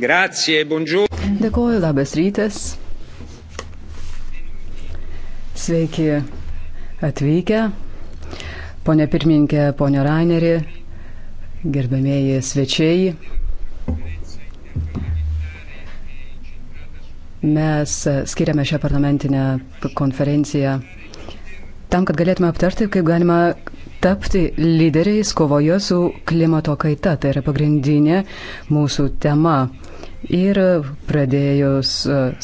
Grazie, bonjour. Dėkuoju, labas rytas. Sveiki atvykę. Pone pirmininkė, ponio Rainerį, gerbėmėjai svečiai. Mes skiriame šią parlamentinę konferenciją tam, kad galėtume aptarti, kaip galima tapti lyderiais kovoje su klimato kaita. Tai yra pagrindinė mūsų tema. Ir pradėjus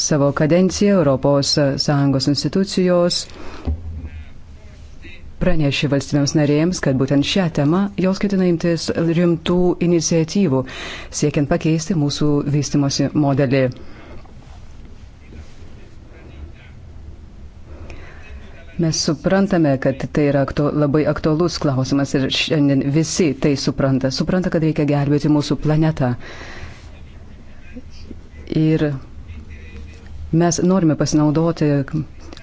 savo kadenciją ES institucijos pranešė valstybėms narėms, kad būtent šią temą jos ketina imtis rimtų iniciatyvų, siekiant pakeisti mūsų vystimosi modelį. Mes suprantame, kad tai yra aktu, labai aktuolus klausimas ir šiandien visi tai supranta. Supranta, kad reikia gelbėti mūsų planetą. Ir mes norime pasinaudoti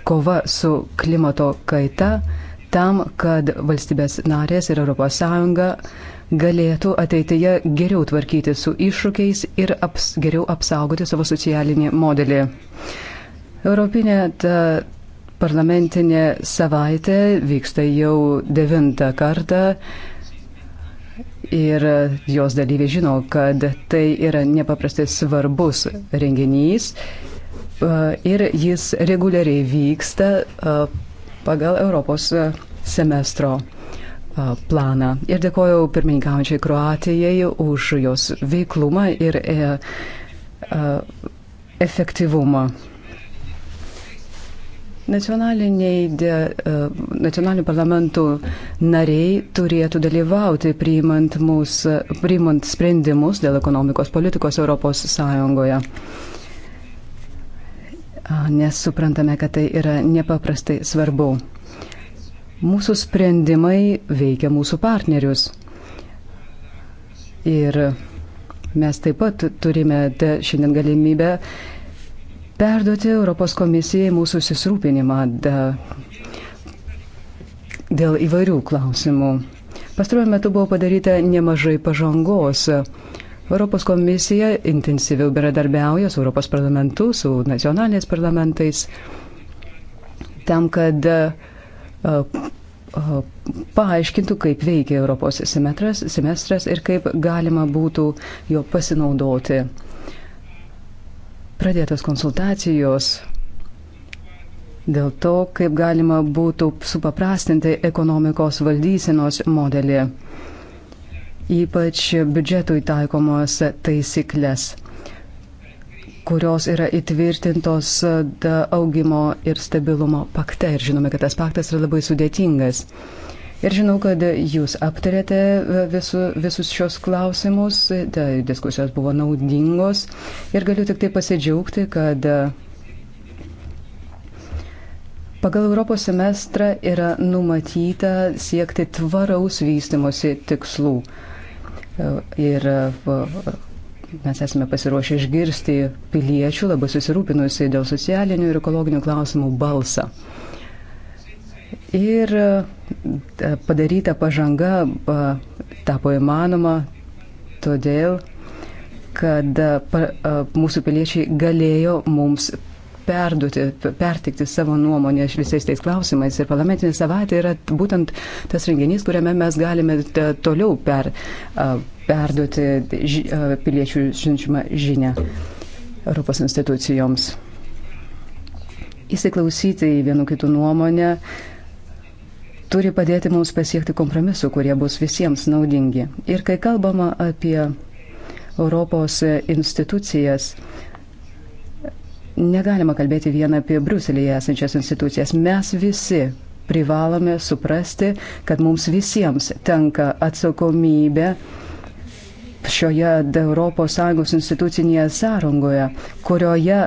kova su klimato kaita tam, kad valstybės narės ir ES galėtų ateityje geriau tvarkyti su iššūkiais ir aps, geriau apsaugoti savo socialinį modelį. Europinė ta parlamentinė savaitė vyksta jau devintą kartą Ir jos dalyviai žino, kad tai yra nepaprastai svarbus renginys e, ir jis reguliariai vyksta e, pagal Europos semestro e, planą. Ir dėkoju pirmininkaujančiai Kroatijai už jos veiklumą ir efektyvumą. E, nacionalinių parlamentų nariai turėtų dalyvauti priimant, mūs, priimant sprendimus dėl ekonomikos politikos Europos Sąjungoje. Nes suprantame, kad tai yra nepaprastai svarbu. Mūsų sprendimai veikia mūsų partnerius. Ir mes taip pat turime šiandien galimybę uh, perduoti Europos komisijai mūsų susirūpinimą dėl įvairių klausimų. Pastaruoju metu buvo padaryta nemažai pažangos. Europos komisija intensyviau beradarbiauja su Europos parlamentu, su nacionaliniais parlamentais, tam, kad paaiškintų, kaip veikia Europos semestras, semestras ir kaip galima būtų jo pasinaudoti pradėtos konsultacijos dėl to, kaip galima būtų supaprastinti ekonomikos valdysenos modelį, ypač biudžetui taikomos taisyklės kurios yra įtvirtintos augimo ir stabilumo pakte. Ir žinome, kad tas paktas yra labai sudėtingas. Ir žinau, kad jūs aptarėte e, visu, visus šios klausimus, tai diskusijos buvo naudingos ir galiu tik tai pasidžiaugti, kad e, Pagal Europos semestrą yra numatyta siekti tvaraus vystimosi tikslų. E, ir mes esame pasiruošę išgirsti piliečių labai susirūpinusi dėl socialinių ir ekologinių klausimų balsą. Ir e, padaryta pažanga e, tapo įmanoma todėl, kad e, mūsų piliečiai galėjo mums perduoti, pertikti savo nuomonę visais tais klausimais. Ir parlamentinė savaitė yra būtent tas renginys, kuriame mes galime toliau per, perduoti ži, piliečių siunčiamą žinę Europos institucijoms. Įsiklausyti į vienų kitų nuomonę, uh, turi padėti mums pasiekti kompromisų, kurie bus visiems naudingi. Ir kai kalbama apie Europos institucijas, negalima kalbėti vien apie Bruselėje esančias institucijas. Mes visi privalome suprasti, kad mums visiems tenka atsakomybė šioje ES institucinėje sąrangoje, kurioje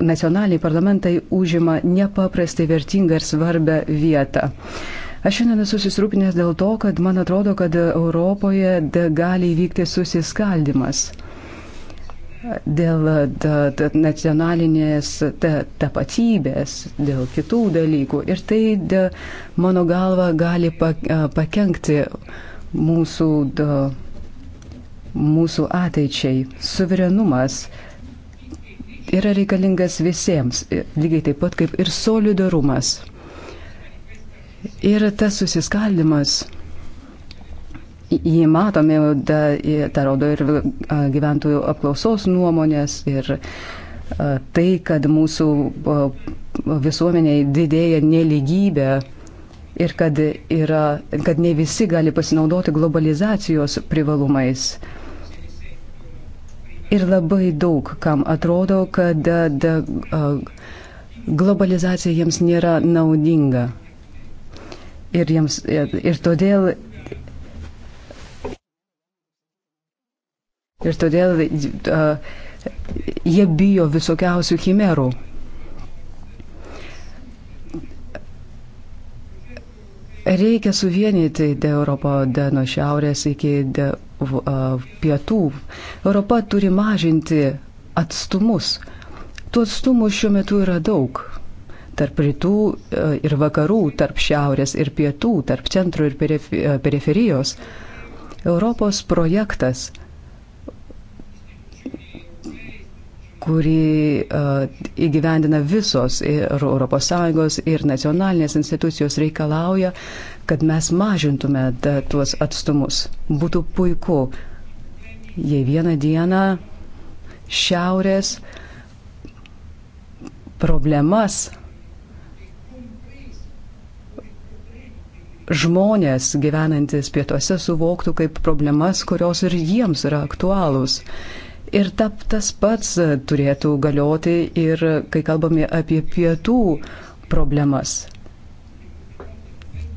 nacionaliniai parlamentai užima nepaprastai vertingą ir svarbę vietą. Aš šiandien esu susirūpinęs dėl to, kad man atrodo, kad Europoje gali įvykti susiskaldimas dėl da, da, nacionalinės da, tapatybės, dėl kitų dalykų. Ir tai, da, mano galva, gali pakengti mūsų, da, mūsų ateičiai. Suverenumas yra reikalingas visiems, lygiai taip pat kaip ir solidarumas. Ir tas susiskaldimas, jį matome, tą rodo ir gyventojų apklausos nuomonės, ir tai, kad mūsų visuomeniai didėja neligybė ir kad, yra, kad ne visi gali pasinaudoti globalizacijos privalumais. Ir labai daug kam atrodo, kad da, da, globalizacija jiems nėra naudinga. Ir, jiems, ir, e, ir todėl Ir todėl uh, jie bijo visokiausių chimerų. Reikia suvienyti Europą nuo šiaurės iki pietų. Europa turi mažinti atstumus. Tų atstumų šiuo metu yra daug. Tarp rytų e, ir vakarų, tarp šiaurės ir pietų, tarp centro ir e, periferijos. Europos projektas, kurį e, įgyvendina visos ir ES ir nacionalinės institucijos, reikalauja uh, kad mes mažintume da, tuos atstumus. Būtų puiku, jei vieną dieną šiaurės problemas žmonės gyvenantis pietuose suvoktų kaip problemas, kurios ir jiems yra aktualūs. Ir tap, tas pats turėtų galioti ir kai kalbame apie pietų problemas.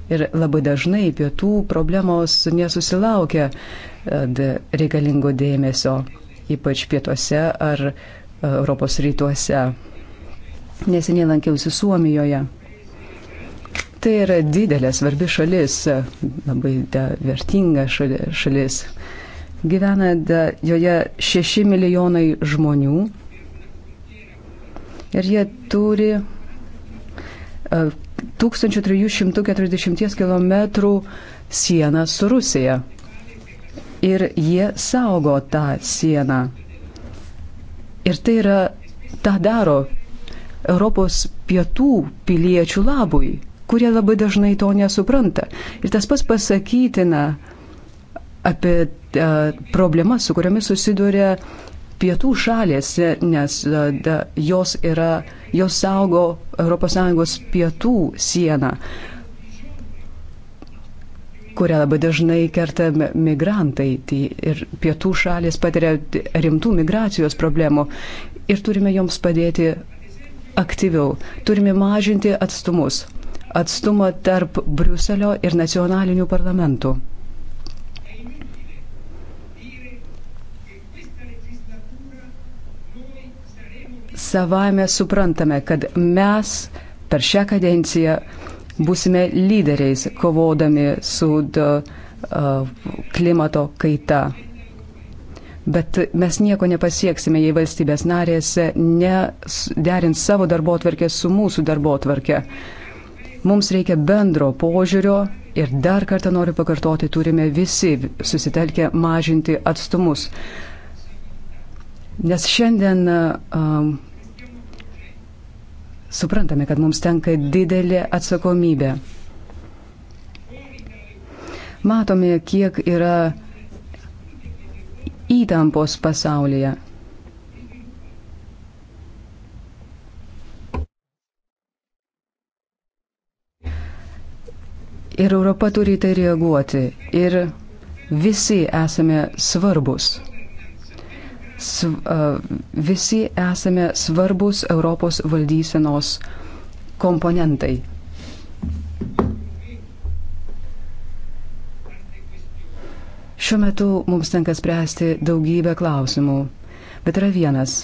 Ir labai dažnai pietų problemos nesusilaukia e, reikalingo dėmesio, ypač pietuose ar e, Europos rytuose. Neseniai lankiausi Suomijoje. Tai yra didelė, svarbi šalis, e, labai da, vertinga šalis. Gyvena da, joje 6 milijonai žmonių ir jie turi 1340 km sieną su Rusija. Ir jie saugo tą sieną. Ir tai yra, tą daro Europos pietų piliečių labui, kurie labai dažnai to nesupranta. Ir tas pats pasakytina apie problemas, su kuriomis susiduria uh, pietų šalės, nes e, da, jos, yra, jos saugo ES pietų sieną, kurią labai dažnai kerta migrantai. Tai ir pietų šalės patiria rimtų migracijos problemų ir turime joms padėti aktyviau. Turime mažinti atstumus. Atstumą tarp Briuselio ir nacionalinių parlamentų. savame suprantame, kad mes per šią kadenciją būsime lyderiais kovodami su da, uh, klimato kaita. Bet mes nieko nepasieksime, jei valstybės narės nederins savo darbo atvarkės su mūsų darbo atvarkė. Mums reikia bendro požiūrio ir dar kartą noriu pakartoti, turime visi susitelkę mažinti atstumus. Nes šiandien uh, suprantame, kad mums tenka didelė atsakomybė. Matome, kiek yra įtampos pasaulyje. Ir Europa turi tai reaguoti. Ir visi esame svarbus visi esame svarbus Europos valdysenos komponentai. Šiuo metu mums tenka spręsti daugybę klausimų, bet yra vienas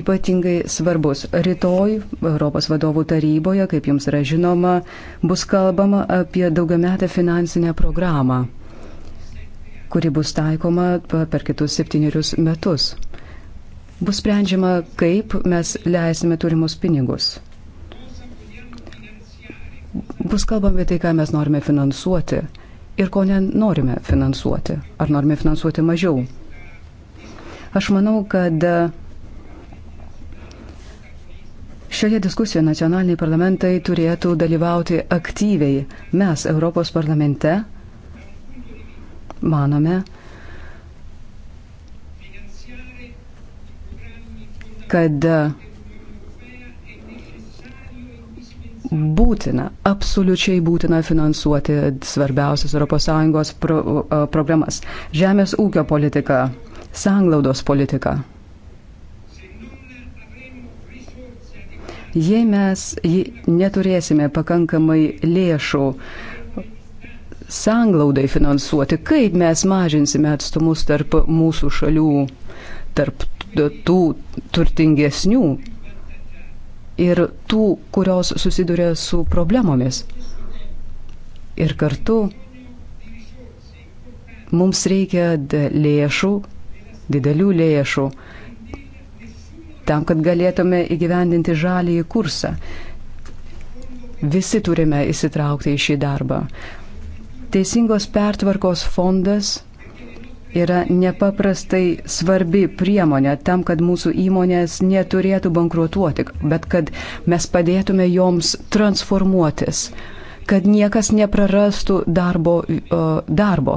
ypatingai svarbus. Rytoj Europos vadovų taryboje, kaip jums yra žinoma, bus kalbama apie daugiametę finansinę programą kuri bus taikoma per kitus septynerius metus. Bus sprendžiama, kaip mes leisime turimus pinigus. Bus kalbama apie tai, ką mes norime finansuoti ir ko nenorime finansuoti. Ar norime finansuoti mažiau. Aš manau, kad e, Šioje diskusijoje nacionaliniai parlamentai turėtų dalyvauti aktyviai. Mes Europos parlamente manome, kad būtina, absoliučiai būtina finansuoti svarbiausias ES pro, programas - žemės ūkio politiką, sanglaudos politiką. Jei mes neturėsime pakankamai lėšų sanglaudai finansuoti, kaip mes mažinsime atstumus tarp mūsų šalių, tarp tų turtingesnių ir tų, kurios susiduria su problemomis. Ir kartu mums reikia lėšų, didelių lėšų, tam, kad galėtume įgyvendinti žalį į kursą. Visi turime įsitraukti į šį darbą. Teisingos pertvarkos fondas yra nepaprastai svarbi priemonė tam, kad mūsų įmonės neturėtų bankrutuoti, bet kad mes padėtume joms transformuotis kad niekas neprarastų darbo. darbo.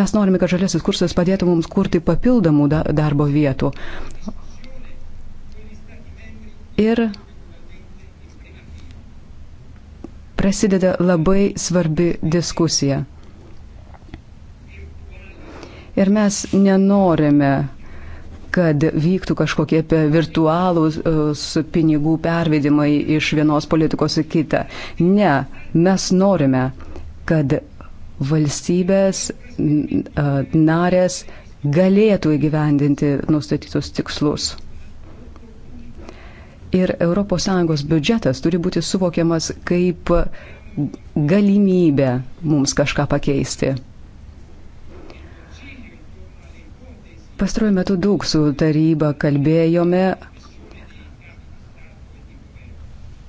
Mes norime, kad žaliasis kursas padėtų mums kurti papildomų darbo vietų. Ir prasideda labai svarbi diskusija. Ir mes nenorime kad vyktų kažkokie virtualūs e, pinigų pervedimai iš vienos politikos į kitą. Ne, mes norime, kad valstybės e, narės galėtų įgyvendinti nustatytus tikslus. Ir ES biudžetas turi būti suvokiamas kaip galimybė mums kažką pakeisti. Pastaruoju metu daug su taryba kalbėjome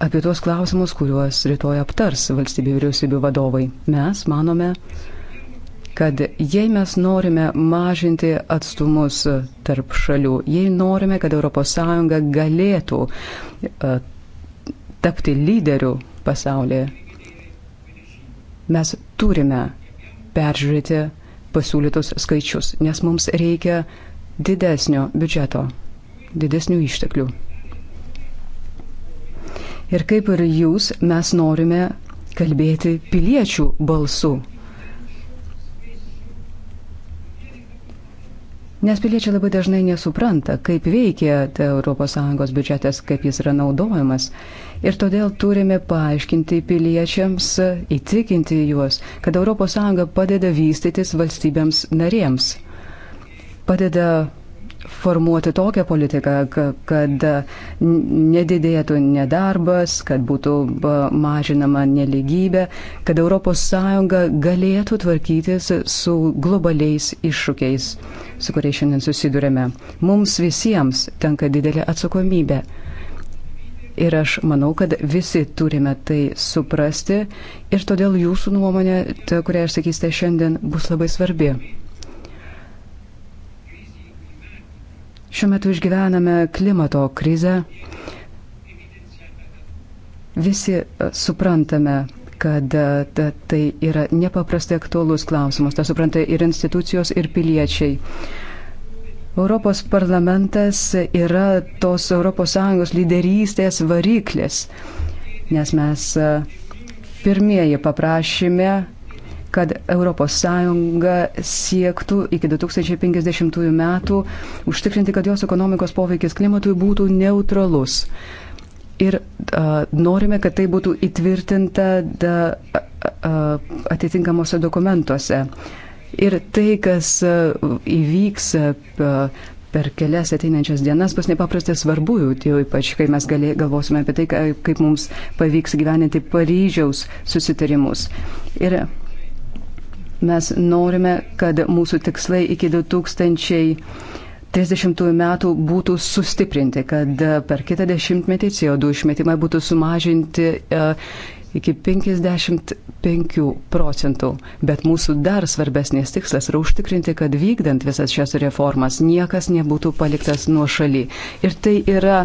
apie tuos klausimus, kuriuos rytoj aptars valstybių vyriausybių vadovai. Mes manome, kad jei mes norime mažinti atstumus tarp šalių, jei norime, kad ES galėtų e, tapti lyderių pasaulyje, mes turime peržiūrėti pasiūlytus skaičius, nes mums reikia didesnio biudžeto, didesnių išteklių. Ir kaip ir jūs, mes norime kalbėti piliečių balsu. Nes piliečiai labai dažnai nesupranta, kaip veikia ES biudžetas, kaip jis yra naudojamas. Ir todėl turime paaiškinti piliečiams, įtikinti juos, kad ES padeda vystytis valstybėms narėms. Padeda formuoti tokią politiką, kad nedidėtų nedarbas, kad būtų mažinama neligybė, kad ES galėtų tvarkytis su globaliais iššūkiais, su kuriais šiandien susidurėme. Mums visiems tenka didelė atsakomybė. Ir aš manau, kad visi turime tai suprasti ir todėl jūsų nuomonė, ta, kurią aš sakysite šiandien, bus labai svarbi. Šiuo metu išgyvename klimato krizę. Visi e, suprantame, kad e, tai yra nepaprastai aktuolus klausimas. Ta supranta ir institucijos, ir piliečiai. Europos parlamentas yra tos ES lyderystės variklis, nes mes e, pirmieji paprašėme, kad ES siektų iki 2050 metų užtikrinti, kad jos ekonomikos poveikis klimatui būtų neutralus. Ir uh, norime, kad tai būtų įtvirtinta da, uh, atitinkamuose dokumentuose. Uh, Ir tai, kas e, įvyks e, per kelias ateinančias dienas bus nepaprastai svarbu, jau ypač kai mes galė, galvosime apie tai, kaip mums pavyks gyveninti Paryžiaus susitarimus. Ir mes norime, kad mūsų tikslai iki 2030 metų būtų sustiprinti, kad per kitą dešimtmetį CO2 išmetimai būtų sumažinti e, iki 55 procentų. Bet mūsų dar svarbesnės tikslas yra užtikrinti, kad vykdant visas šias reformas niekas nebūtų paliktas nuo šaly. Ir tai yra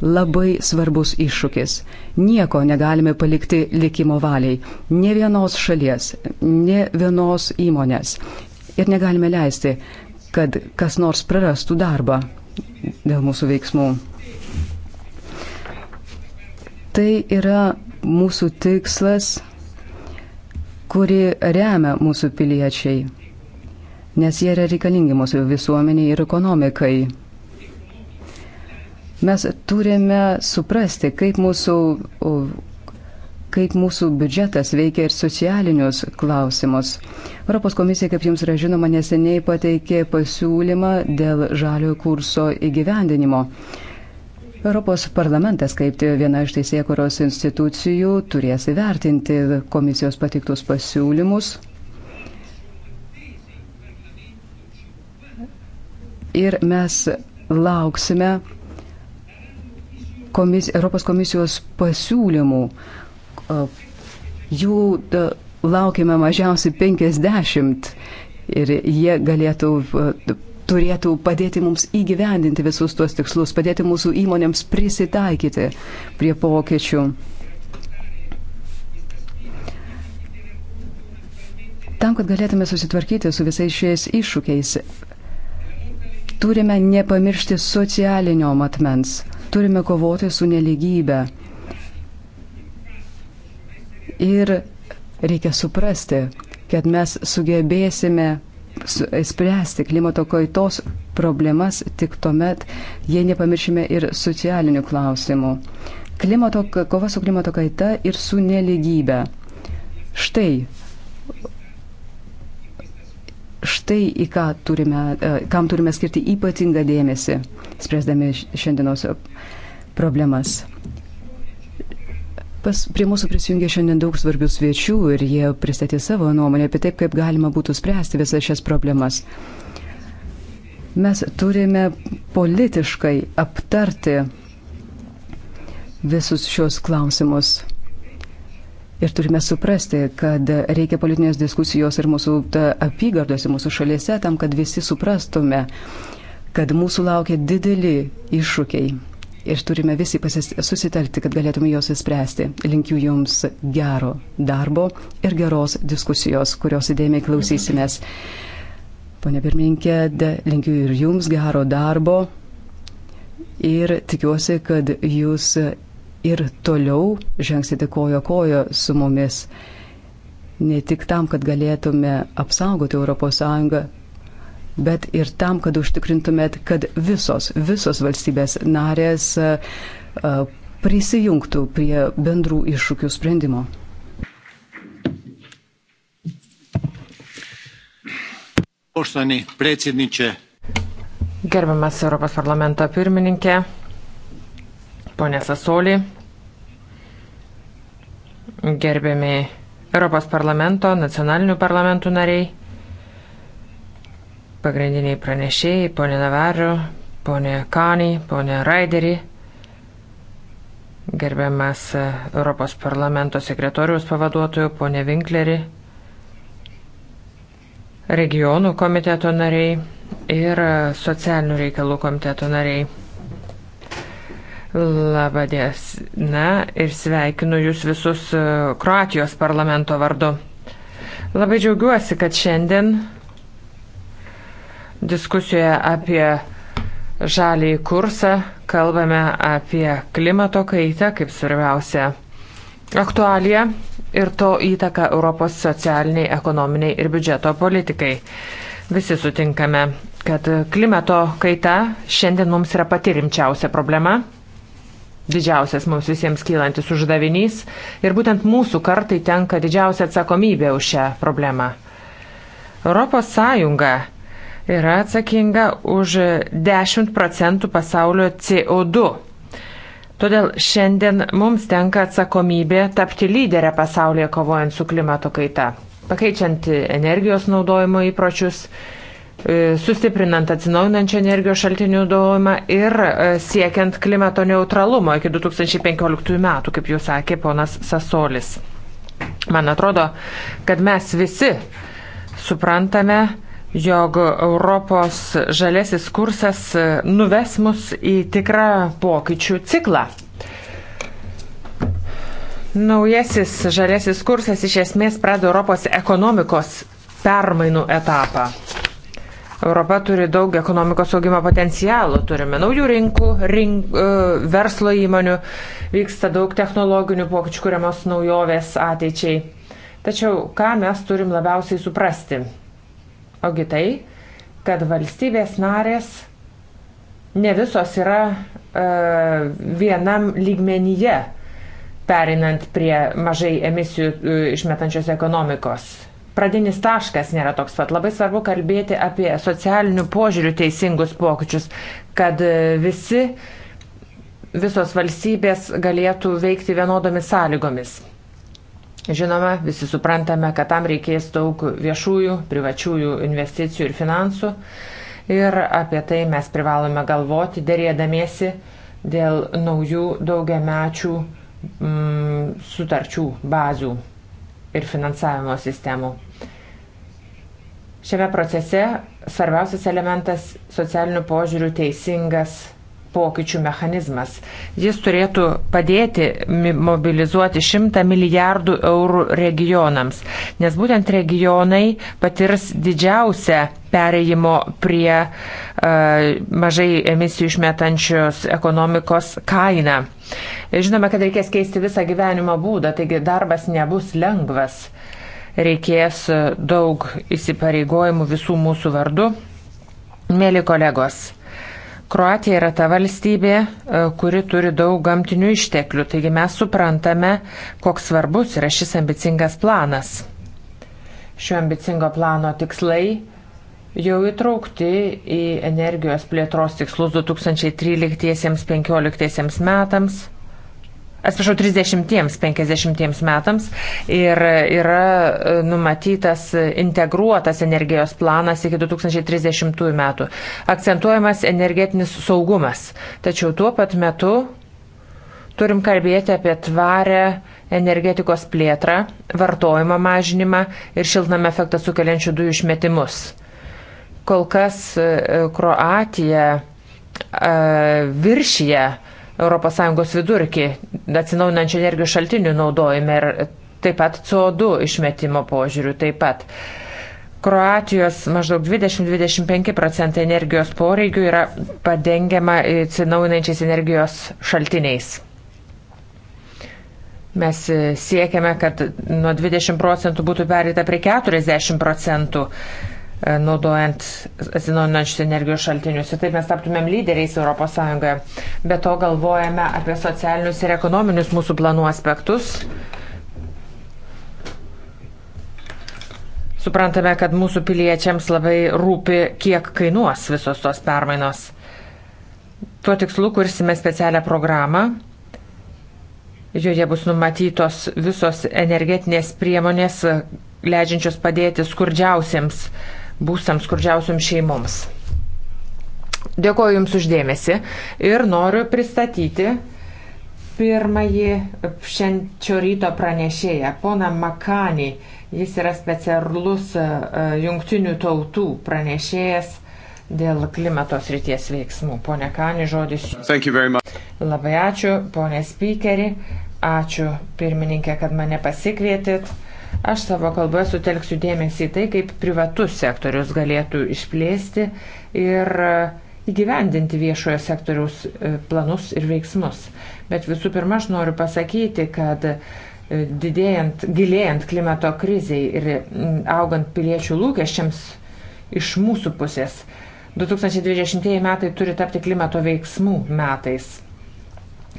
labai svarbus iššūkis. Nieko negalime palikti likimo valiai. Ne vienos šalies, ne vienos įmonės. Ir negalime leisti, kad kas nors prarastų darbą dėl mūsų veiksmų. Tai yra mūsų tikslas, kurį remia mūsų piliečiai, nes jie yra reikalingi mūsų visuomeniai ir ekonomikai. Mes turime suprasti, kaip mūsų, kaip mūsų biudžetas veikia ir socialinius klausimus. Europos komisija, kaip jums yra žinoma, neseniai pateikė pasiūlymą dėl žaliojo kurso įgyvendinimo. Europos parlamentas, kaip viena iš teisėkuros institucijų, turės įvertinti komisijos patiktus pasiūlymus. Ir mes lauksime komis, Europos komisijos pasiūlymų. Jų laukime mažiausiai 50 ir jie galėtų turėtų padėti mums įgyvendinti visus tuos tikslus, padėti mūsų įmonėms prisitaikyti prie pokyčių. Tam, kad galėtume susitvarkyti su visais šiais iššūkiais, turime nepamiršti socialinio matmens, turime kovoti su neligybė. Ir reikia suprasti, kad mes sugebėsime spręsti klimato kaitos problemas tik tuomet, jei nepamiršime ir socialinių klausimų. Klimato, kova su klimato kaita ir su neligybė. Štai, štai į ką turime, e, kam turime skirti ypatingą dėmesį, spręsdami šiandienos problemas. Pas, prie mūsų prisijungė šiandien daug svarbių svečių ir jie pristatė savo nuomonę apie taip, kaip galima būtų spręsti visas šias problemas. Mes turime politiškai aptarti visus šios klausimus. Ir turime suprasti, kad reikia politinės diskusijos ir mūsų apygardose, mūsų šalyse, tam, kad visi suprastume, kad mūsų laukia dideli iššūkiai ir turime visi susitelkti, kad galėtume juos įspręsti. Linkiu Jums gero darbo ir geros diskusijos, kurios įdėmiai klausysimės. Pone pirmininkė, linkiu ir Jums gero darbo ir tikiuosi, kad Jūs ir toliau žengsite kojo kojo su mumis. Ne tik tam, kad galėtume apsaugoti ES, bet ir tam, kad užtikrintumėt, kad visos, visos valstybės narės e, e, prisijungtų prie bendrų iššūkių sprendimo. Poštovani predsjedniče. Gerbiamas Europos parlamento pirmininkė, ponė Sasolį, gerbiami Europos parlamento, nacionalinių parlamentų nariai, pagrindiniai pranešėjai, ponė Navario, ponė Kanį, ponė Raiderį, gerbiamas e, Europos parlamento sekretoriaus pavaduotojų, ponė Vinklerį, regionų komiteto nariai ir e, socialinių reikalų komiteto nariai. Labadės. Na ir sveikinu Jūs visus e, Kroatijos parlamento vardu. Labai džiaugiuosi, kad šiandien Diskusijoje apie žalį kursą kalbame apie klimato kaitą kaip svarbiausia aktualiją ir to įtaką Europos socialiniai, ekonominiai ir biudžeto politikai. Visi sutinkame, kad klimato kaita šiandien mums yra pati rimčiausia problema didžiausias mums visiems kylantis uždavinys ir būtent mūsų kartai tenka didžiausia atsakomybė už šią problemą. Europos Sąjunga yra atsakinga už 10 procentų pasaulio CO2. Todėl šiandien mums tenka atsakomybė tapti lyderę pasaulyje kovojant su klimato kaita, pakeičiant energijos naudojimo įpročius, e, sustiprinant atsinaujinančią energijos šaltinių naudojimą ir e, siekiant klimato neutralumo iki 2015 metų, kaip jūs sakė ponas Sasolis. Man atrodo, kad mes visi suprantame, jog Europos žalesis kursas nuves mus į tikrą pokyčių ciklą. Naujasis žalesis kursas iš esmės pradeda Europos ekonomikos permainų etapą. Europa turi daug ekonomikos augimo potencialo, turime naujų rinkų, rink, e, verslo įmonių, vyksta daug technologinių pokyčių, kuriamos naujovės ateičiai. Tačiau ką mes turim labiausiai suprasti? Ogi tai, kad valstybės narės ne visos yra e, vienam lygmenyje perinant prie mažai emisijų e, išmetančios ekonomikos. Pradinis taškas nėra toks pat. Labai svarbu kalbėti apie socialinių požiūrių teisingus pokyčius, kad e, visi, visos valstybės galėtų veikti vienodomis sąlygomis. Žinoma, visi suprantame, kad tam reikės daug viešųjų, privačiųjų investicijų ir finansų. Ir apie tai mes privalome galvoti, dėrėdamiesi dėl naujų daugiamečių mm, sutarčių bazių ir finansavimo sistemų. Šiame procese svarbiausias elementas - socialinių požiūrių teisingas pokyčių mechanizmas. Jis turėtų padėti mobilizuoti 100 milijardų eurų regionams, nes būtent regionai patirs didžiausią pereimo prie e, mažai emisijų išmetančios ekonomikos kainą. Žinome, kad reikės keisti visą gyvenimo būdą, taigi darbas nebus lengvas. Reikės daug įsipareigojimų visų mūsų vardu. Mėly kolegos, Kroatija yra ta valstybė, e, kuri turi daug gamtinių išteklių, taigi mes suprantame, koks svarbus yra šis ambicingas planas. Šio ambicingo plano tikslai jau įtraukti į energijos plėtros tikslus 2013-2015 metams atsiprašau, 30-50 metams ir yra e, numatytas integruotas energijos planas iki 2030 metų. Akcentuojamas energetinis saugumas, tačiau tuo pat metu turim kalbėti apie tvarę energetikos plėtrą, vartojimo mažinimą ir šiltnamio efektą sukeliančių dujų išmetimus. Kol kas e, Kroatija e, viršyje ES vidurkį atsinaujinančių energijos šaltinių naudojime ir taip pat CO2 išmetimo požiūrių taip pat. Kroatijos maždaug 20-25 procentai energijos poreikių yra padengiama atsinaujinančiais energijos šaltiniais. Mes siekiame, kad nuo 20 procentų būtų perėta prie 40 procentų E, naudojant atsinaujinančius energijos šaltinius. Ir taip mes taptumėm lyderiais ES. Be to galvojame apie socialinius ir ekonominius mūsų planų aspektus. Suprantame, kad mūsų piliečiams labai rūpi, kiek kainuos visos tos permainos. Tuo tikslu kursime specialią programą. Joje bus numatytos visos energetinės priemonės, leidžiančios padėti skurdžiausiems uh, būstams skurdžiausiams šeimoms. Dėkoju Jums uždėmesi ir noriu pristatyti pirmąjį šiandien ryto pranešėją, poną Makanį. Jis yra specialus e, jungtinių tautų pranešėjas dėl klimatos ryties veiksmų. Pone Kanį, žodis. Labai ačiū, ponė Spykeri. Ačiū pirmininkė, kad mane pasikvietit Aš savo kalboje sutelksiu dėmesį į tai, kaip privatus sektorius galėtų išplėsti ir e, įgyvendinti viešojo sektoriaus e, planus ir veiksmus. Bet visų pirma, aš noriu pasakyti, kad e, didėjant, gilėjant klimato kriziai ir augant piliečių lūkesčiams iš mūsų pusės, 2020 metai turi tapti klimato veiksmų metais.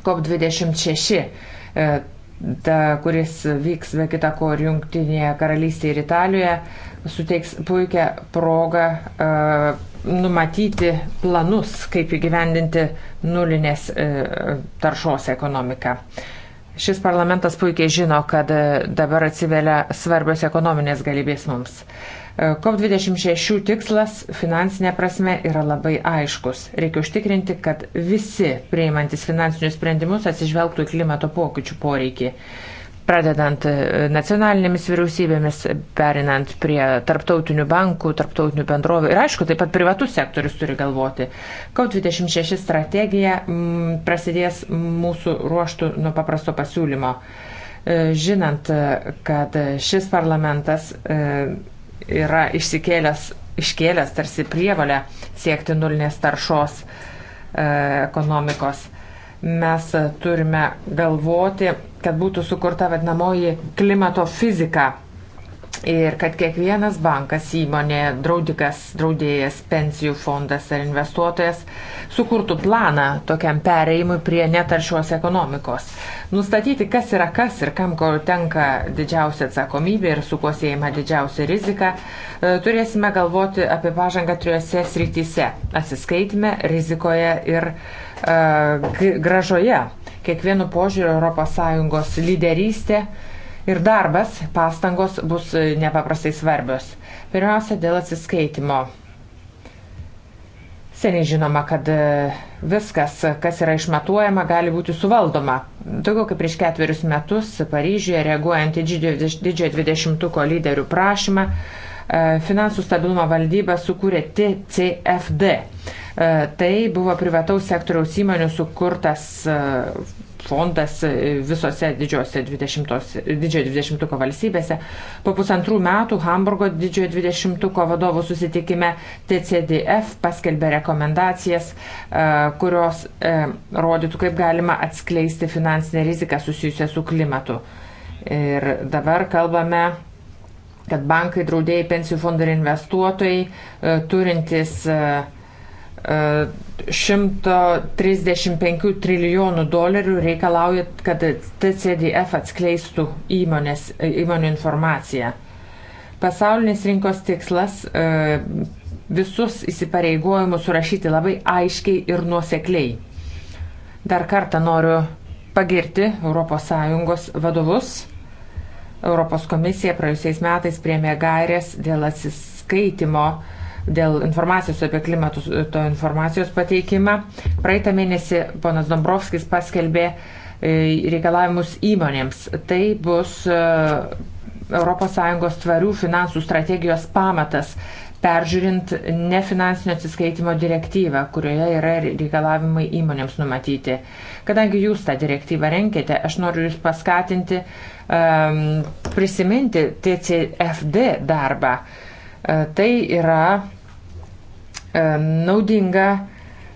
COP26 ta, kuris vyks be kita ko ir Junktinėje karalystėje ir Italijoje, suteiks puikią progą e, numatyti planus, kaip įgyvendinti nulinės e, taršos ekonomiką. Šis parlamentas puikiai žino, kad e, dabar atsivelia svarbios ekonominės galybės mums. E, COP26 tikslas finansinė prasme yra labai aiškus. Reikia užtikrinti, kad visi prieimantis finansinius sprendimus atsižvelgtų į klimato pokyčių poreikį. Pradedant e, nacionalinėmis vyriausybėmis, perinant prie tarptautinių bankų, tarptautinių bendrovių ir aišku, taip pat privatus sektorius turi galvoti. COP26 strategija m, mm, prasidės mūsų ruoštų nuo paprasto pasiūlymo. E, žinant, kad šis parlamentas e, yra išsikėlęs, iškėlęs tarsi prievalę siekti nulinės taršos e, ekonomikos. Mes turime galvoti, kad būtų sukurta vadinamoji klimato fizika ir kad kiekvienas bankas, įmonė, draudikas, draudėjas, pensijų fondas ar investuotojas sukurtų planą tokiam pereimui prie netaršios ekonomikos. Nustatyti, kas yra kas ir kam tenka didžiausia atsakomybė ir su kuo siejama didžiausia rizika, e, turėsime galvoti apie pažangą trijose srityse - atsiskaitime, rizikoje ir uh, gražoje. Kiekvienu požiūriu ES lyderystė uh, ir darbas, pastangos bus e, nepaprastai svarbios. Pirmiausia, dėl atsiskaitimo. Seniai žinoma, kad e, viskas, kas yra išmatuojama, gali būti suvaldoma. Daugiau kaip prieš ketverius metus Paryžiuje, reaguojant į didžiojo dvidešimtuko lyderių prašymą, e, Finansų stabilumo valdyba sukūrė TCFD. Tai buvo privataus sektoriaus įmonių sukurtas fondas e, visose didžiose 20, didžiojo 20 valstybėse. Po pusantrų metų Hamburgo didžiojo 20 vadovų susitikime TCDF paskelbė rekomendacijas, e, kurios e, rodytų, kaip galima atskleisti finansinę riziką susijusią su klimatu. Ir dabar kalbame kad bankai, draudėjai, pensijų fondai ir investuotojai turintys uh, 135 trilijonų dolerių reikalauja, kad TCDF atskleistų įmonės, įmonių informaciją. Pasaulinės rinkos tikslas e, visus įsipareigojimus surašyti labai aiškiai ir nuosekliai. Dar kartą noriu pagirti ES vadovus. ES komisija praėjusiais metais priemė gairės dėl atsiskaitimo uh, dėl informacijos apie klimatus, to informacijos pateikimą. Praeitą mėnesį ponas Dombrovskis paskelbė e, reikalavimus įmonėms. Tai bus ES tvarių finansų strategijos pamatas, peržiūrint nefinansinio atsiskaitimo direktyvą, kurioje yra reikalavimai įmonėms numatyti. Kadangi jūs tą direktyvą renkite, aš noriu jūs paskatinti um, prisiminti TCFD darbą. Uh, E, tai yra e, naudinga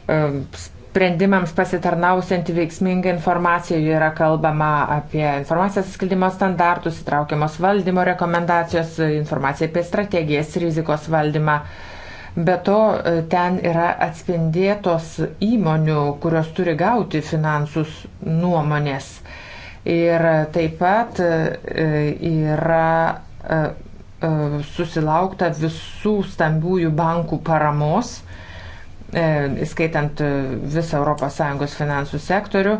e, sprendimams pasitarnausianti veiksminga informacija, joje yra kalbama apie informacijos atskleidimo standartus, įtraukiamos valdymo rekomendacijos, informacija apie strategijas, rizikos valdymą. Be to, ten yra atspindėtos įmonių, kurios turi gauti finansus nuomonės. Ir taip pat yra E, susilaukta visų stambiųjų bankų paramos, e, įskaitant e, visą ES finansų sektorių.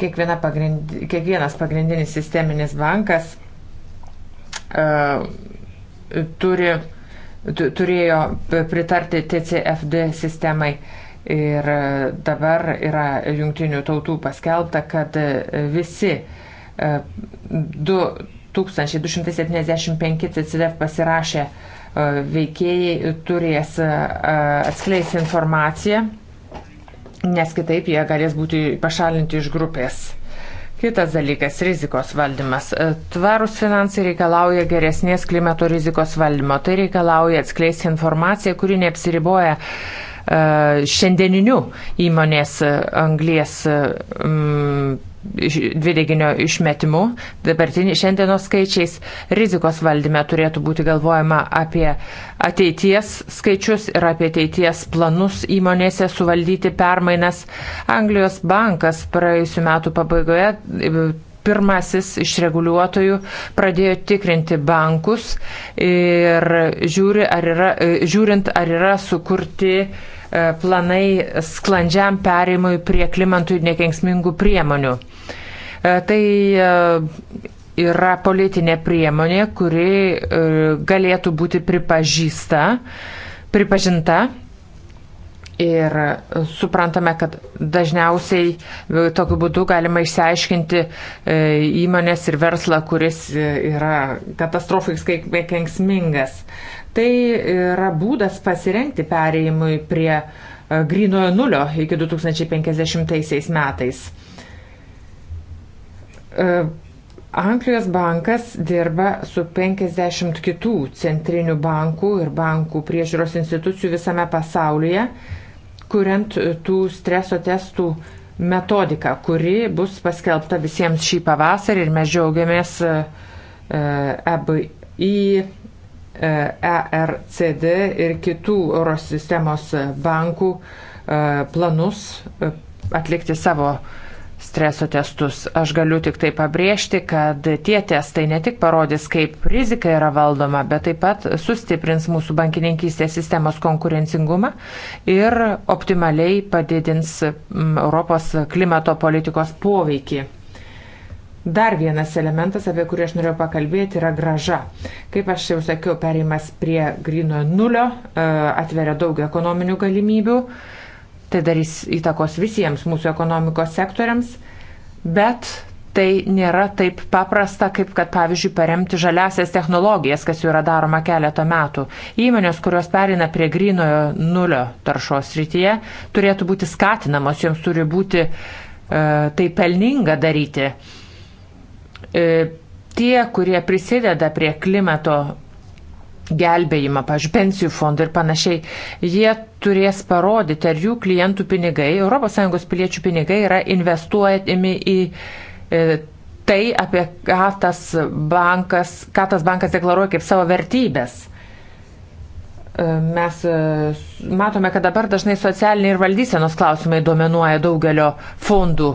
Kiekviena pagrind, kiekvienas pagrindinis sisteminis bankas turi, turėjo pritarti TCFD sistemai. Ir dabar yra jungtinių tautų paskelbta, kad visi du 1275 CCDF pasirašę e, veikėjai turės e, atskleisti informaciją, nes kitaip jie galės būti pašalinti iš grupės. Kitas dalykas - rizikos valdymas. E, Tvarus finansai reikalauja geresnės klimato rizikos valdymo. Tai reikalauja atskleisti informaciją, kuri neapsiriboja šiandieniniu įmonės anglies dvideginio išmetimu, dabartiniai šiandienos skaičiais, rizikos valdyme turėtų būti galvojama apie ateities skaičius ir apie ateities planus įmonėse suvaldyti permainas. Anglijos bankas praėjusiu metu pabaigoje e, pirmasis iš reguliuotojų pradėjo tikrinti bankus ir žiūri, ar yra, e, žiūrint, ar yra sukurti E, planai sklandžiam pereimui prie klimatui nekenksmingų priemonių. E, tai e, yra politinė priemonė, kuri galėtų būti pripažįsta, pripažinta Ir suprantame, kad dažniausiai tokiu būdu galima išsiaiškinti įmonės ir verslą, kuris yra katastrofai skaitvė kenksmingas. Tai yra būdas pasirengti pereimui prie e, grinojo nulio iki 2050 metais. E, Anglijos bankas dirba su 50 kitų centrinių bankų ir bankų priežiūros institucijų visame pasaulyje, kuriant tų streso testų metodiką, kuri bus paskelbta visiems šį pavasarį ir mes džiaugiamės EBI e, ERCD ir kitų Eurosistemos bankų e, planus e, atlikti savo streso testus. Aš galiu tik tai pabrėžti, kad tie testai ne tik parodys, kaip rizika yra valdoma, bet taip pat sustiprins mūsų bankininkystės sistemos konkurencingumą ir optimaliai padidins Europos klimato politikos poveikį. Dar vienas elementas, apie kurį aš norėjau pakalbėti, yra graža. Kaip aš jau sakiau, perėjimas prie grino nulio e, atveria daug ekonominių galimybių, tai darys įtakos visiems mūsų ekonomikos sektoriams, bet tai nėra taip paprasta, kaip kad, pavyzdžiui, paremti žaliasias technologijas, kas jau yra daroma keletą metų. Įmonės, kurios perina prie grinojo nulio taršos rytyje, turėtų būti skatinamos, joms turi būti e, tai pelninga daryti. E, E, tie, kurie prisideda prie klimato gelbėjimą, pažiūrėjau, pensijų fondų ir panašiai, jie turės parodyti, ar jų klientų pinigai, ES piliečių pinigai yra investuojami į e, tai, apie ką tas bankas, ką tas bankas deklaruoja kaip savo vertybės. E, mes e, matome, kad dabar dažnai socialiniai ir valdysenos klausimai dominuoja daugelio fondų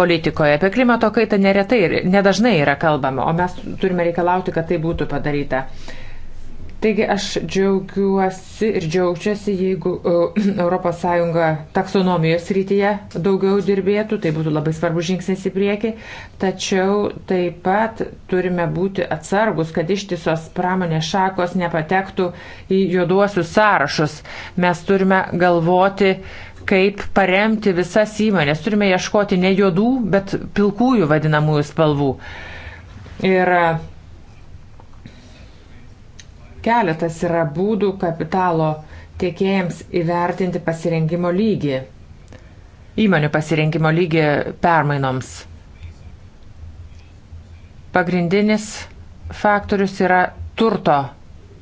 politikoje. Apie klimato kaitą neretai ir nedažnai yra kalbama, o mes turime reikalauti, kad tai būtų padaryta. Taigi aš džiaugiuosi ir džiaugčiausi, jeigu ES taksonomijos rytyje daugiau dirbėtų, tai būtų labai svarbus žingsnis į priekį, tačiau taip pat turime būti atsargus, kad ištisos pramonės šakos nepatektų į juoduosius sąrašus. Mes turime galvoti, kaip paremti visas įmonės. Turime ieškoti ne juodų, bet pilkųjų vadinamųjų spalvų. Ir Keletas yra būdų kapitalo tiekėjams įvertinti pasirengimo lygį, įmonių pasirengimo lygį permainoms. Pagrindinis faktorius yra turto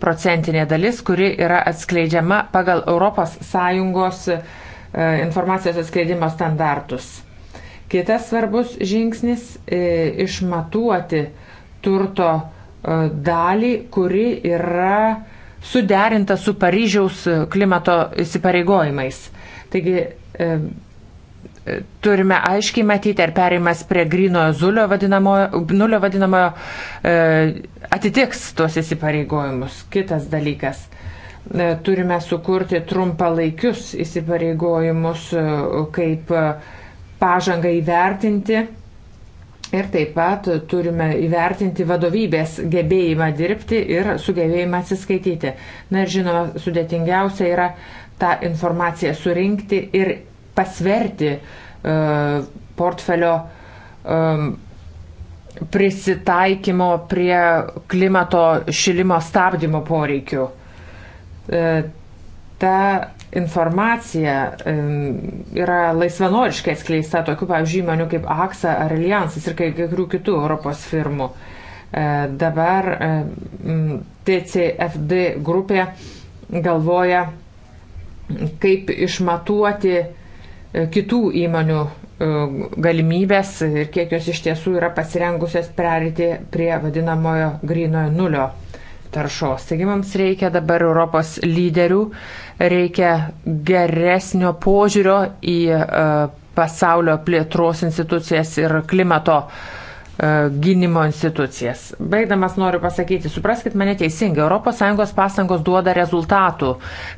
procentinė dalis, kuri yra atskleidžiama pagal ES e, informacijos atskleidimo standartus. Kitas svarbus žingsnis e, - išmatuoti turto E, dalį, kuri yra suderinta su Paryžiaus klimato įsipareigojimais. Taigi e, e, turime aiškiai matyti, ar perimas prie grinojo zulio vadinamojo, nulio vadinamojo atitiks tuos įsipareigojimus. Kitas dalykas. Turime sukurti trumpalaikius įsipareigojimus, kaip pažangą įvertinti Ir taip pat turime įvertinti vadovybės gebėjimą dirbti ir sugebėjimą atsiskaityti. Na ir žinoma, sudėtingiausia yra tą informaciją surinkti ir pasverti uh, portfelio um, prisitaikymo prie klimato šilimo stabdymo poreikių. Uh, ta informacija yra laisvanoriškai atskleista tokių, pavyzdžiui, įmonių kaip AXA ar Alliansas ir kai kurių kitų Europos firmų. E, dabar e, TCFD grupė galvoja, kaip išmatuoti e, kitų įmonių galimybės ir kiek jos iš tiesų yra pasirengusios perėti prie vadinamojo grinojo nulio taršos. Taigi mums reikia dabar Europos lyderių, reikia geresnio požiūrio į e, pasaulio plėtros institucijas ir klimato uh, E, gynimo institucijas. Baigdamas noriu pasakyti, supraskit mane teisingai, ES pastangos duoda rezultatų.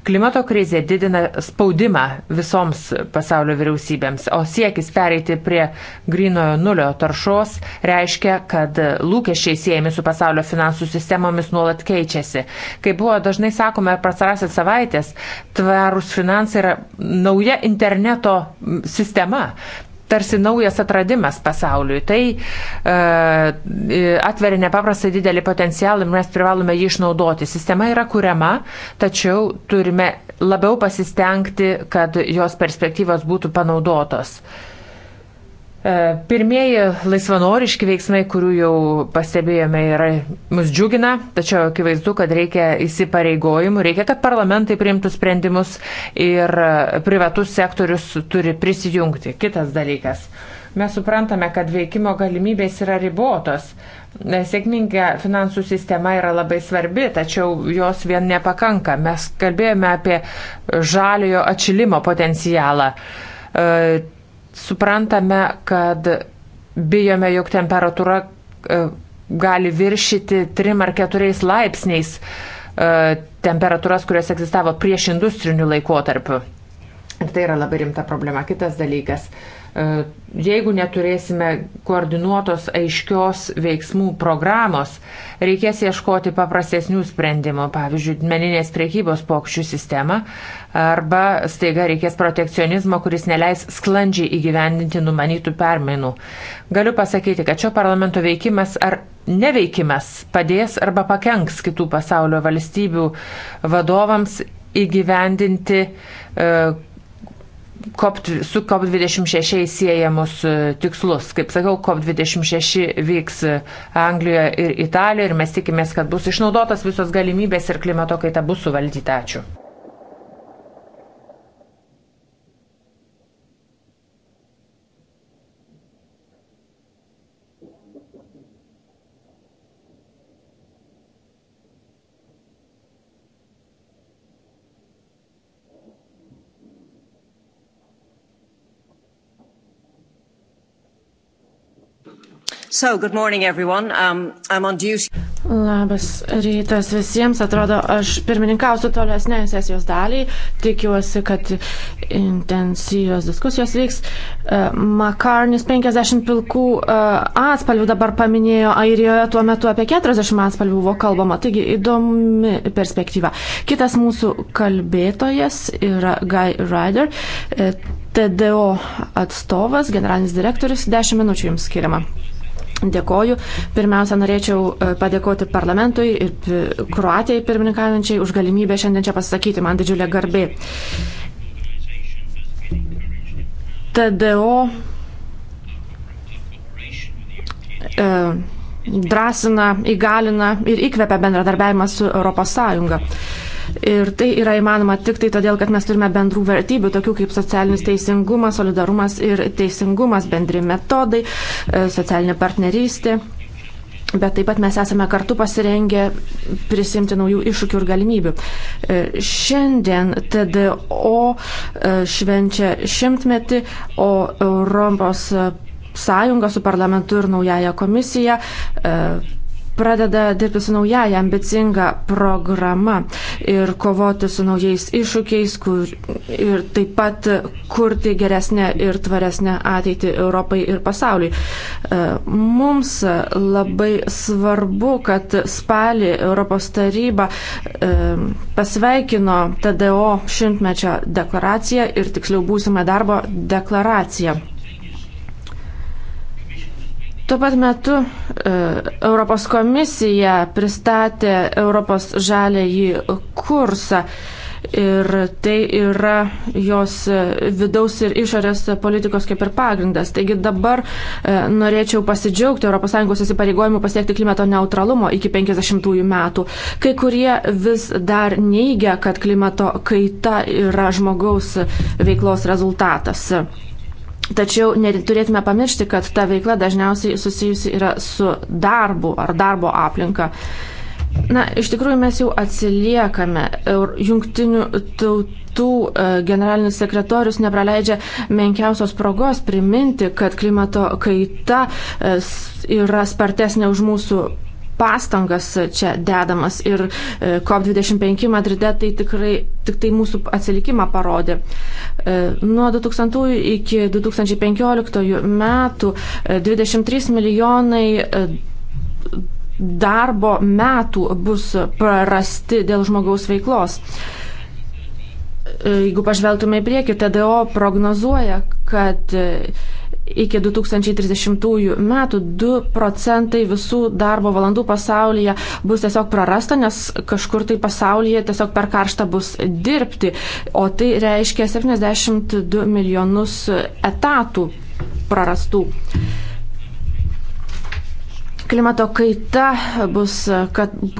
Klimato krizė didina spaudimą visoms pasaulio vyriausybėms, o siekis pereiti prie grinojo nulio taršos reiškia, kad lūkesčiai siejami su pasaulio finansų sistemomis nuolat keičiasi. Kaip buvo dažnai sakome pasarasias savaitės, tvarus finansai yra nauja interneto sistema tarsi naujas atradimas pasauliui. Tai e, atveria nepaprastai didelį potencialą ir mes privalome jį išnaudoti. Sistema yra kuriama, tačiau turime labiau pasistengti, kad jos perspektyvos būtų panaudotos. E, E, pirmieji laisvanoriški veiksmai, kurių jau pastebėjome, yra mus džiugina, tačiau akivaizdu, kad reikia įsipareigojimų, reikia, kad parlamentai priimtų sprendimus ir privatus sektorius turi prisijungti. Kitas dalykas. Mes suprantame, kad veikimo galimybės yra ribotos. E, sėkminga finansų sistema yra labai svarbi, tačiau jos vien nepakanka. Mes kalbėjome apie žaliojo atšilimo potencialą e, Suprantame, kad bijome, jog temperatūra e, gali viršyti 3 ar 4 laipsniais e, temperatūras, kurios egzistavo prieš industrinių laikotarpių. Ir tai yra labai rimta problema. Kitas dalykas. Uh, E, jeigu neturėsime koordinuotos aiškios veiksmų programos, reikės ieškoti paprastesnių sprendimų, pavyzdžiui, meninės priekybos pokščių sistemą, arba staiga reikės protekcionizmo, kuris neleis sklandžiai įgyvendinti numanytų permainų. Galiu pasakyti, kad šio parlamento veikimas ar neveikimas padės arba pakenks kitų pasaulio valstybių vadovams įgyvendinti uh, su COP26 siejamus e, tikslus. Kaip sakiau, COP26 vyks e, Anglijoje ir Italijoje ir mes tikimės, kad bus išnaudotas visos galimybės ir klimato kaita bus suvaldyta. Ačiū. So, good morning everyone. Um, I'm on duty. Labas rytas visiems. Atrodo, aš pirmininkausiu tolesnė sesijos daliai. Tikiuosi, kad intensyvios diskusijos vyks. E, Makarnis 50 pilkų e, atspalvių dabar paminėjo Airijoje, tuo metu apie 40 atspalvių buvo kalbama. Taigi įdomi perspektyva. Kitas mūsų kalbėtojas yra Guy Ryder. E, TDO atstovas, generalinis direktorius, 10 minučių jums skiriama. Dėkoju. Pirmiausia, norėčiau e, padėkoti parlamentui ir e, Kroatijai pirmininkaujančiai už galimybę šiandien čia pasakyti. Man didžiulė garbė. TDO e, drąsina, įgalina ir įkvepia bendradarbiavimą su ES. Ir tai yra įmanoma tik tai todėl, kad mes turime bendrų vertybių, tokių kaip socialinis teisingumas, solidarumas ir teisingumas, bendri metodai, e, socialinė partnerystė. Bet taip pat mes esame kartu pasirengę prisimti naujų iššūkių ir galimybių. E, šiandien TDO e, švenčia šimtmetį, o Europos sąjunga su parlamentu ir naujaja komisija pradeda dirbti su naujaja ambicinga programa ir kovoti su naujais iššūkiais kur, ir taip pat kurti geresnę ir tvaresnę ateitį Europai ir pasauliui. E, mums labai svarbu, kad spalį Europos taryba e, pasveikino TDO šimtmečio deklaraciją ir tiksliau būsimą darbo deklaraciją. Tuo pat metu e, Europos komisija pristatė Europos žalėjį kursą ir tai yra jos vidaus ir išorės politikos kaip ir pagrindas. Taigi dabar e, norėčiau pasidžiaugti ES įsipareigojimu pasiekti klimato neutralumo iki 50-ųjų metų. Kai kurie vis dar neigia, kad klimato kaita yra žmogaus veiklos rezultatas. Tačiau turėtume pamiršti, kad ta veikla dažniausiai susijusi yra su darbu ar darbo aplinka. Na, iš tikrųjų mes jau atsiliekame. Jungtinių tautų e, generalinis sekretorius nepraleidžia menkiausios progos priminti, kad klimato kaita e, yra spartesnė už mūsų pastangas čia dedamas ir e, COP25 Madride tai tikrai tik tai mūsų atsilikimą parodė. E, nuo 2000 iki 2015 metų 23 e, milijonai darbo metų bus prarasti dėl žmogaus veiklos jeigu pažvelgtume į priekį, TDO prognozuoja, kad iki 2030 metų 2 procentai visų darbo valandų pasaulyje bus tiesiog prarasta, nes kažkur tai pasaulyje tiesiog per karštą bus dirbti, o tai reiškia 72 milijonus etatų prarastų. Klimato kaita bus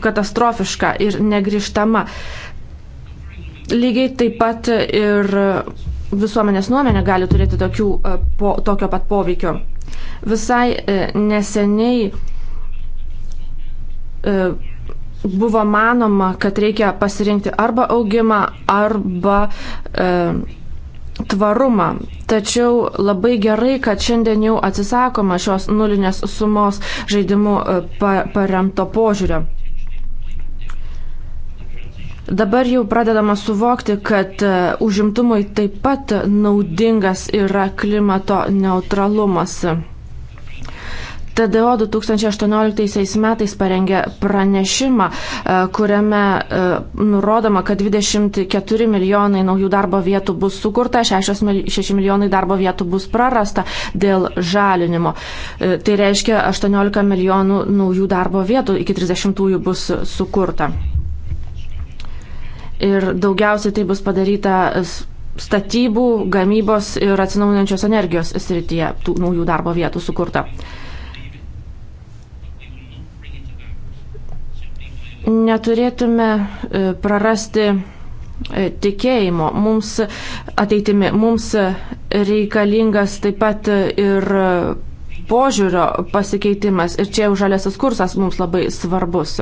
katastrofiška ir negrižtama. Lygiai taip pat ir visuomenės nuomenė gali turėti tokių, e, po, tokio pat poveikio. Visai e, neseniai e, buvo manoma, kad reikia pasirinkti arba augimą, arba tvarumą. Tačiau labai gerai, kad šiandien jau atsisakoma šios nulinės sumos žaidimų paremto požiūrio. Dabar jau pradedama suvokti, kad e, užimtumui taip pat naudingas yra klimato neutralumas. TDO 2018 metais parengė pranešimą, e, kuriame e, nurodoma, kad 24 milijonai naujų darbo vietų bus sukurta, 6 milijonai darbo vietų bus prarasta dėl žalinimo. Tai reiškia 18 milijonų naujų darbo vietų iki 30-ųjų bus sukurta ir daugiausiai tai bus padaryta statybų, gamybos ir atsinaujinančios energijos srityje tų naujų darbo vietų sukurta. Neturėtume e, prarasti e, tikėjimo, mums ateitimi, mums reikalingas taip pat ir požiūrio pasikeitimas ir čia jau žalėsis kursas mums labai svarbus.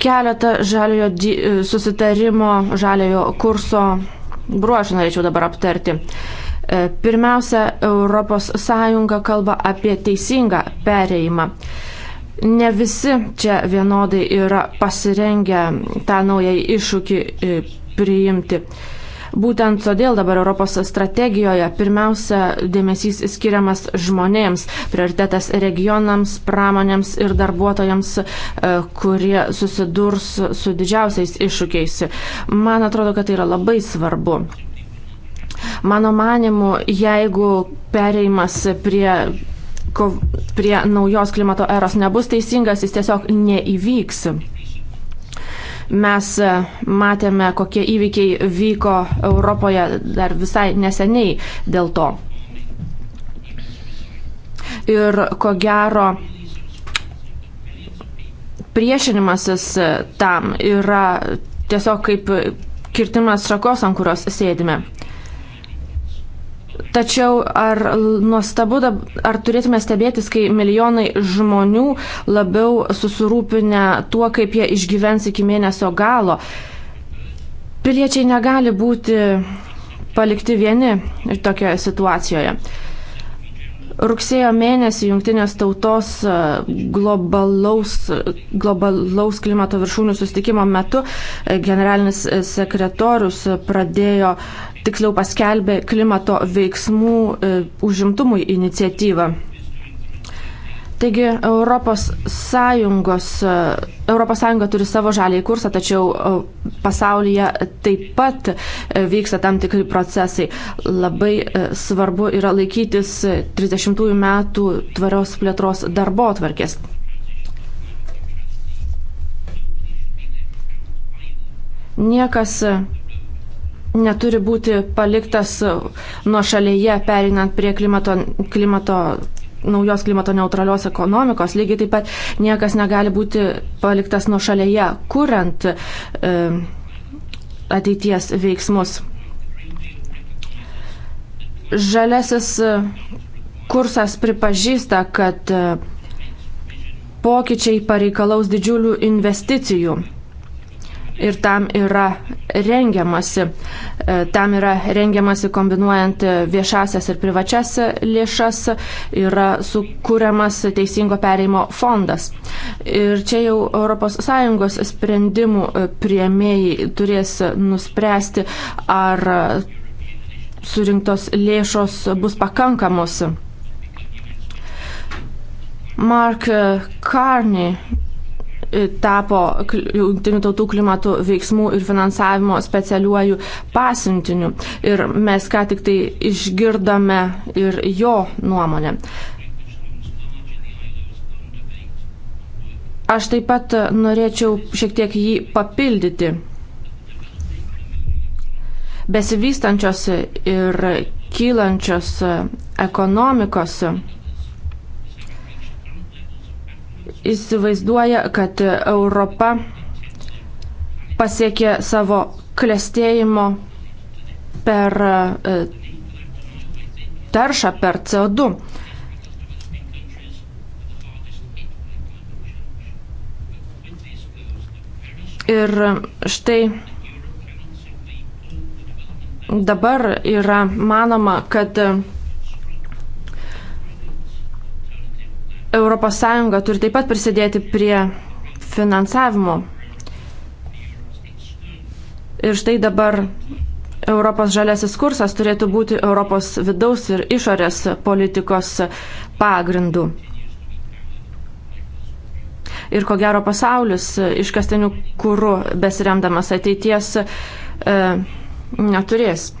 Keletą žaliojo e, susitarimo, žaliojo kurso bruožų norėčiau dabar aptarti. E, pirmiausia, ES kalba apie teisingą perėjimą. Ne visi čia vienodai yra pasirengę tą naują iššūkį e, priimti. Būtent todėl dabar Europos strategijoje pirmiausia dėmesys skiriamas žmonėms, prioritetas regionams, pramonėms ir darbuotojams, e, kurie susidurs su didžiausiais iššūkiais. Man atrodo, kad tai yra labai svarbu. Mano manimu, jeigu pereimas prie prie naujos klimato eros nebus teisingas, jis tiesiog neįvyks. Mes e, matėme, kokie įvykiai vyko Europoje dar visai neseniai dėl to. Ir ko gero, priešinimasis e, tam yra tiesiog kaip kirtimas šakos, ant kurios sėdime. Tačiau ar nuostabu, ar turėtume stebėtis, kai milijonai žmonių labiau susirūpinę tuo, kaip jie išgyvens iki mėnesio galo. Piliečiai negali būti palikti vieni tokioje situacijoje. Rugsėjo mėnesį Junktinės tautos e, globalaus, globalaus klimato viršūnių sustikimo metu e, generalinis e, sekretorius pradėjo, tiksliau paskelbė klimato veiksmų užimtumui iniciatyvą. Taigi Europos, Sąjungos, e, Europos Sąjunga turi savo žaliai kursą, tačiau e, pasaulyje taip pat e, vyksta tam tikri procesai. Labai svarbu yra laikytis 30 metų tvarios plėtros darbo atvarkės. Niekas neturi būti paliktas nuo šalyje perinant prie klimato, klimato naujos klimato neutralios ekonomikos, lygiai taip pat niekas negali būti paliktas nuo šalyje, kuriant e, ateities veiksmus. Žalesis e, kursas pripažįsta, kad e, pokyčiai pareikalaus didžiulių investicijų ir tam yra rengiamasi. E, tam yra rengiamasi kombinuojant viešasias ir privačias lėšas, yra sukūriamas teisingo pereimo fondas. Ir čia jau ES sprendimų e, prieimėjai turės nuspręsti, ar surinktos lėšos bus pakankamos. Mark Carney E, tapo Junktinių tautų klimato veiksmų ir finansavimo specialiuoju pasiuntiniu. Ir mes ką tik tai išgirdome ir jo nuomonę. Aš taip pat norėčiau šiek tiek jį papildyti. Besivystančios ir kylančios ekonomikos įsivaizduoja, kad Europa pasiekė savo klestėjimo per e, taršą, per CO2. Ir štai dabar yra manoma, kad ES turi taip pat prisidėti prie finansavimo. Ir štai dabar Europos žaliasis kursas turėtų būti Europos vidaus ir išorės politikos pagrindu. Ir ko gero pasaulis iškastinių kūrų besiremdamas ateities e, neturės.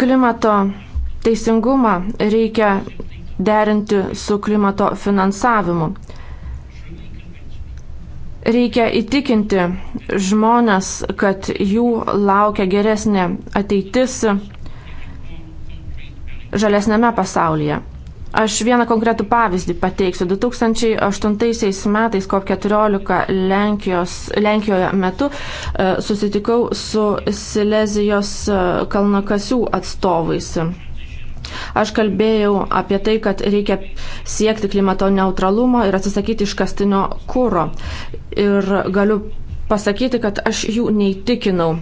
Klimato teisingumą reikia derinti su klimato finansavimu. Reikia įtikinti žmonės, kad jų laukia geresnė ateitis žalesnėme pasaulyje. Aš vieną konkretų pavyzdį pateiksiu. 2008 metais COP14 Lenkijos, Lenkijoje metu e, susitikau su Silezijos e, kalnakasių atstovais. Aš kalbėjau apie tai, kad reikia siekti klimato neutralumo ir atsisakyti iškastinio kūro. Ir galiu pasakyti, kad aš jų neįtikinau.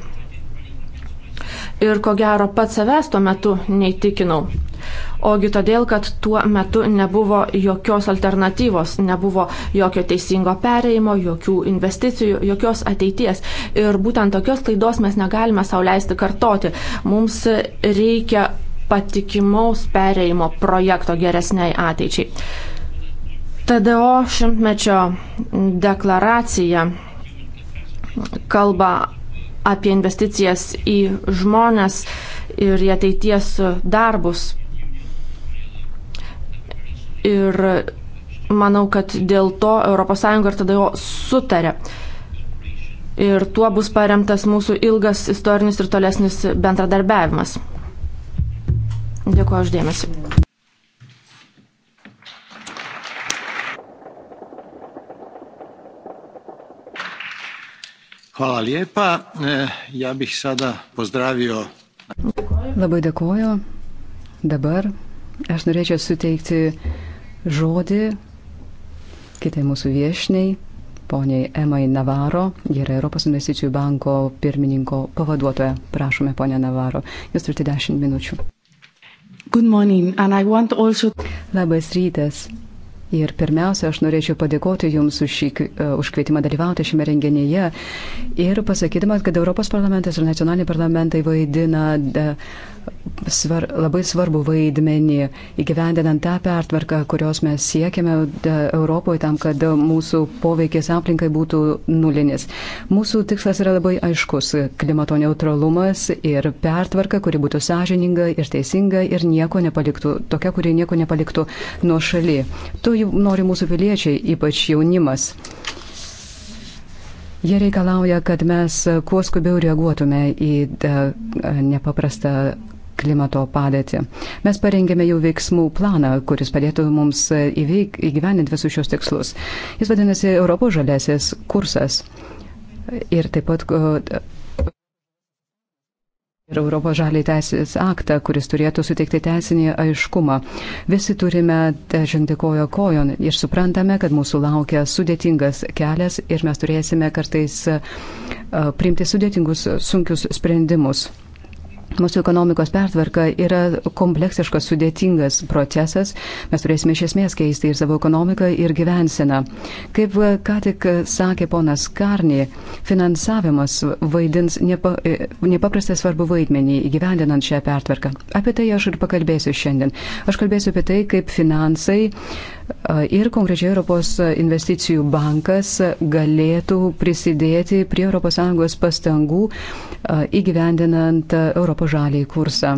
Ir ko gero pats savęs tuo metu neįtikinau. Ogi todėl, kad tuo metu nebuvo jokios alternatyvos, nebuvo jokio teisingo pereimo, jokių investicijų, jokios ateities. Ir būtent tokios klaidos mes negalime sauliaisti kartoti. Mums reikia patikimaus perėjimo projekto geresniai ateičiai. TDO šimtmečio deklaracija kalba apie investicijas į žmonės ir į ateities darbus. Ir manau, kad dėl to ES ir tada jo sutarė. Ir tuo bus paremtas mūsų ilgas istorinis ir tolesnis bendradarbiavimas. Dėkuoju uždėmesi. Hvala lijepa. E, ja bih sada pozdravio. Labai dėkuoju. Dabar aš norėčiau suteikti žodį kitai mūsų viešniai, poniai Emai Navaro, ji yra Europos investicijų banko pirmininko pavaduotoja. Prašome, ponia Navaro, jūs turite 10 minučių. Good morning, and I want also. Labas rytas. Ir pirmiausia, aš norėčiau padėkoti Jums už, šį, e, už kvietimą dalyvauti šiame renginyje ir pasakydamas, kad Europos parlamentas ir nacionaliniai parlamentai vaidina e, svar, labai svarbu vaidmenį įgyvendinant tą pertvarką, kurios mes siekiame Europoje tam, kad mūsų poveikis aplinkai būtų nulinis. Mūsų tikslas yra labai aiškus - klimato neutralumas ir pertvarka, kuri būtų sąžininga ir teisinga ir nieko nepaliktų, tokia, kuri nieko nepaliktų nuo šaly. To nori mūsų piliečiai, ypač jaunimas. Jie reikalauja, kad mes kuo skubiau reaguotume į nepaprastą klimato padėtį. Mes parengėme jau veiksmų planą, kuris padėtų mums įveik, įgyveninti visus šios tikslus. Jis vadinasi Europos žalėsis kursas. Ir taip pat ir Europos žaliai teisės aktą, kuris turėtų suteikti teisinį aiškumą. Visi turime žengti kojo kojon ir suprantame, kad mūsų laukia sudėtingas kelias ir mes turėsime kartais priimti sudėtingus, sunkius sprendimus. Mūsų ekonomikos pertvarka yra kompleksiškas, sudėtingas procesas. Mes turėsime iš esmės keisti ir savo ekonomiką, ir gyvenseną. Kaip ką tik sakė ponas Karni, finansavimas vaidins nepa, e, nepaprastai svarbu vaidmenį įgyvendinant šią pertvarką. Apie tai aš ir pakalbėsiu šiandien. Aš kalbėsiu apie tai, kaip finansai E, ir konkrečiai Europos investicijų bankas galėtų prisidėti prie ES pastangų e, įgyvendinant Europos žaliai kursą.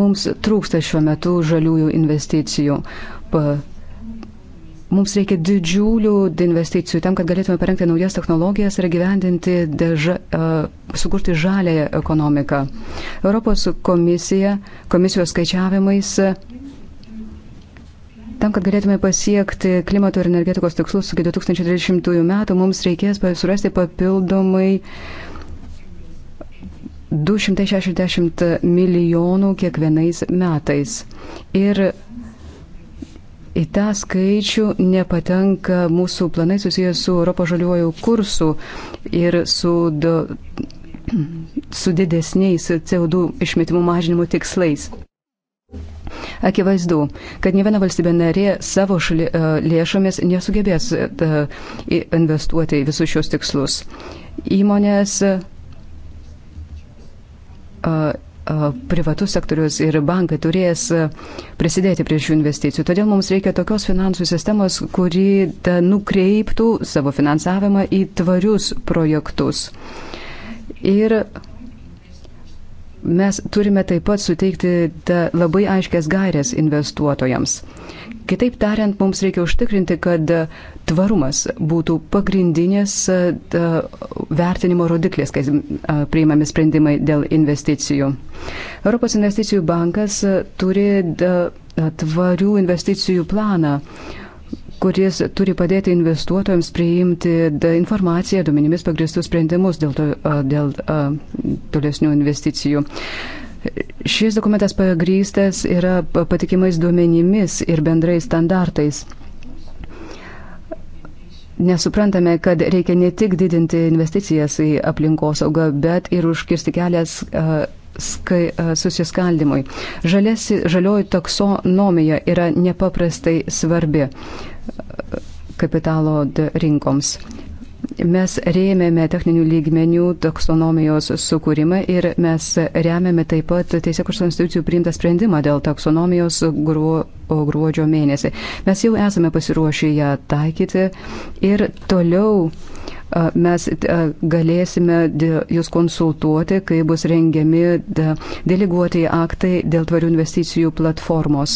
Mums trūksta šiuo metu žaliųjų investicijų. Mums reikia didžiulių investicijų tam, kad galėtume parengti naujas technologijas ir gyvendinti, deža, uh, sukurti žalę ekonomiką. Europos komisija, komisijos skaičiavimais uh, Tam, kad galėtume pasiekti klimato ir energetikos tikslus iki 2030 metų, mums reikės surasti papildomai 260 milijonų kiekvienais metais. Ir į tą skaičių nepatenka mūsų planai susijęs su Europos žaliuoju kursu ir su, do, su didesniais CO2 išmetimų mažinimo tikslais. Akivaizdu, kad ne viena valstybė narė savo šali, e, lėšomis nesugebės e, investuoti į visus šios tikslus. Įmonės, e, privatus sektorius ir bankai turės prisidėti prie šių investicijų. Todėl mums reikia tokios finansų sistemos, kuri nukreiptų savo finansavimą į tvarius projektus. Ir mes turime taip pat suteikti labai aiškias gairias investuotojams. Kitaip tariant, mums reikia užtikrinti, kad tvarumas būtų pagrindinis vertinimo rodiklis, kai priimami sprendimai dėl investicijų. Europos investicijų bankas turi tvarių investicijų planą, kuris turi padėti investuotojams priimti informaciją, duomenimis pagristus sprendimus dėl, to, dėl tolesnių investicijų. Šis dokumentas pagrystas yra patikimais duomenimis ir bendrais standartais. Nesuprantame, kad reikia ne tik didinti investicijas į aplinkosaugą, bet ir užkirsti kelias skai, e, susiskaldimui. Žalėsi, žalioji taksonomija yra nepaprastai svarbi e, kapitalo rinkoms. Mes rėmėme techninių lygmenių taksonomijos sukūrimą ir mes remiame taip pat Teisėkos institucijų priimtą sprendimą dėl taksonomijos gruo, gruodžio mėnesį. Mes jau esame pasiruošę ją taikyti ir toliau mes galėsime jūs konsultuoti, kai bus rengiami deleguoti aktai dėl tvarių investicijų platformos.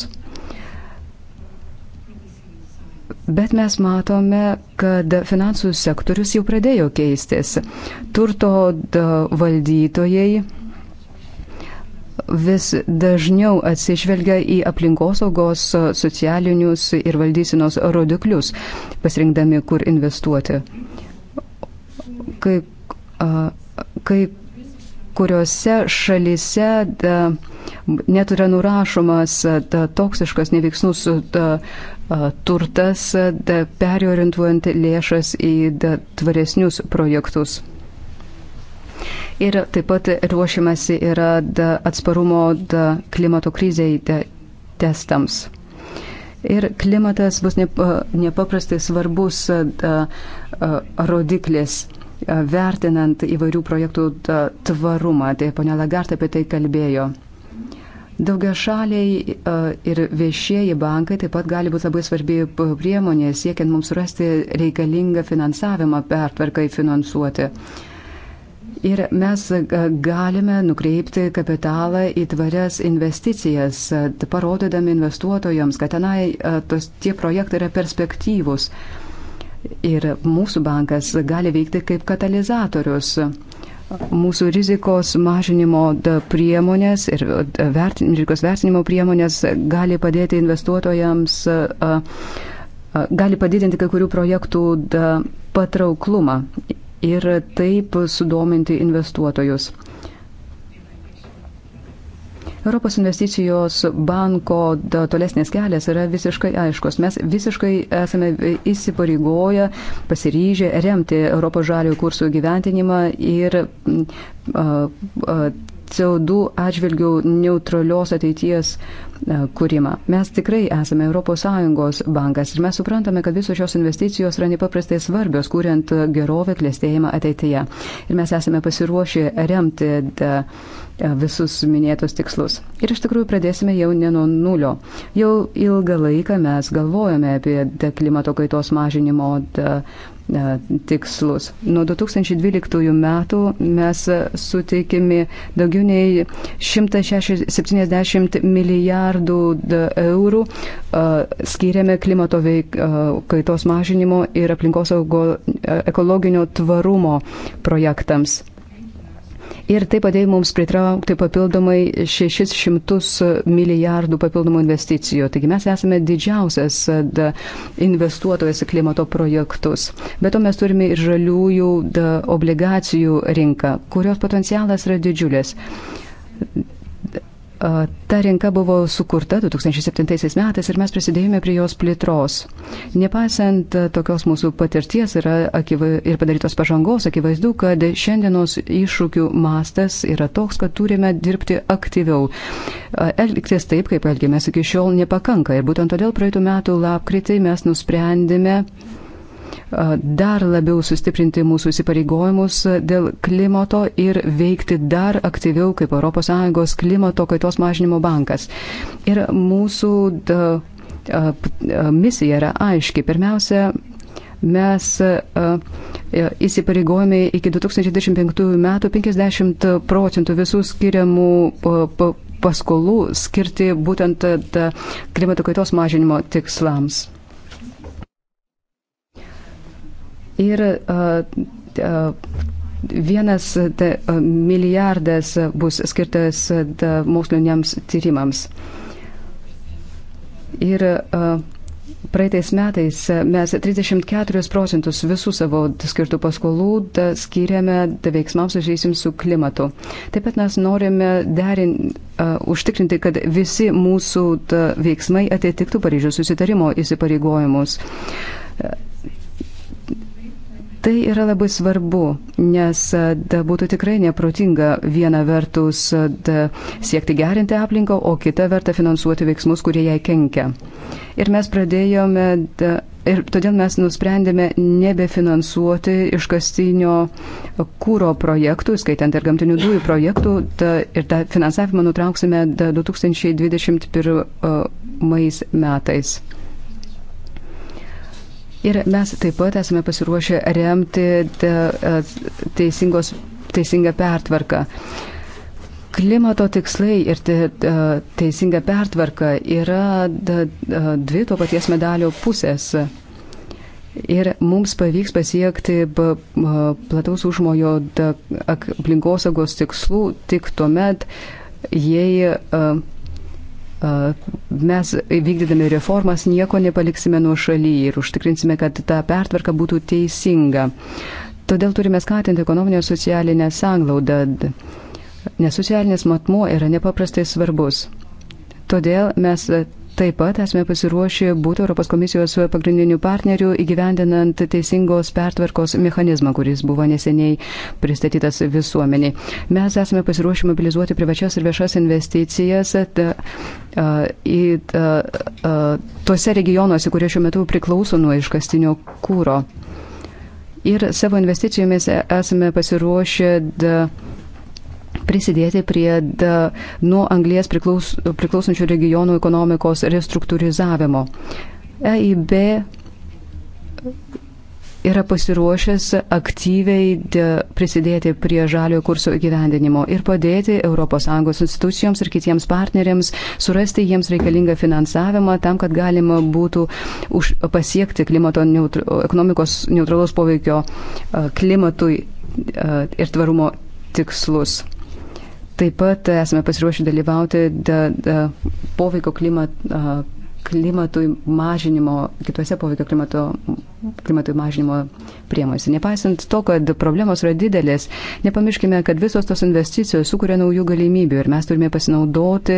Bet mes matome, kad finansų sektorius jau pradėjo keistis. Turto valdytojai vis dažniau atsižvelgia į aplinkosaugos, socialinius ir valdysinos rodiklius, pasirinkdami, kur investuoti kai, a, kai kuriuose šalise da, net yra nurašomas da, toksiškas neveiksnus da, turtas, da, periorientuojant lėšas į da, tvaresnius projektus. Ir taip pat ruošiamasi yra da, atsparumo da, klimato kriziai da, testams. Ir klimatas bus nepaprastai svarbus da, a, rodiklis. A, vertinant įvairių projektų tvarumą. Tai ponia Lagarta apie tai kalbėjo. Daugia šaliai ir viešieji bankai taip pat gali būti labai svarbi priemonė siekiant mums surasti reikalingą finansavimą pertvarkai finansuoti. Ir mes galime nukreipti kapitalą į tvarias investicijas, parodydami investuotojams, kad tenai tos, tie projektai yra perspektyvūs. Ir mūsų bankas gali veikti kaip katalizatorius. Mūsų rizikos mažinimo priemonės ir vertin, rizikos vertinimo priemonės gali padėti investuotojams, gali padidinti kai kurių projektų patrauklumą ir taip sudominti investuotojus. Europos investicijos banko tolesnės kelias yra visiškai aiškus. Mes visiškai esame įsipareigoję, pasiryžę remti Europos žaliojo kursų gyventinimą ir CO2 atžvilgių neutralios ateities E, kūrimą. Mes tikrai esame ES bankas ir mes suprantame, kad visos šios investicijos yra nepaprastai svarbios, kuriant gerovę klėstėjimą ateityje. Ir mes esame pasiruošę remti e, e, visus minėtos tikslus. Ir iš tikrųjų pradėsime jau ne nuo nulio. Jau ilgą laiką mes galvojame apie klimato kaitos mažinimo E, tikslus. Nuo 2012 metų mes suteikėme daugiau nei 170 milijardų eurų, e, skiriame klimato veik, e, kaitos mažinimo ir aplinkosaugos ekologinio tvarumo projektams ir tai padėjo mums pritraukti papildomai 600 milijardų papildomų investicijų. Taigi mes esame didžiausias investuotojas į klimato projektus. Be to mes turime ir žaliųjų obligacijų rinką, kurios potencialas yra didžiulis. Ta rinka buvo sukurta 2007 metais ir mes prisidėjome prie jos plėtros. Nepaisant tokios mūsų patirties akivai, ir padarytos pažangos, akivaizdu, kad šiandienos iššūkių mastas yra toks, kad turime dirbti aktyviau. Elgtis taip, kaip elgėmės iki šiol, nepakanka. Ir būtent todėl praeitų metų lapkritį mes nusprendėme E, dar labiau sustiprinti mūsų įsipareigojimus dėl klimato ir veikti dar aktyviau kaip ES klimato kaitos mažinimo bankas. Ir mūsų da, e, e, misija yra aiški. Pirmiausia, mes įsipareigojame iki 2025 metų 50 procentų visų skiriamų paskolų skirti būtent klimato kaitos mažinimo tikslams. Ir vienas milijardas bus skirtas moksliniams tyrimams. Ir praeitais metais mes 34 procentus visų savo skirtų paskolų skiriame veiksmams susijusim su klimatu. Taip pat mes norime derin, uh, užtikrinti, kad visi mūsų veiksmai atitiktų Paryžiaus susitarimo įsipareigojimus. Uh, Tai yra labai svarbu, nes da, būtų tikrai neprotinga viena vertus da, siekti gerinti aplinką, o kita verta finansuoti veiksmus, kurie jai kenkia. Ir mes pradėjome, da, ir todėl mes nusprendėme nebefinansuoti iškastinio kūro projektų, skaitant ir gamtinių dujų projektų, da, ir tą finansavimą nutrauksime da, 2021 metais. Ir mes taip pat esame pasiruošę remti e, teisingos, teisingą pertvarką. Klimato tikslai ir te, e, teisinga pertvarka yra e, dvi to paties medalio pusės. Ir mums pavyks pasiekti plataus užmojo aplinkosaugos tikslų tik tuomet, jei uh, mes vykdydami reformas nieko nepaliksime nuo šaly ir užtikrinsime, kad ta pertvarka būtų teisinga. Todėl turime skatinti ekonominę ir socialinę sanglaudą, nes socialinis matmuo yra nepaprastai svarbus. Todėl mes Taip pat esame pasiruošę būti Europos komisijos pagrindiniu partneriu įgyvendinant teisingos pertvarkos mechanizmą, kuris buvo neseniai pristatytas visuomeniai. Mes esame pasiruošę mobilizuoti privačias ir viešas investicijas į tuose regionuose, kurie šiuo metu priklauso nuo iškastinio kūro. Ir savo investicijomis e, esame pasiruošę. Da, prisidėti prie da, nuo anglės priklaus, priklausančių regionų ekonomikos restruktūrizavimo. EIB yra pasiruošęs aktyviai prisidėti prie žaliojo kurso įgyvendinimo ir padėti ES institucijoms ir kitiems partneriams surasti jiems reikalingą finansavimą tam, kad galima būtų už, pasiekti klimato neutro, ekonomikos neutralos poveikio klimatui ir tvarumo tikslus. Taip pat esame pasiruošę dalyvauti da, da, poveikio klimat, klimatui mažinimo, kitose poveikio klimato, klimatui mažinimo priemonėse. Nepaisant to, kad problemos yra didelės, nepamirškime, kad visos tos investicijos sukuria naujų galimybių ir mes turime pasinaudoti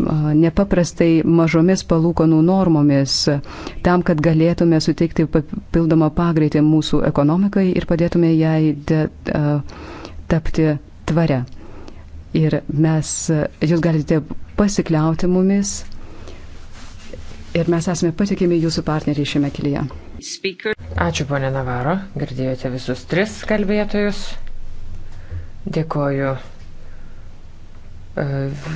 nepaprastai mažomis palūkonų normomis tam, kad galėtume suteikti papildomą pagreitį mūsų ekonomikai ir padėtume jai. De, de, de, tapti tvare. Ir mes, jūs galite pasikliauti mumis. Ir mes esame patikimi jūsų partneriai šiame kelyje. Ačiū, ponė Navaro. Girdėjote visus tris kalbėtojus. Dėkoju e,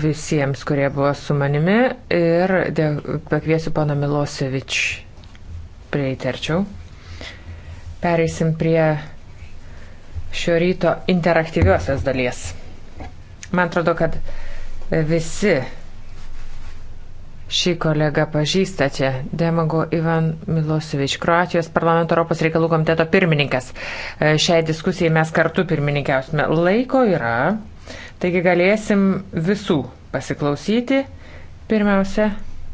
visiems, kurie buvo su manimi ir dė... pakviesiu pana Milosevič prieiti arčiau. Pereisim prie šio ryto interaktyviosios dalies. Man atrodo, kad visi šį kolegą pažįsta čia. Demago Ivan Milosevič, Kroatijos parlamento Europos reikalų komiteto pirmininkas. E, šiai diskusijai mes kartu pirmininkiausime. Laiko yra, taigi galėsim visų pasiklausyti. Pirmiausia,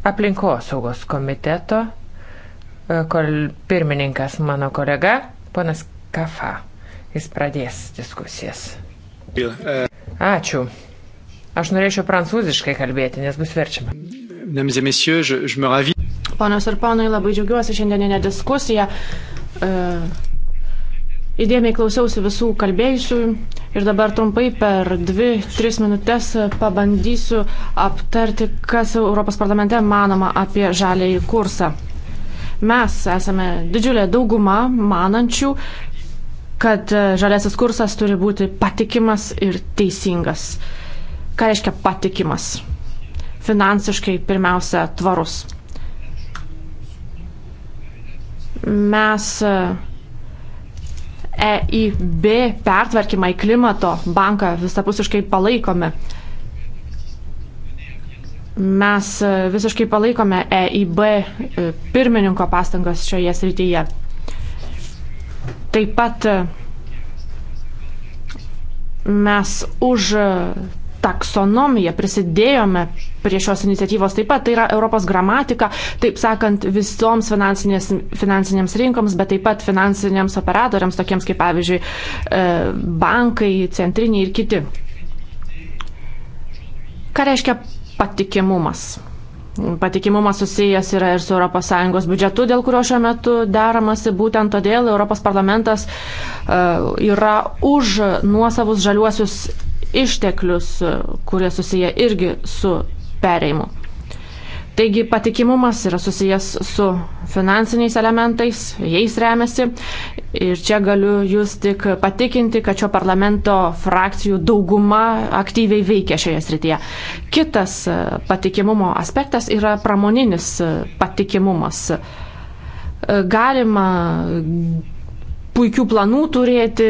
aplinkosaugos komiteto e, kol pirmininkas mano kolega, ponas Kafa. Jis pradės diskusijas. E, Ačiū. Aš norėčiau prancūziškai kalbėti, nes bus verčiama. Ponas ir ponai, labai džiaugiuosi šiandieninę diskusiją. E, įdėmiai klausiausi visų kalbėjusių ir dabar trumpai per 2-3 minutės pabandysiu aptarti, kas Europos parlamente manoma apie žalėjį kursą mes esame didžiulė dauguma manančių, kad e, žaliasis kursas turi būti patikimas ir teisingas. Ką reiškia patikimas? Finansiškai pirmiausia tvarus. Mes EIB e pertvarkymą į klimato banką visapusiškai palaikome. Mes e, visiškai palaikome EIB pirmininko pastangas šioje srityje. Taip pat e, mes už e, taksonomiją prisidėjome prie šios iniciatyvos taip pat, tai yra Europos gramatika, taip sakant, visoms finansinėms rinkoms, bet taip pat finansiniams operatoriams, tokiems kaip pavyzdžiui e, bankai, centriniai ir kiti. Ką reiškia patikimumas? Patikimumas susijęs yra ir su ES biudžetu, dėl kurio šiuo metu deramasi. Būtent todėl Europos parlamentas e, yra už nuosavus žaliuosius išteklius, kurie susiję irgi su pereimu. Taigi patikimumas yra susijęs su finansiniais elementais, jais remiasi. Ir čia galiu jūs tik patikinti, kad šio parlamento frakcijų dauguma aktyviai veikia šioje srityje. Kitas e, patikimumo aspektas yra pramoninis patikimumas. E, galima puikių planų turėti,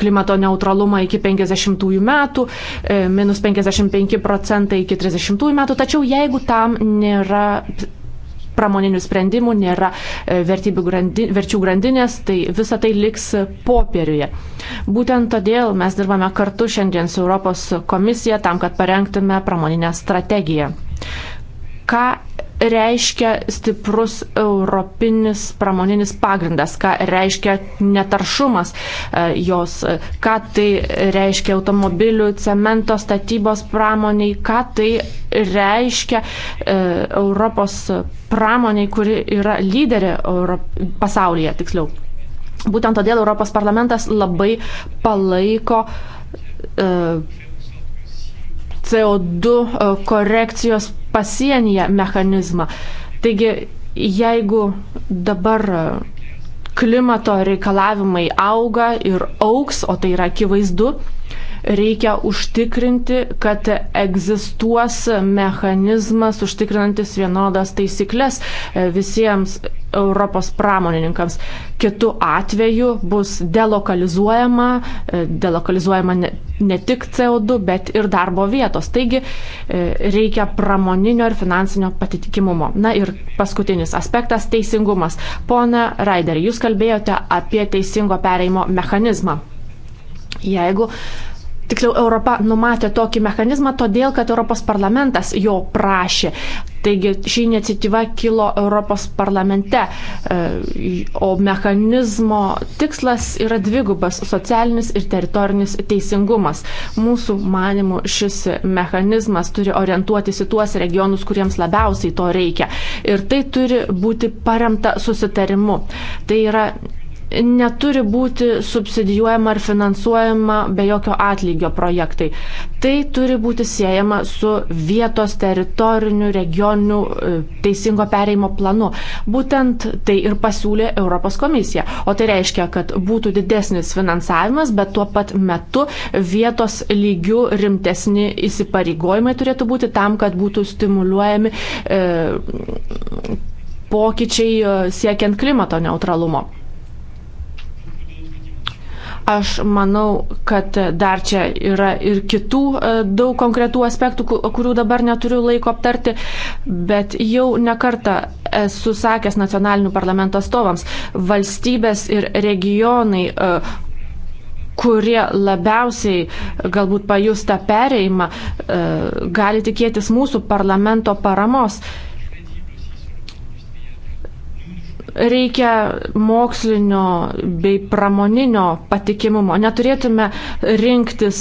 klimato neutralumą iki 50 metų, e, minus 55 procentai iki 30 metų, tačiau jeigu tam nėra pramoninių sprendimų, nėra e, grandin, verčių grandinės, tai visa tai liks popieriuje. Būtent todėl mes dirbame kartu šiandien su Europos komisija tam, kad parengtume pramoninę strategiją ką reiškia stiprus europinis pramoninis pagrindas, ką reiškia netaršumas e, jos, e, ką tai reiškia automobilių, cemento statybos pramoniai, ką tai reiškia e, Europos pramoniai, kuri yra lyderė Europ... pasaulyje, tiksliau. Būtent todėl Europos parlamentas labai palaiko uh, CO2 e, korekcijos pasienyje mechanizmą. Taigi, jeigu dabar e, klimato reikalavimai auga ir auks, o tai yra akivaizdu, reikia užtikrinti, kad egzistuos mechanizmas užtikrinantis vienodas taisyklės e, visiems Europos pramonininkams. Kitu atveju bus delokalizuojama, e, delokalizuojama ne, ne tik CO2, bet ir darbo vietos. Taigi e, reikia pramoninio ir finansinio patitikimumo. Na ir paskutinis aspektas - teisingumas. Pone Raideri, jūs kalbėjote apie teisingo pereimo mechanizmą. Jeigu tiksliau Europa numatė tokį mechanizmą, todėl kad Europos parlamentas jo prašė. Taigi ši iniciatyva kilo Europos parlamente, e, o mechanizmo tikslas yra dvigubas - socialinis ir teritorinis teisingumas. Mūsų manimų šis mechanizmas turi orientuotis į tuos regionus, kuriems labiausiai to reikia. Ir tai turi būti paremta susitarimu. Tai yra neturi būti subsidijuojama ar finansuojama be jokio atlygio projektai. Tai turi būti siejama su vietos teritoriniu, regioniniu e, teisingo pereimo planu. Būtent tai ir pasiūlė Europos komisija. O tai reiškia, kad būtų didesnis finansavimas, bet tuo pat metu vietos lygių rimtesni įsipareigojimai turėtų būti tam, kad būtų stimuliuojami. E, pokyčiai e, siekiant klimato neutralumo. Aš manau, kad dar čia yra ir kitų e, daug konkretų aspektų, kurių dabar neturiu laiko aptarti, bet jau nekartą esu sakęs nacionalinių parlamento atstovams, valstybės ir regionai e, kurie labiausiai galbūt pajus tą pereimą, e, gali tikėtis mūsų parlamento paramos. reikia mokslinio bei pramoninio patikimumo. Neturėtume rinktis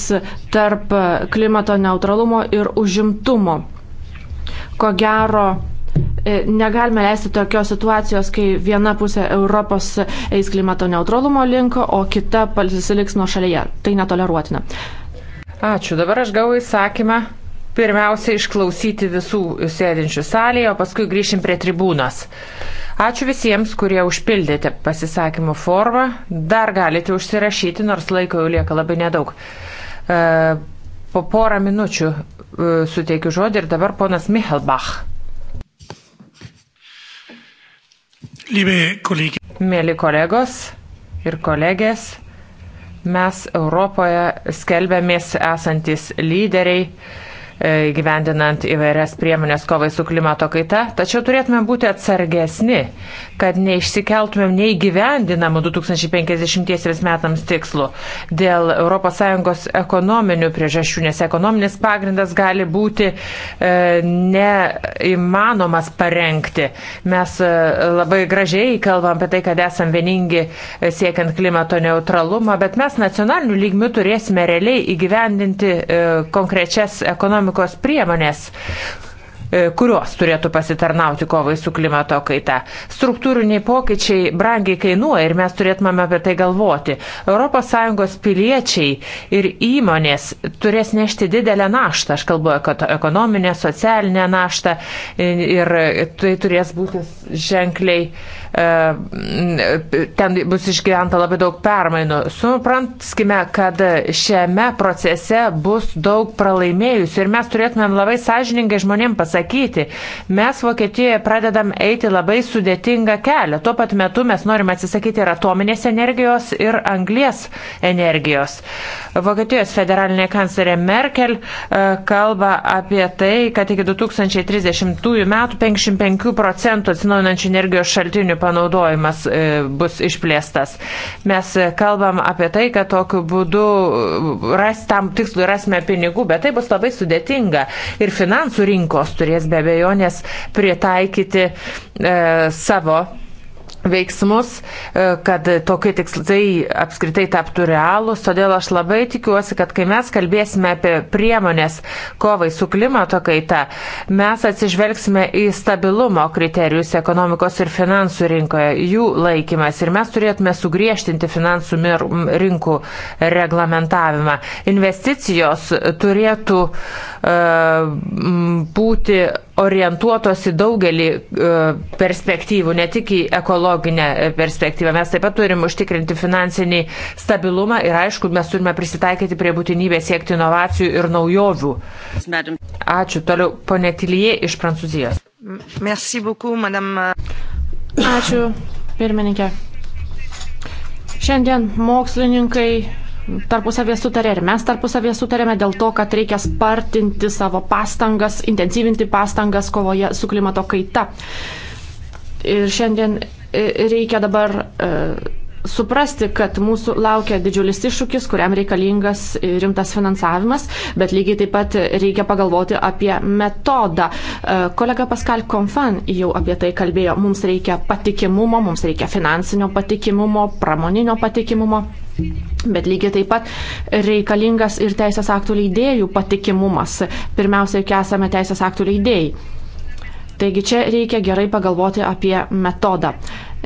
tarp klimato neutralumo ir užimtumo. Ko gero, e, negalime leisti tokios situacijos, kai viena pusė Europos eis klimato neutralumo link, o kita pasisiliks nuo šalyje. Tai netoleruotina. Ačiū. Dabar aš gavau įsakymą pirmiausia išklausyti visų sėdinčių salėje, o paskui grįšim prie tribūnos. Ačiū visiems, kurie užpildėte pasisakymo formą. Dar galite užsirašyti, nors laiko jau lieka labai nedaug. E, po porą minučių e, suteikiu žodį ir dabar ponas Michelbach. Mėly kolegos ir kolegės, mes Europoje skelbiamės esantis lyderiai E, gyvendinant įvairias priemonės kovai su klimato kaita, tačiau turėtume būti atsargesni, kad neišsikeltumėm neįgyvendinamų 2050 metams tikslų dėl ES ekonominių priežasčių, nes ekonominis pagrindas gali būti e, neįmanomas parengti. Mes e, labai gražiai kalbam apie tai, kad esam vieningi e, siekiant klimato neutralumą, bet mes nacionaliniu lygmiu turėsime realiai įgyvendinti e, konkrečias ekonominės ekonomikos priemonės e, kurios turėtų pasitarnauti kovai su klimato kaita. Struktūriniai pokyčiai brangiai kainuoja ir mes turėtumėme apie tai galvoti. ES piliečiai ir įmonės turės nešti didelę naštą, aš kalbu ekonominę, socialinę naštą ir tai turės būti ženkliai E, ten bus išgyventa labai daug permainų. Suprantaskime, kad šiame procese bus daug pralaimėjusių ir mes turėtumėm labai sąžiningai žmonėm pasakyti, mes Vokietijoje pradedam eiti labai sudėtingą kelią. Tuo pat metu mes norim atsisakyti ir atominės energijos, ir anglies energijos. Vokietijos federalinė kanclerė Merkel e, kalba apie tai, kad iki 2030 metų 55 procentų atsinaujinančių energijos šaltinių panaudojimas e, bus išplėstas. Mes e, kalbam apie tai, kad tokiu būdu e, ras, tam tikslui rasime pinigų, bet tai bus labai sudėtinga. Ir finansų rinkos turės be abejonės pritaikyti e, savo veiksmus, e, kad tokie tikslai apskritai taptų realūs. Todėl aš labai tikiuosi, kad kai mes kalbėsime apie priemonės kovai su klimato kaita, mes atsižvelgsime į stabilumo kriterijus ekonomikos ir finansų rinkoje, jų laikymas ir mes turėtume sugriežtinti finansų rinkų reglamentavimą. Investicijos turėtų uh, būti orientuotos į daugelį e, perspektyvų, ne tik į ekologinę e, perspektyvą. Mes taip pat turim užtikrinti finansinį stabilumą ir aišku, mes turime prisitaikyti prie būtinybės siekti inovacijų ir naujovių. Ačiū. Toliau ponė Tilyje iš Prancūzijos. Merci beaucoup, madame. Ačiū, pirmininkė. Šiandien mokslininkai tarpusavėje sutarė ir mes tarpusavėje sutarėme dėl to, kad reikia spartinti savo pastangas, intensyvinti pastangas kovoje su klimato kaita. Ir šiandien e, reikia dabar e, suprasti, kad mūsų laukia didžiulis iššūkis, kuriam reikalingas rimtas finansavimas, bet lygiai taip pat reikia pagalvoti apie metodą. E, kolega Paskal Konfan jau apie tai kalbėjo, mums reikia patikimumo, mums reikia finansinio patikimumo, pramoninio patikimumo. Bet lygiai taip pat reikalingas ir teisės aktų leidėjų patikimumas. Pirmiausia, juk esame teisės aktų leidėjai. Taigi čia reikia gerai pagalvoti apie metodą.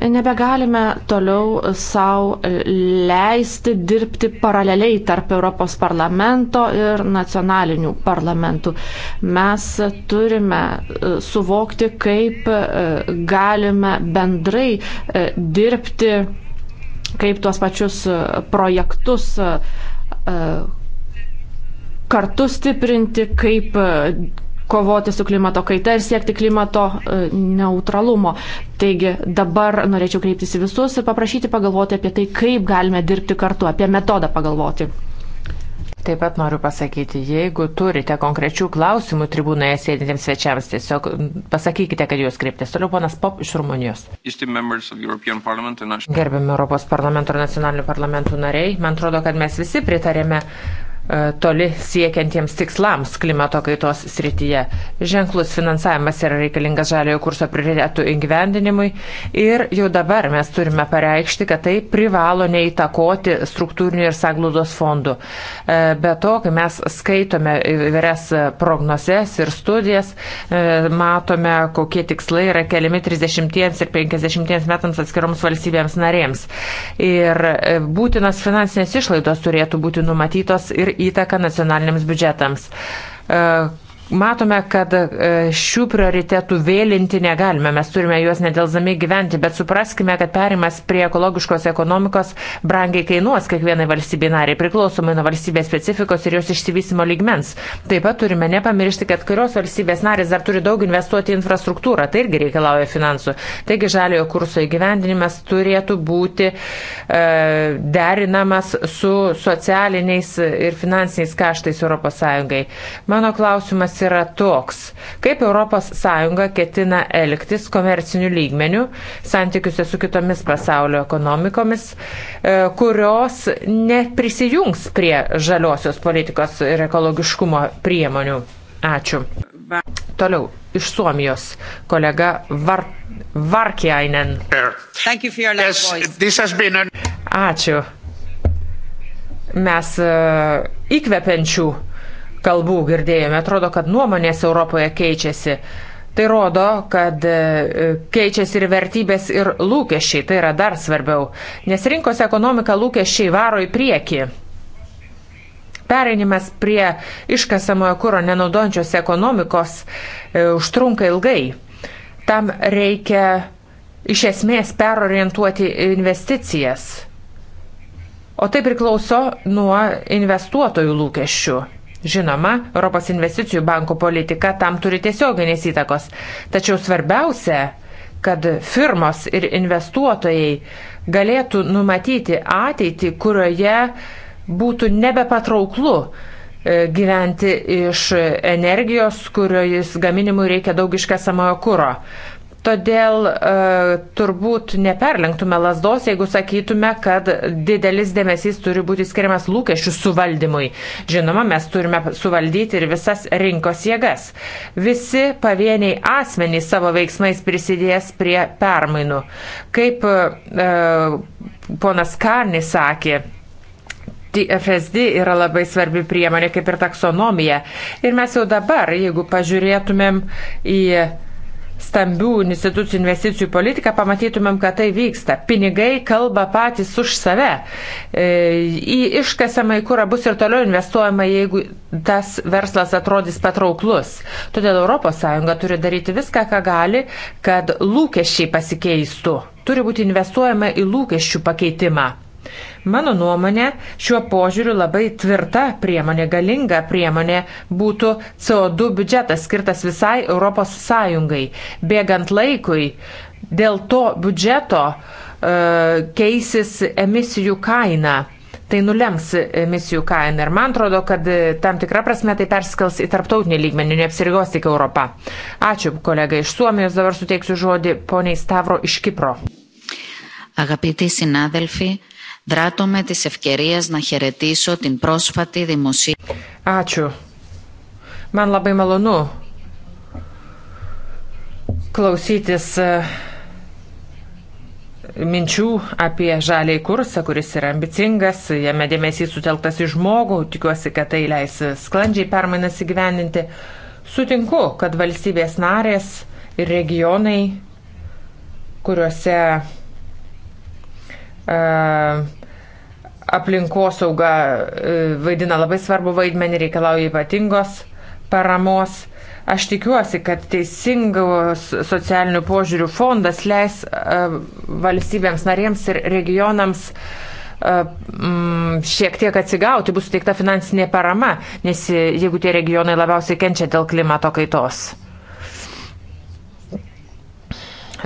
Nebegalime toliau savo leisti dirbti paraleliai tarp Europos parlamento ir nacionalinių parlamentų. Mes turime e, suvokti, kaip e, galime bendrai e, dirbti kaip tuos pačius e, projektus e, e, kartu stiprinti, kaip kovoti su klimato kaita ir siekti klimato neutralumo. Taigi dabar norėčiau kreiptis į visus ir paprašyti pagalvoti apie tai, kaip galime dirbti kartu, apie metodą pagalvoti. Taip pat noriu pasakyti, jeigu turite konkrečių klausimų tribūnoje sėdintiems svečiams, tiesiog pasakykite, kad juos kreiptės. Toliau ponas Pop iš Rumunijos. Tai Gerbiami Europos parlamento ir nacionalinių parlamentų nariai, man atrodo, kad mes visi pritarėme E, toli siekiantiems tikslams klimato kaitos srityje. Ženklus finansavimas yra reikalingas žaliojo kurso prioritetų įgyvendinimui ir jau dabar mes turime pareikšti, kad tai privalo neįtakoti struktūrinių ir saglūdos fondų. E, be to, kai mes skaitome įvairias prognozes ir studijas, e, matome, kokie tikslai yra keliami 30 ir 50 metams atskiroms valstybėms narėms. Ir būtinas finansinės išlaidos turėtų būti numatytos ir ir įtaką nacionaliniams biudžetams e, Matome, kad e, šių prioritetų vėlinti negalime, mes turime juos nedelzami gyventi, bet supraskime, kad perimas prie ekologiškos ekonomikos brangiai kainuos kiekvienai valstybei nariai, priklausomai nuo valstybės specifikos ir jos išsivysimo lygmens. Taip pat turime nepamiršti, kad kurios valstybės narės dar turi daug investuoti į infrastruktūrą, tai irgi reikalauja finansų. Taigi žaliojo kurso įgyvendinimas turėtų būti e, derinamas su socialiniais ir finansiniais kaštais ES. Mano klausimas klausimas yra toks. Kaip ES ketina elgtis komerciniu lygmeniu santykiuose su kitomis pasaulio ekonomikomis, e, kurios neprisijungs prie žaliosios politikos ir ekologiškumo priemonių? Ačiū. Toliau iš Suomijos kolega Var Varkiainen. Ačiū. Mes e, įkvepiančių uh, kalbų girdėjome. Atrodo, kad nuomonės Europoje keičiasi. Tai rodo, kad e, keičiasi ir vertybės, ir lūkesčiai. Tai yra dar svarbiau, nes rinkos ekonomika lūkesčiai varo į priekį. Pereinimas prie iškasamojo kūro nenaudojančios ekonomikos e, užtrunka ilgai. Tam reikia iš esmės perorientuoti investicijas. O tai priklauso nuo investuotojų lūkesčių. Žinoma, Europos investicijų banko politika tam turi tiesioginės įtakos. Tačiau svarbiausia, kad firmos ir investuotojai galėtų numatyti ateitį, kurioje būtų nebepatrauklu e, gyventi iš energijos, kuriojais gaminimui reikia daug iškesamojo kūro. Todėl e, turbūt neperlenktume lasdos, jeigu sakytume, kad didelis dėmesys turi būti skiriamas lūkesčių suvaldymui. Žinoma, mes turime suvaldyti ir visas rinkos jėgas. Visi pavieniai asmenys savo veiksmais prisidės prie permainų. Kaip e, ponas Karni sakė, FSD yra labai svarbi priemonė kaip ir taksonomija. Ir mes jau dabar, jeigu pažiūrėtumėm į stambių institucijų investicijų politiką, pamatytumėm, kad tai vyksta. Pinigai kalba patys už save. E, į iškasamą į kurą bus ir toliau investuojama, jeigu tas verslas atrodys patrauklus. Todėl ES turi daryti viską, ką gali, kad lūkesčiai pasikeistų. Turi būti investuojama į lūkesčių pakeitimą. Mano nuomonė, šiuo požiūriu labai tvirta priemonė, galinga priemonė būtų CO2 biudžetas skirtas visai ES. Bėgant laikui, dėl to biudžeto e, keisis emisijų kaina. Tai nulems emisijų kainą ir man atrodo, kad e, tam tikrą prasme tai perskels į tarptautinį lygmenį, neapsirigos tik Europą. Ačiū kolega iš Suomijos, dabar suteiksiu žodį poniai Stavro iš Kipro. Agapitai sinadelfi, Δράτω της ευκαιρίας να χαιρετήσω την πρόσφατη δημοσία... Ačiū. Man labai malonu klausytis e, minčių apie žaliai kursą, kuris yra ambicingas, jame dėmesys sutelktas į žmogų, tikiuosi, kad tai leis sklandžiai permainas įgyveninti. Sutinku, kad valstybės narės ir regionai, kuriuose uh, aplinkosauga e, vaidina labai svarbu vaidmenį, reikalauja ypatingos paramos. Aš tikiuosi, kad teisingos socialinių požiūrių fondas leis e, valstybėms narėms ir regionams e, šiek tiek atsigauti, bus suteikta finansinė parama, nes jeigu tie regionai labiausiai kenčia dėl klimato kaitos.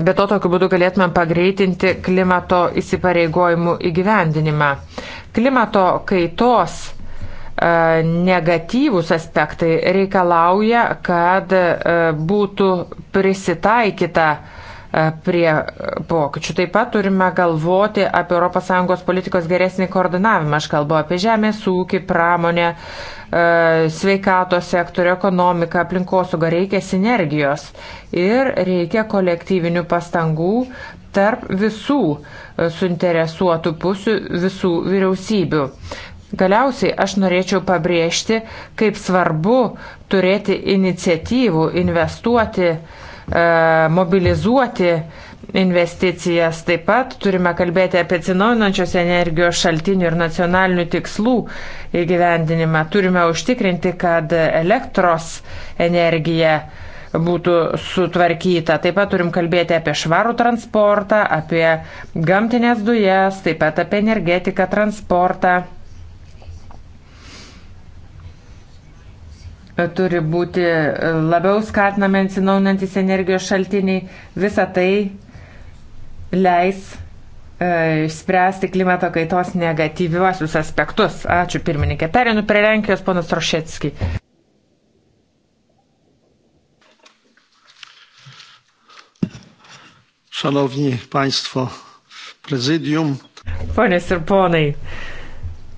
Be to, tokiu būdu galėtume pagreitinti klimato įsipareigojimų įgyvendinimą. Klimato kaitos e, negatyvūs aspektai reikalauja, kad e, būtų prisitaikyta uh, E, prie pokyčių. Taip pat turime galvoti apie ES politikos geresnį koordinavimą. Aš kalbu apie žemės ūkį, pramonę, e, sveikato sektorių, ekonomiką, aplinkosaugą. Reikia sinergijos ir reikia kolektyvinių pastangų tarp visų e, suinteresuotų pusių, visų vyriausybių. Galiausiai aš norėčiau pabrėžti, kaip svarbu turėti iniciatyvų, investuoti uh, E, mobilizuoti investicijas. Taip pat turime kalbėti apie atsinaujinančios energijos šaltinių ir nacionalinių tikslų įgyvendinimą. Turime užtikrinti, kad elektros energija būtų sutvarkyta. Taip pat turim kalbėti apie švarų transportą, apie gamtinės dujas, taip pat apie energetiką, transportą. turi būti e, labiau skatinami atsinaujantis energijos šaltiniai. Visa tai leis e, išspręsti klimato kaitos negatyviuosius aspektus. Ačiū pirmininkė. Perinu prie Lenkijos, ponas Trošetski. Szanowni Państwo, prezydium. Panie ir ponai,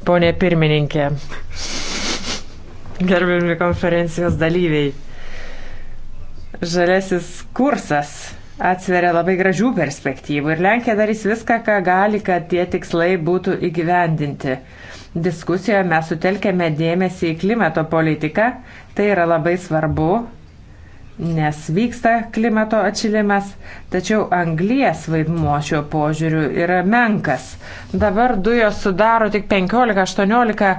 ponė pirmininkė gerbiami konferencijos dalyviai. Žalesis kursas atsveria labai gražių perspektyvų ir Lenkija darys viską, ką gali, kad tie tikslai būtų įgyvendinti. Diskusijoje mes sutelkėme dėmesį į klimato politiką, tai yra labai svarbu, nes vyksta klimato atšilimas, tačiau anglies vaidmuo šiuo požiūriu yra menkas. Dabar dujos sudaro tik 15-18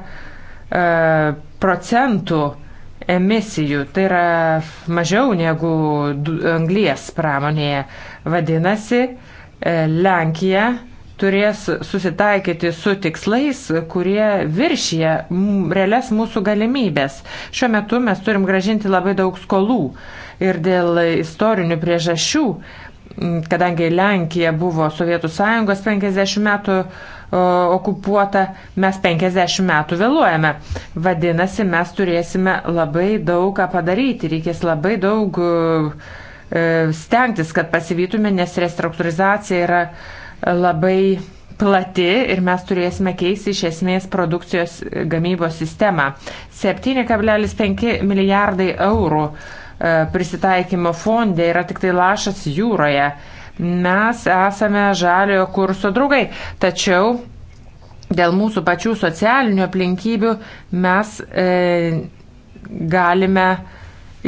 procentų emisijų, tai yra mažiau negu anglies pramonėje. Vadinasi, e, Lenkija turės susitaikyti su tikslais, kurie viršyje realias mūsų galimybės. Šiuo metu mes turim gražinti labai daug skolų ir dėl istorinių priežasčių, kadangi Lenkija buvo Sovietų sąjungos 50 metų okupuota, mes 50 metų vėluojame. Vadinasi, mes turėsime labai daug ką padaryti, reikės labai daug e, e, stengtis, kad pasivytume, nes restruktūrizacija yra labai plati ir mes turėsime keisti iš esmės produkcijos e, gamybos sistemą. 7,5 milijardai eurų prisitaikymo fonde yra tik tai lašas jūroje Mes esame žaliojo kurso draugai, tačiau dėl mūsų pačių socialinių aplinkybių mes e, galime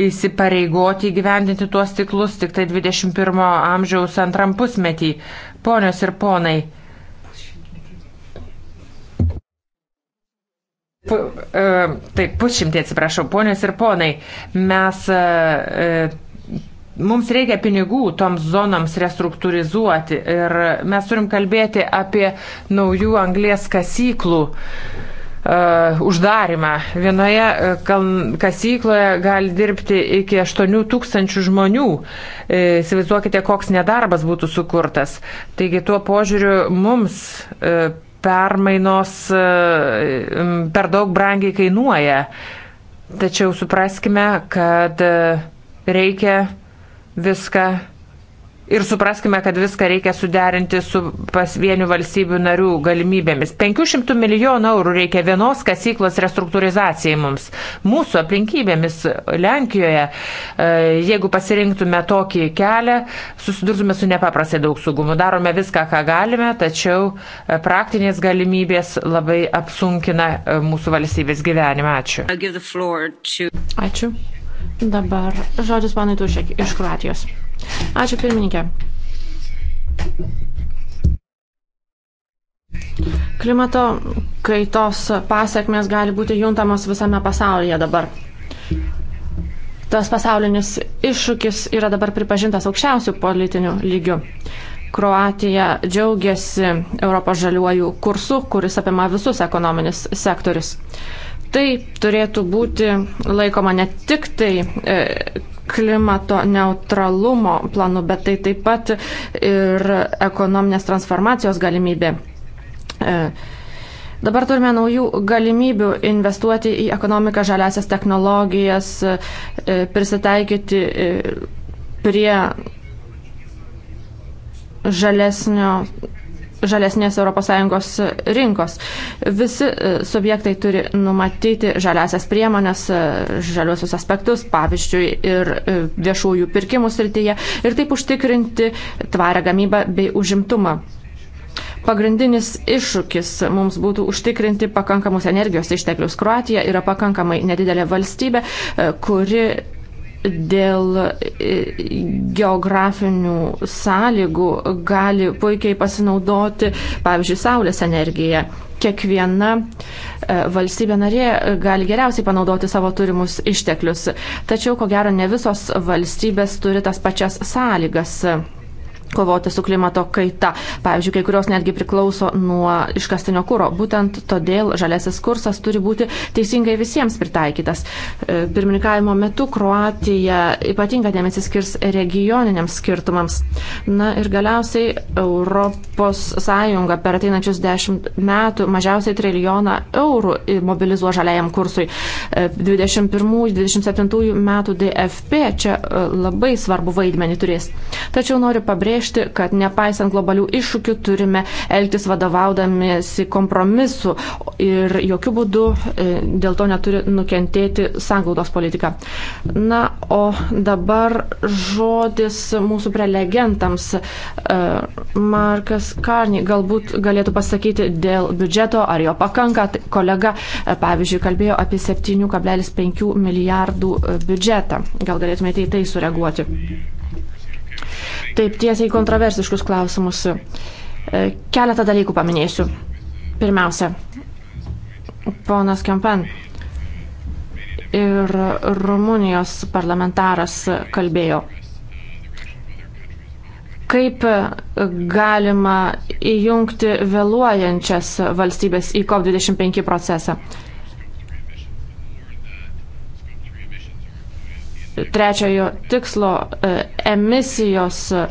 įsipareigoti įgyvendinti tuos tiklus tik tai 21 amžiaus antram pusmetį. Ponios ir ponai. P, e, taip, pusšimtį atsiprašau, ponios ir ponai, mes e, Mums reikia pinigų toms zonoms restruktūrizuoti ir mes turim kalbėti apie naujų anglės kasyklų uh, uždarimą. Vienoje uh, kasykloje gali dirbti iki 8 tūkstančių žmonių. Uh, įsivaizduokite, koks nedarbas būtų sukurtas. Taigi tuo požiūriu mums uh, permainos uh, per daug brangiai kainuoja. Tačiau supraskime, kad uh, reikia viską ir supraskime, kad viską reikia suderinti su pasvienių valstybių narių galimybėmis. 500 milijonų eurų reikia vienos kasyklos restruktūrizacijai mums. Mūsų aplinkybėmis Lenkijoje, e, jeigu pasirinktume tokį kelią, susidurtume su nepaprastai daug sugumų. Darome viską, ką galime, tačiau e, praktinės galimybės labai apsunkina e, mūsų valstybės gyvenimą. Ačiū. Ačiū. Dabar žodis panui Tušek iš Kroatijos. Ačiū pirmininkė. Klimato kaitos pasiekmes gali būti juntamos visame pasaulyje dabar. Tas pasaulinis iššūkis yra dabar pripažintas aukščiausių politinių lygių. Kroatija džiaugiasi Europos žaliuojų kursu, kuris apima visus ekonominis sektorius. Tai turėtų būti laikoma ne tik tai e, klimato neutralumo planu, bet tai taip pat ir ekonominės transformacijos galimybė. E, dabar turime naujų galimybių investuoti į ekonomiką, žaliasias technologijas, e, prisitaikyti prie žalesnio žalesnės ES rinkos. Visi e, subjektai turi numatyti žaliasias priemonės, e, žaliuosius aspektus, pavyzdžiui, ir e, viešųjų pirkimų srityje, ir taip užtikrinti tvarę gamybą bei užimtumą. Pagrindinis iššūkis mums būtų užtikrinti pakankamus energijos išteklius. Kroatija yra pakankamai nedidelė valstybė, kuri dėl e, geografinių sąlygų gali puikiai pasinaudoti, pavyzdžiui, saulės energiją. Kiekviena e, valstybė narė gali geriausiai panaudoti savo turimus išteklius, tačiau ko gero ne visos valstybės turi tas pačias sąlygas kovoti su klimato kaita. Pavyzdžiui, kai kurios netgi priklauso nuo iškastinio kūro. Būtent todėl žaliasis kursas turi būti teisingai visiems pritaikytas. E, pirmininkavimo metu Kroatija ypatinga dėmesį skirs regioniniams skirtumams. Na ir galiausiai ES per ateinančius dešimt metų mažiausiai trilijoną eurų mobilizuo žaliajam kursui. 21-27 e, metų DFP čia e, labai svarbu vaidmenį turės. Tačiau noriu pabrėžti, pabrėžti, kad nepaisant globalių iššūkių turime elgtis vadovaudamėsi kompromisu ir jokių būdų e, dėl to neturi nukentėti sanglaudos politika. Na, o dabar žodis mūsų prelegentams. E, Markas Karni galbūt galėtų pasakyti dėl biudžeto, ar jo pakanka. Tai kolega, e, pavyzdžiui, kalbėjo apie 7,5 milijardų biudžetą. Gal galėtumėte į tai sureaguoti? taip tiesiai kontroversiškus klausimus. E, keletą dalykų paminėsiu. Pirmiausia, ponas Kempan ir Rumunijos parlamentaras kalbėjo. Kaip galima įjungti vėluojančias valstybės į COP25 procesą? trečiojo tikslo e, emisijos e,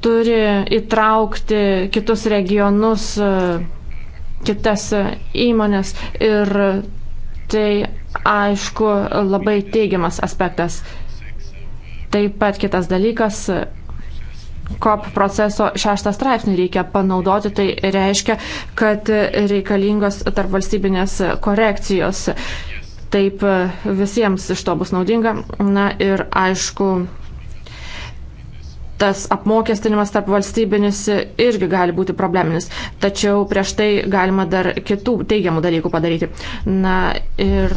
turi įtraukti kitus regionus, e, kitas įmonės ir tai aišku labai teigiamas aspektas. Taip pat kitas dalykas COP proceso šeštą straipsnį reikia panaudoti, tai reiškia, kad reikalingos tarp valstybinės korekcijos. Taip e, visiems iš to bus naudinga. Na ir aišku, tas apmokestinimas tarp valstybinis irgi gali būti probleminis. Tačiau prieš tai galima dar kitų teigiamų dalykų padaryti. Na ir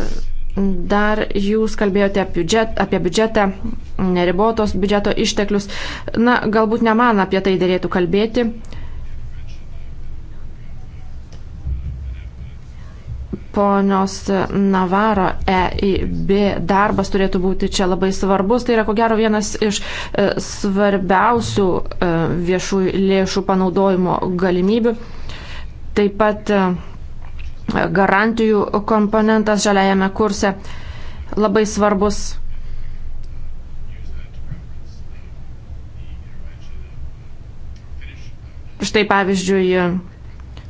dar jūs kalbėjote apie, biudžet, apie biudžetą, neribotos biudžeto išteklius. Na, galbūt ne man apie tai dėlėtų kalbėti. Uh, ponios Navaro EIB darbas turėtų būti čia labai svarbus. Tai yra, ko gero, vienas iš e, svarbiausių e, viešųjų lėšų panaudojimo galimybių. Taip pat e, garantijų komponentas žaliajame kurse labai svarbus. Štai pavyzdžiui,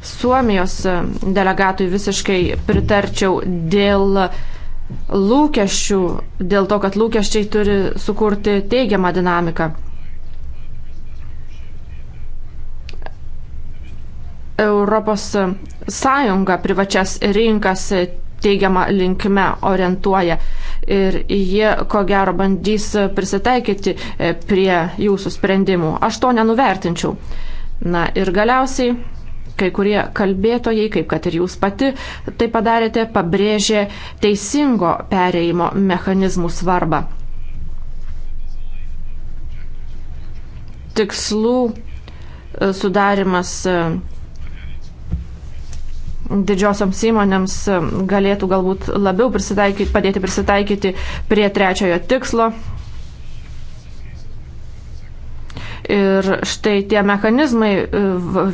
Suomijos e, delegatui visiškai pritarčiau dėl lūkesčių, dėl to, kad lūkesčiai turi sukurti teigiamą dinamiką. Europos Sąjunga privačias rinkas teigiamą linkme orientuoja ir jie ko gero bandys prisitaikyti e, prie jūsų sprendimų. Aš to nenuvertinčiau. Na ir galiausiai kai kurie kalbėtojai, kaip kad ir jūs pati tai padarėte, pabrėžė teisingo pereimo mechanizmų svarbą. Tikslų e, sudarimas e, didžiosioms įmonėms e, galėtų galbūt labiau prisitaikyti, padėti prisitaikyti prie trečiojo tikslo Ir štai tie mechanizmai e,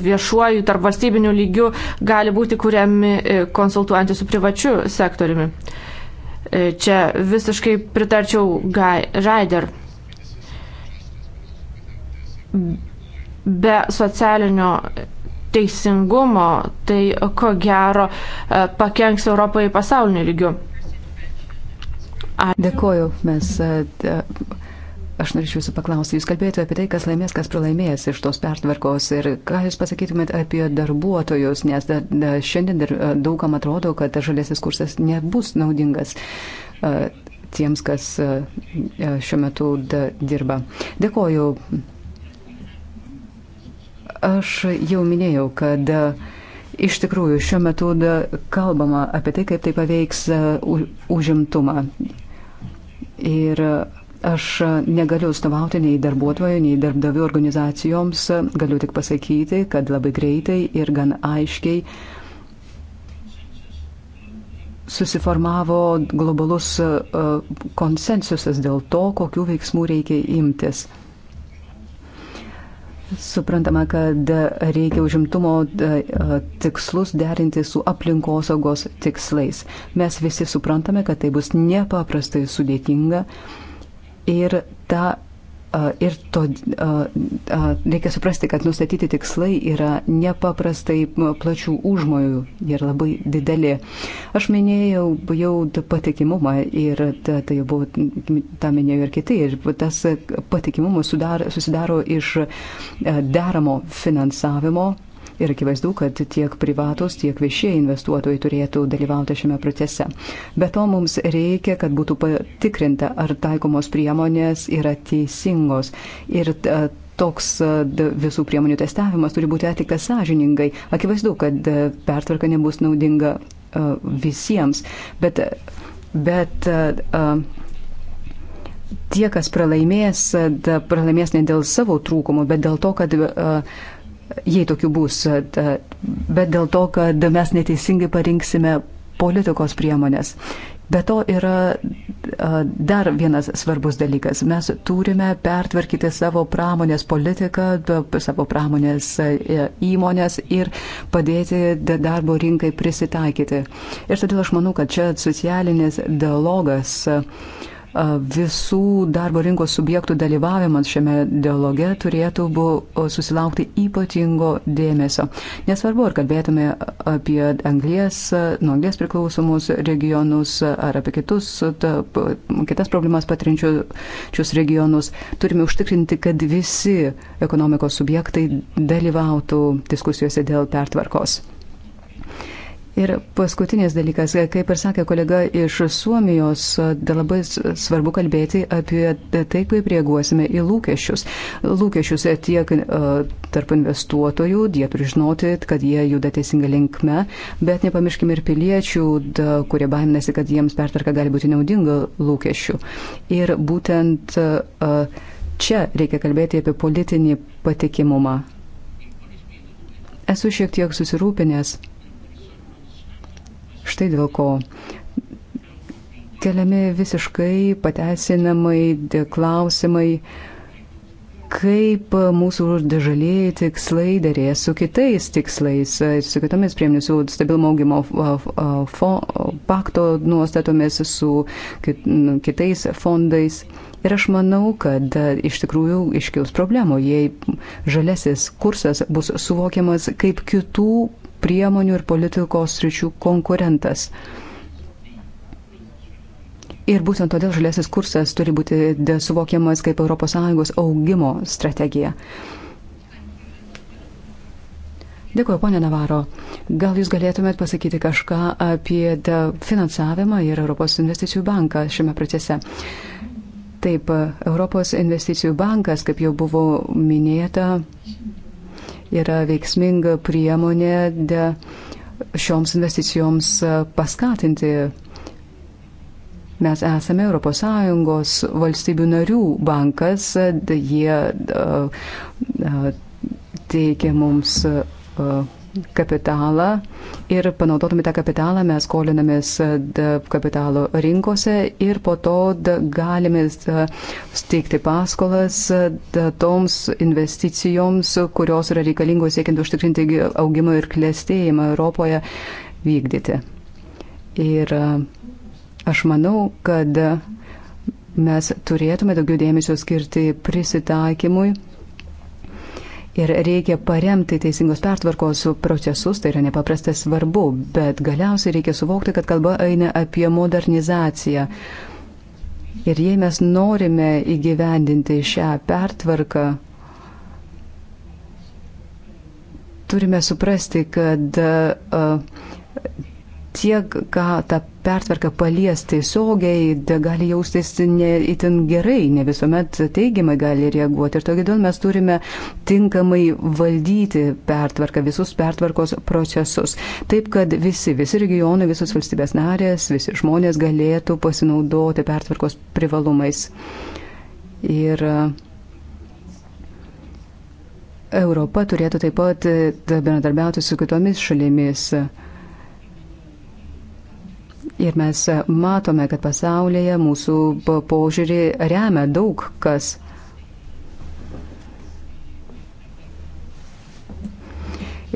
viešuoju tarp valstybinių lygių gali būti kuriami e, konsultuojantys su privačiu sektoriumi. E, čia visiškai pritarčiau Žaider. Be socialinio teisingumo tai ko gero pakenks Europai pasauliniu lygiu. Dėkoju. Mes Aš norėčiau jūsų paklausti, jūs kalbėjote apie tai, kas laimės, kas pralaimės iš tos pertvarkos ir ką jūs pasakytumėt apie darbuotojus, nes da, da, šiandien dar daugam atrodo, kad žalėsis kursas nebus naudingas uh, tiems, kas uh, šiuo metu da, dirba. Dėkoju. Aš jau minėjau, kad uh, Iš tikrųjų, šiuo metu kalbama apie tai, kaip tai paveiks užimtumą. Ir Aš negaliu atstovauti nei darbuotojų, nei darbdavių organizacijoms. Galiu tik pasakyti, kad labai greitai ir gan aiškiai susiformavo globalus e, konsensusas dėl to, kokių veiksmų reikia imtis. Suprantama, kad reikia užimtumo e, tikslus derinti su aplinkosaugos tikslais. Mes visi suprantame, kad tai bus nepaprastai sudėtinga Ir ta Ir to reikia suprasti, kad nustatyti tikslai yra nepaprastai plačių užmojų ir labai dideli. Aš minėjau jau patikimumą ir tai buvo, tą minėjau ir kiti. Ir tas patikimumas susidaro iš deramo finansavimo Ir akivaizdu, kad tiek privatus, tiek viešieji investuotojai turėtų dalyvauti šiame procese. Be to mums reikia, kad būtų patikrinta, ar taikomos priemonės yra teisingos. Ir, e, toks e, visų priemonių testavimas turi būti atliktas sąžiningai. Akivaizdu, kad e, pertvarka nebus naudinga visiems, bet, bet tie, kas pralaimės, pralaimės ne dėl savo trūkumų, bet dėl to, kad jei tokių bus, bet dėl to, kad mes neteisingai parinksime politikos priemonės. Be to yra dar vienas svarbus dalykas. Mes turime pertvarkyti savo pramonės politiką, savo pramonės įmonės ir padėti darbo rinkai prisitaikyti. Ir todėl aš manau, kad čia socialinis dialogas uh, visų darbo rinkos subjektų dalyvavimas šiame dialoge turėtų susilaukti ypatingo dėmesio. Nesvarbu, ar kalbėtume apie anglės, nuo anglės priklausomus regionus, ar apie kitus, ta, kitas problemas patirinčius regionus, turime užtikrinti, kad visi ekonomikos subjektai dalyvautų diskusijose dėl pertvarkos. Ir paskutinis dalykas, kaip ir sakė kolega iš Suomijos, labai svarbu kalbėti apie tai, kaip reaguosime į lūkesčius. Lūkesčius tiek e, tarp investuotojų, jie turi žinoti, kad jie juda teisinga linkme, bet nepamirškime ir piliečių, kurie baiminasi, kad jiems pertvarka gali būti naudinga lūkesčių. Ir būtent e, čia reikia kalbėti apie politinį patikimumą. Esu šiek tiek susirūpinęs Štai dėl ko keliami visiškai pateisinamai klausimai, kaip mūsų žalieji tikslai dėrė su kitais tikslais, e, su kitomis priemonėmis, su stabilumo augimo pakto nuostatomis, su kitais fondais. Ir aš manau, kad e, iš tikrųjų iškils problemų, jei žalesis kursas bus suvokiamas kaip kitų priemonių ir politikos sričių konkurentas. Ir būtent todėl žaliasis kursas turi būti suvokiamas kaip ES augimo strategija. Dėkuoju, ponė Navaro. Gal jūs galėtumėt pasakyti kažką apie finansavimą ir Europos investicijų banką šiame procese? Taip, Europos investicijų bankas, kaip jau buvo minėta, yra veiksminga priemonė šioms investicijoms e, paskatinti. Mes esame ES valstybių narių bankas, e, jie e, teikia mums kapitalą ir panaudotume tą kapitalą mes skolinamės e, kapitalo rinkose ir po to galime e, steigti paskolas e, toms investicijoms, kurios yra reikalingos siekiant užtikrinti augimą ir klėstėjimą Europoje vykdyti. Ir aš manau, kad mes turėtume daugiau dėmesio skirti prisitaikymui ir reikia paremti teisingos pertvarkos procesus, tai yra nepaprastai svarbu, bet galiausiai reikia suvokti, kad kalba eina apie modernizaciją. Ir jei mes norime įgyvendinti šią pertvarką, turime suprasti, kad uh, tie, ką ta pertvarka palies tiesiogiai, gali jaustis ne itin gerai, ne visuomet teigiamai gali reaguoti. Ir todėl mes turime tinkamai valdyti pertvarką, visus pertvarkos procesus. Taip, kad visi, visi regionai, visos valstybės narės, visi žmonės galėtų pasinaudoti pertvarkos privalumais. Ir e, Europa turėtų taip pat e, bendradarbiauti su kitomis šalimis. Ir mes matome, kad pasaulyje mūsų požiūrį remia daug kas.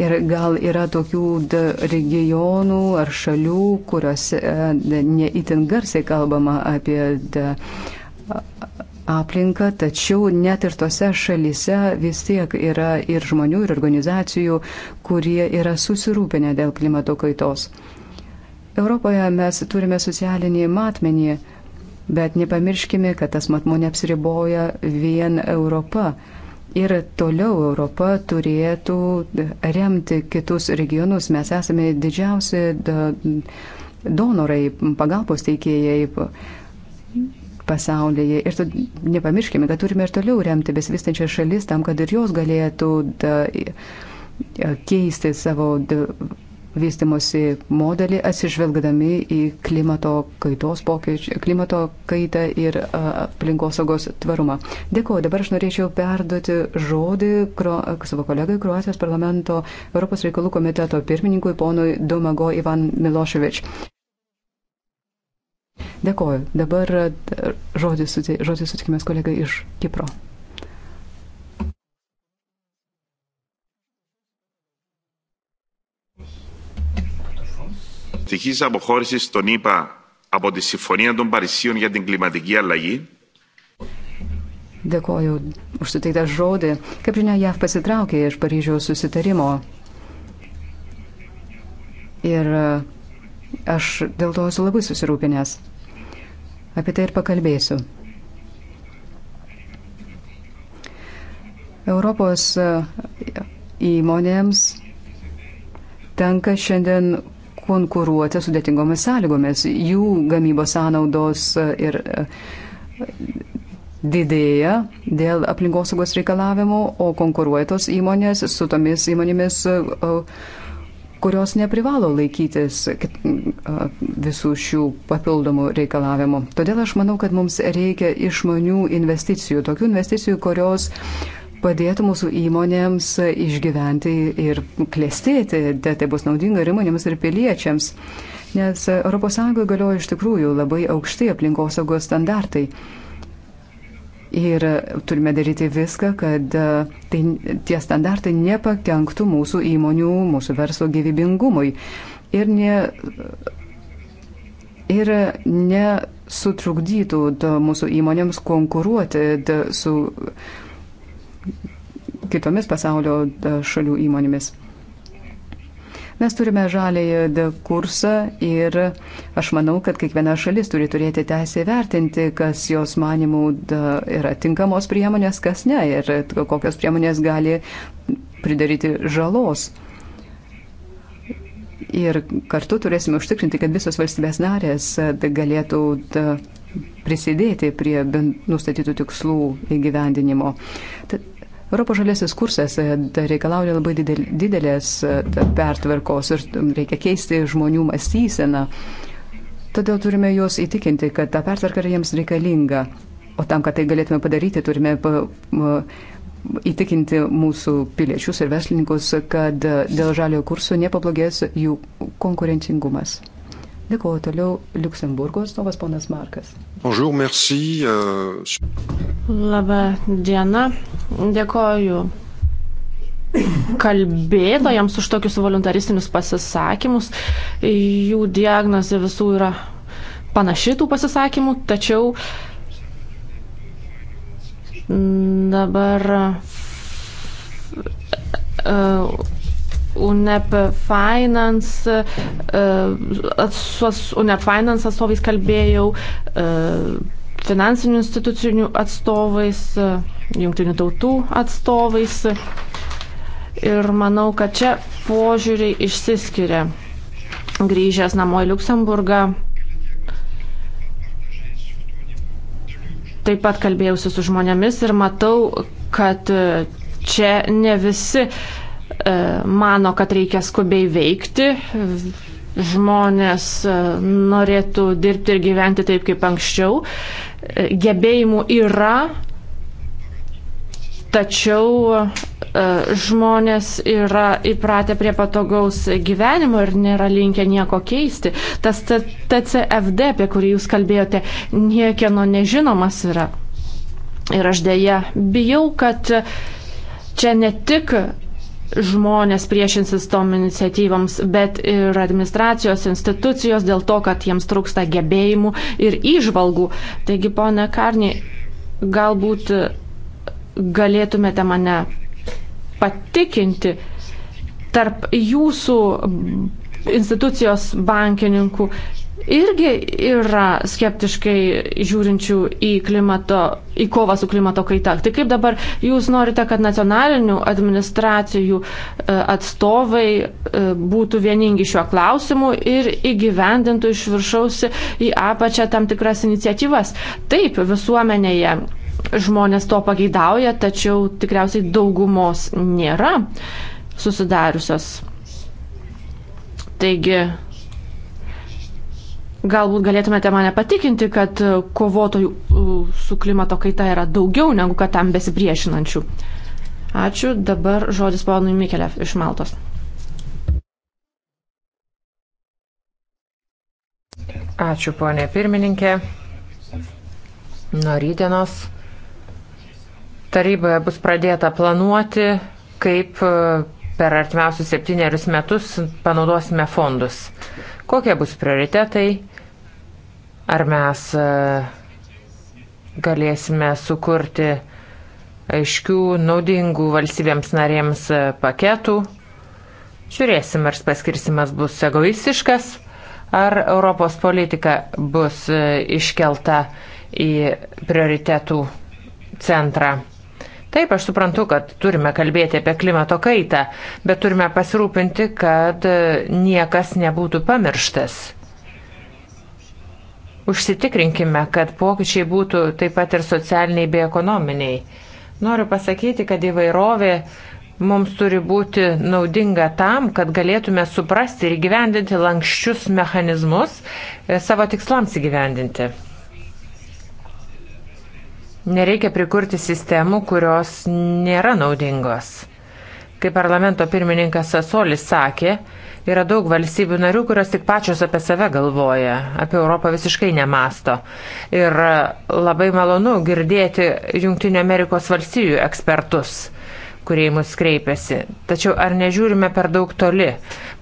Ir gal yra tokių regionų ar šalių, kuriuose neįtin garsiai kalbama apie aplinką, tačiau net ir tose šalise vis tiek yra ir žmonių, ir organizacijų, kurie yra susirūpinę dėl klimato kaitos. Europoje mes turime socialinį matmenį, bet nepamirškime, kad tas matmo neapsiriboja vien Europa. Ir toliau Europa turėtų remti kitus regionus. Mes esame didžiausi donorai, pagalbos teikėjai pasaulyje. Ir nepamirškime, kad turime ir toliau remti besivystančias šalis tam, kad ir jos galėtų da, keisti savo da, vystimosi modelį, atsižvelgdami į klimato, kaitos pokyč, klimato kaitą ir aplinkosaugos tvarumą. Dėkuoju, dabar aš norėčiau perduoti žodį kro, savo kolegai Kroatijos parlamento Europos reikalų komiteto pirmininkui ponui Domago Ivan Miloševič. Dėkuoju, dabar žodį sutikimės kolegai iš Kipro. Τυχής αποχώρησης των ΗΠΑ από τη Συμφωνία των Παρισίων για την κλιματική αλλαγή. Dėkoju už suteiktą žodį. Kaip žinia, JAV pasitraukė iš Paryžiaus susitarimo. Ir e, aš dėl to esu labai susirūpinęs. Apie tai ir pakalbėsiu. Europos e, įmonėms tenka šiandien konkuruoti sudėtingomis sąlygomis. Jų gamybos sąnaudos e, ir e, didėja dėl aplinkosaugos reikalavimų, o konkuruoja tos įmonės su tomis įmonėmis, e, kurios neprivalo laikytis visų šių papildomų reikalavimų. Todėl aš manau, kad mums reikia išmanių investicijų, tokių investicijų, kurios uh, padėtų mūsų įmonėms išgyventi ir klėstėti. Tai bus naudinga ir įmonėms, ir piliečiams. Nes ES galioja iš tikrųjų labai aukšti aplinkosaugos standartai. Ir turime daryti viską, kad e, tai, tie standartai nepakenktų mūsų įmonių, mūsų verslo gyvybingumui ir, ne, ir nesutrukdytų e, mūsų įmonėms konkuruoti su kitomis pasaulio e, šalių įmonėmis. Mes turime žalėje kursą ir aš manau, kad kiekviena šalis turi turėti teisę vertinti, kas jos manimų e, yra tinkamos priemonės, kas ne ir kokios priemonės gali pridaryti žalos. Ir kartu turėsime užtikrinti, kad visos valstybės narės e, galėtų prisidėti prie nustatytų tikslų įgyvendinimo. Tad Europos žalėsis kursas e, reikalauja labai didelės e, pertvarkos ir reikia keisti žmonių mąstyseną. Todėl turime juos įtikinti, kad ta pertvarka yra jiems reikalinga. O tam, kad tai galėtume padaryti, turime pa, įtikinti mūsų piliečius ir verslininkus, kad e, dėl žaliojo kurso nepablogės jų konkurencingumas. Dėkuoju toliau Luksemburgo atstovas ponas Markas. Bonjour, merci. Euh, Labą dieną. Dėkoju kalbėtojams už tokius voluntaristinius pasisakymus. Jų diagnozė visų yra panašitų pasisakymų, tačiau dabar uh, UNEP Finance, e, su UNEP Finance atstovais kalbėjau, e, finansinių institucijų atstovais, e, jungtinių tautų atstovais. Ir manau, kad čia požiūriai išsiskiria. Grįžęs namo į Luksemburgą, taip pat kalbėjausi su žmonėmis ir matau, kad čia ne visi uh, E, mano, kad reikia skubiai veikti. Žmonės e, norėtų dirbti ir gyventi taip kaip anksčiau. E, gebėjimų yra, tačiau žmonės yra įpratę prie patogaus gyvenimo ir nėra linkę nieko keisti. Tas TCFD, apie kurį jūs kalbėjote, niekieno nežinomas yra. Ir aš dėja bijau, kad čia ne tik žmonės priešinsis tom iniciatyvams, bet ir administracijos institucijos dėl to, kad jiems trūksta gebėjimų ir įžvalgų. Taigi, ponė Karni, galbūt galėtumėte mane patikinti tarp jūsų institucijos bankininkų irgi yra skeptiškai žiūrinčių į, klimato, į kovą su klimato kaita. Tai kaip dabar jūs norite, kad nacionalinių administracijų e, atstovai e, būtų vieningi šiuo klausimu ir įgyvendintų iš viršaus į apačią tam tikras iniciatyvas? Taip, visuomenėje žmonės to pageidauja, tačiau tikriausiai daugumos nėra susidariusios. Taigi, Galbūt galėtumėte mane patikinti, kad e, kovotojų e, su klimato kaita yra daugiau negu kad tam besipriešinančių. Ačiū. Dabar žodis ponui Mikelev iš Maltos. Ačiū, ponė pirmininkė. Nuo rydienos taryboje bus pradėta planuoti, kaip e, per artimiausius septynerius metus panaudosime fondus. Kokie bus prioritetai? Ar mes e, galėsime sukurti aiškių, naudingų valstybėms narėms e, paketų. Žiūrėsim, ar paskirsimas bus egoistiškas, ar Europos politika bus e, iškelta į prioritetų centrą. Taip, aš suprantu, kad turime kalbėti apie klimato kaitą, bet turime pasirūpinti, kad niekas nebūtų pamirštas Užsitikrinkime, kad pokyčiai būtų taip pat ir socialiniai bei ekonominiai. Noriu pasakyti, kad įvairovė mums turi būti naudinga tam, kad galėtume suprasti ir gyvendinti lankščius mechanizmus e, savo tikslams įgyvendinti. Nereikia prikurti sistemų, kurios nėra naudingos. Kaip parlamento pirmininkas Sasolis sakė, yra daug valstybių narių, kurios tik pačios apie save galvoja, apie Europą visiškai nemasto. Ir labai malonu girdėti Junktinio Amerikos valstybių ekspertus kurie į mus kreipiasi. Tačiau ar nežiūrime per daug toli?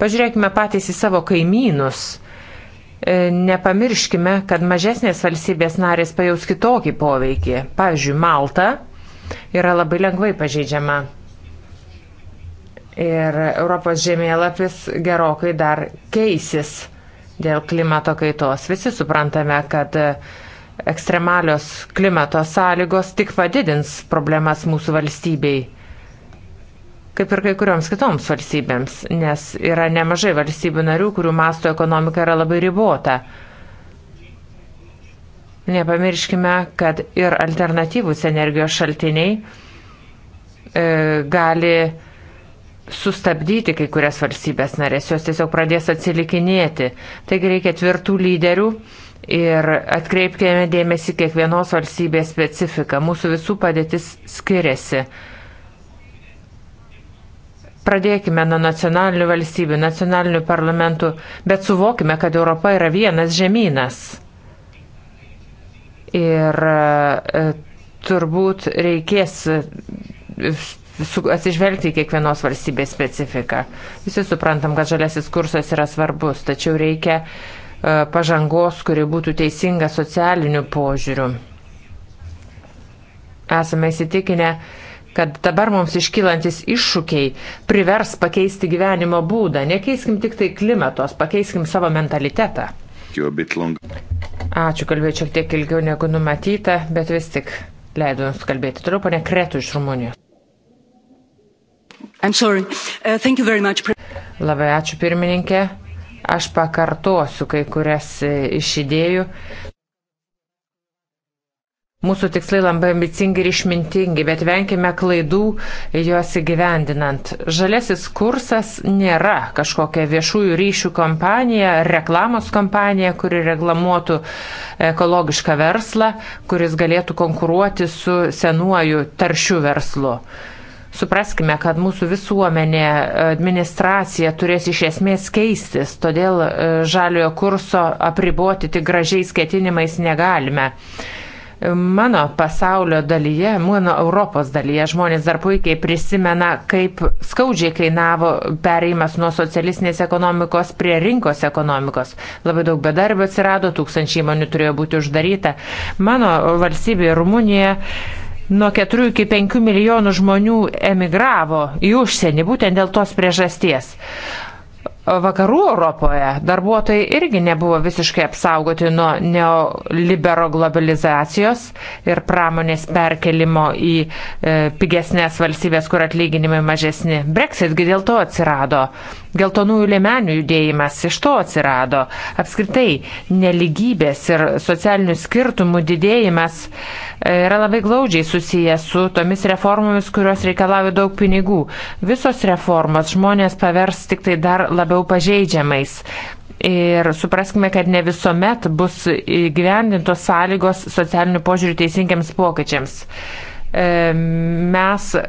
Pažiūrėkime patys į savo kaimynus. E, nepamirškime, kad mažesnės valstybės narės pajaus kitokį poveikį. Pavyzdžiui, Malta yra labai lengvai pažeidžiama Ir Europos žemėlapis gerokai dar keisis dėl klimato kaitos. Visi suprantame, kad ekstremalios klimato sąlygos tik padidins problemas mūsų valstybei kaip ir kai kurioms kitoms valstybėms, nes yra nemažai valstybių narių, kurių masto ekonomika yra labai ribota. Nepamirškime, kad ir alternatyvūs energijos šaltiniai e, gali sustabdyti kai kurias valstybės narės, jos tiesiog pradės atsilikinėti. Taigi reikia tvirtų lyderių ir atkreipkime dėmesį kiekvienos valstybės specifiką. Mūsų visų padėtis skiriasi. Pradėkime nuo nacionalinių valstybių, nacionalinių parlamentų, bet suvokime, kad Europa yra vienas žemynas. Ir e, turbūt reikės atsižvelgti į kiekvienos valstybės specifiką. Visi suprantam, kad žaliasis kursas yra svarbus, tačiau reikia e, pažangos, kuri būtų teisinga socialiniu požiūriu. Esame įsitikinę, kad dabar mums iškylantis iššūkiai privers pakeisti gyvenimo būdą. Nekeiskim tik tai klimatos, pakeiskim savo mentalitetą. Ačiū, kalbėjau šiek tiek ilgiau negu numatyta, bet vis tik leidau jums kalbėti. Toliau, ponė Kretų iš Rumunijos. Uh, labai ačiū pirmininkė. Aš pakartosiu kai kurias e, iš idėjų. Mūsų tikslai labai ambicingi ir išmintingi, bet venkime klaidų juos įgyvendinant. Žalesis kursas nėra kažkokia viešųjų ryšių kompanija, reklamos kompanija, kuri reglamuotų ekologišką verslą, kuris galėtų konkuruoti su senuoju taršiu verslu. Supraskime, kad mūsų visuomenė, administracija turės iš esmės keistis, todėl e, žaliojo kurso apriboti tik gražiais ketinimais negalime. Mano pasaulio dalyje, mano Europos dalyje žmonės dar puikiai prisimena, kaip skaudžiai kainavo pereimas nuo socialistinės ekonomikos prie rinkos ekonomikos. Labai daug bedarbių atsirado, tūkstančiai įmonių turėjo būti uždaryta. Mano valstybė Rumunija Nuo 4 iki 5 milijonų žmonių emigravo į užsienį būtent dėl tos priežasties. Vakarų Europoje darbuotojai irgi nebuvo visiškai apsaugoti nuo neolibero globalizacijos ir pramonės perkelimo į e, pigesnės valstybės, kur atlyginimai mažesni. Brexitgi dėl to atsirado. Geltonųjų lėmenių judėjimas iš to atsirado. Apskritai, neligybės ir socialinių skirtumų didėjimas e, yra labai glaudžiai susijęs su tomis reformomis, kurios reikalauja daug pinigų. Visos reformos žmonės pavers tik tai dar labiau pažeidžiamais. Ir supraskime, kad ne visuomet bus gyvendintos sąlygos socialinių požiūrių teisingiams pokyčiams. E, mes, e,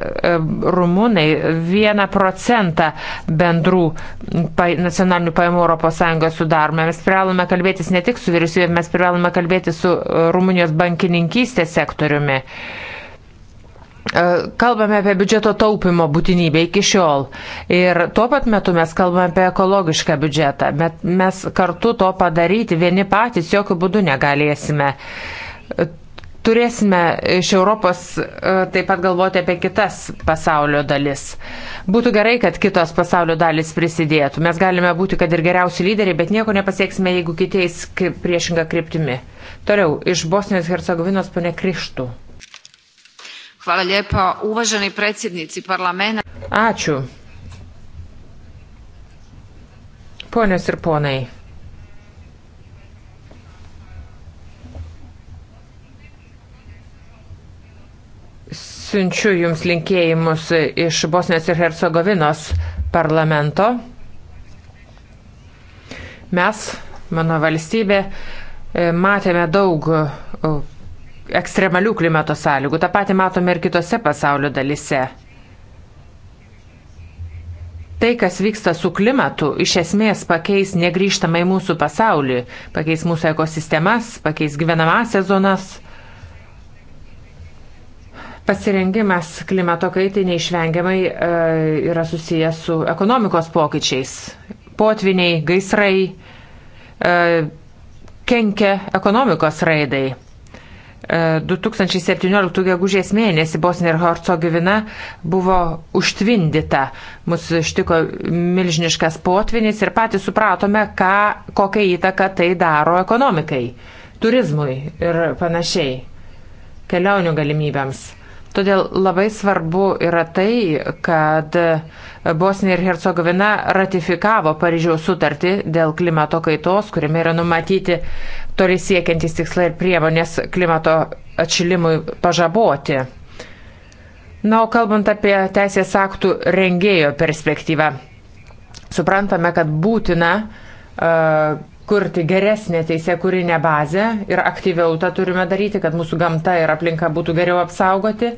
rumunai, vieną procentą bendrų nacionalinių pajamų ES sudarome. Mes privalome kalbėtis ne tik su vyriausybė, mes privalome kalbėti su e, Rumunijos bankininkystės sektoriumi. Kalbame apie biudžeto taupimo būtinybę iki šiol ir tuo pat metu mes kalbame apie ekologišką biudžetą, bet mes kartu to padaryti vieni patys jokių būdų negalėsime turėsime iš Europos e, taip pat galvoti apie kitas pasaulio dalis. Būtų gerai, kad kitos pasaulio dalis prisidėtų. Mes galime būti, kad ir geriausi lyderiai, bet nieko nepasieksime, jeigu kitais priešinga kryptimi. Toliau, iš Bosnijos Hercegovinos ponė Krištų. Hvala lijepa, uvaženi predsjednici parlamenta. Ačiū. Ponios ir ponai. siunčiu Jums linkėjimus iš Bosnijos ir Hercegovinos parlamento. Mes, mano valstybė, e, matėme daug e, ekstremalių klimato sąlygų. Ta pati matome ir kitose pasaulio dalise. Tai, kas vyksta su klimatu, iš esmės pakeis negryžtamai mūsų pasaulį, pakeis mūsų ekosistemas, pakeis gyvenamąsias zonas Pasirengimas klimato kaitai neišvengiamai e, yra susijęs su ekonomikos pokyčiais. Potviniai, gaisrai e, kenkia ekonomikos raidai. 2017 e, gegužės mėnesį Bosnija ir Hercegovina buvo užtvindyta. Mūsų ištiko milžiniškas potvinis ir patys supratome, ką, kokią įtaką tai daro ekonomikai, turizmui ir panašiai, keliaunių galimybėms. Todėl labai svarbu yra tai, kad Bosnija ir Hercegovina ratifikavo Paryžiaus sutartį dėl klimato kaitos, kuriame yra numatyti toli siekiantys tikslai ir priemonės klimato atšilimui pažaboti. Na, o kalbant apie teisės aktų rengėjo perspektyvą, suprantame, kad būtina uh, kurti geresnę teisę kūrinę bazę ir aktyviau tą turime daryti, kad mūsų gamta ir aplinka būtų geriau apsaugoti.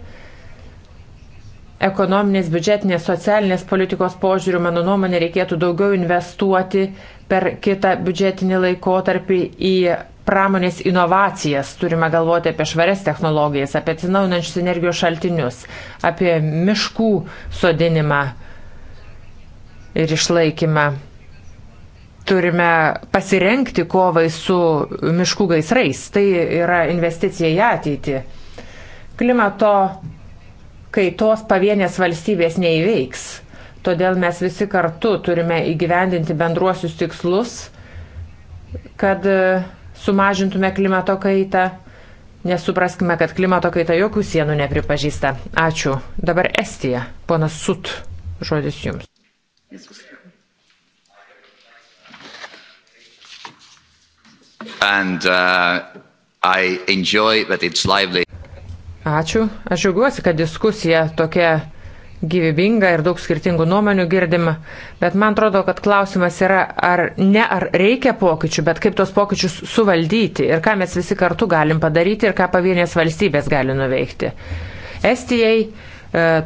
Ekonominės, biudžetinės, socialinės politikos požiūrių, mano nuomonė, reikėtų daugiau investuoti per kitą biudžetinį laikotarpį į pramonės inovacijas. Turime galvoti apie švarias technologijas, apie atsinaujinančius energijos šaltinius, apie miškų sodinimą ir išlaikymą turime pasirenkti kovai su miškų gaisrais. Tai yra investicija į ateitį. Klimato kaitos pavienės valstybės neįveiks. Todėl mes visi kartu turime įgyvendinti bendruosius tikslus, kad e, sumažintume klimato kaitą. Nesupraskime, kad klimato kaita jokių sienų nepripažįsta. Ačiū. Dabar Estija. Ponas Sut, žodis jums. Jis. And, uh, enjoy, Ačiū. Aš džiaugiuosi, kad diskusija tokia gyvybinga ir daug skirtingų nuomonių girdim, bet man atrodo, kad klausimas yra, ar ne ar reikia pokyčių, bet kaip tos pokyčius suvaldyti ir ką mes visi kartu galim padaryti ir ką pavienės valstybės gali nuveikti. Estijai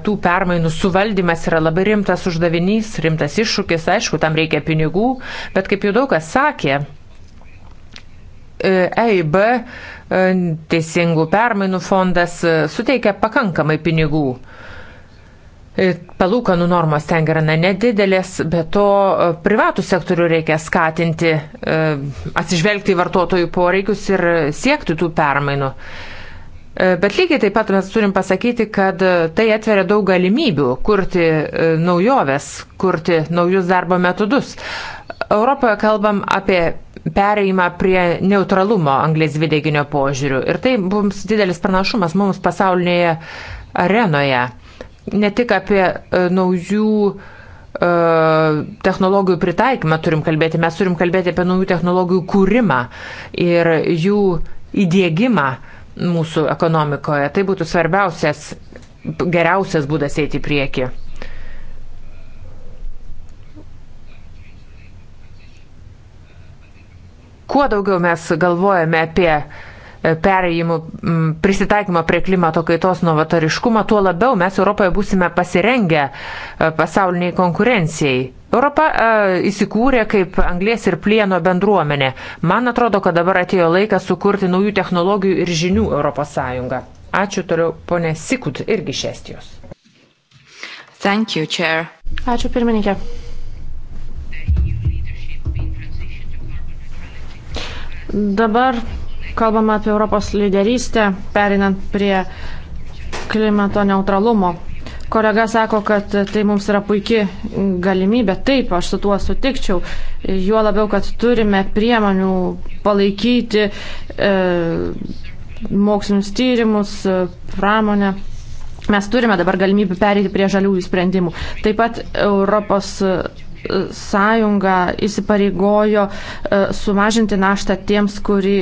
tų permainų suvaldymas yra labai rimtas uždavinys, rimtas iššūkis, aišku, tam reikia pinigų, bet kaip jau daug kas sakė, EIB e e, teisingų permainų fondas e, suteikia pakankamai pinigų. Palūkanų normos ten yra na, nedidelės, bet to privatų sektorių reikia skatinti, atsižvelgti į vartotojų poreikius ir siekti tų permainų. Bet lygiai taip pat mes turim pasakyti, kad tai atveria daug galimybių kurti naujoves, kurti naujus darbo metodus. Europoje kalbam apie pereimą prie neutralumo anglės dvideginio požiūrių. Ir tai mums didelis pranašumas mums pasaulinėje arenoje. Ne tik apie e, naujų e, technologijų pritaikymą turim kalbėti, mes turim kalbėti apie naujų technologijų kūrimą ir jų įdėgymą mūsų ekonomikoje. Tai būtų svarbiausias, geriausias būdas eiti į priekį. Kuo daugiau mes galvojame apie e, perėjimų prisitaikymą prie klimato kaitos novatoriškumą, tuo labiau mes Europoje būsime pasirengę e, pasauliniai konkurencijai. Europa e, įsikūrė kaip anglės ir plieno bendruomenė. Man atrodo, kad dabar atėjo laikas sukurti naujų technologijų ir žinių Europos Sąjungą. Ačiū toliau, ponė Sikut, irgi iš Estijos. Thank you, Chair. Ačiū pirmininkė. Dabar kalbama apie Europos lyderystę, perinant prie klimato neutralumo. Kolega sako, kad tai mums yra puikia galimybė. Taip, aš su tuo sutikčiau. Juo labiau, kad turime priemonių palaikyti e, mokslinius tyrimus, e, pramonę. Mes turime dabar galimybę pereiti prie žaliųjų sprendimų. Taip pat Europos sąjunga įsipareigojo e, sumažinti naštą tiems, kuri,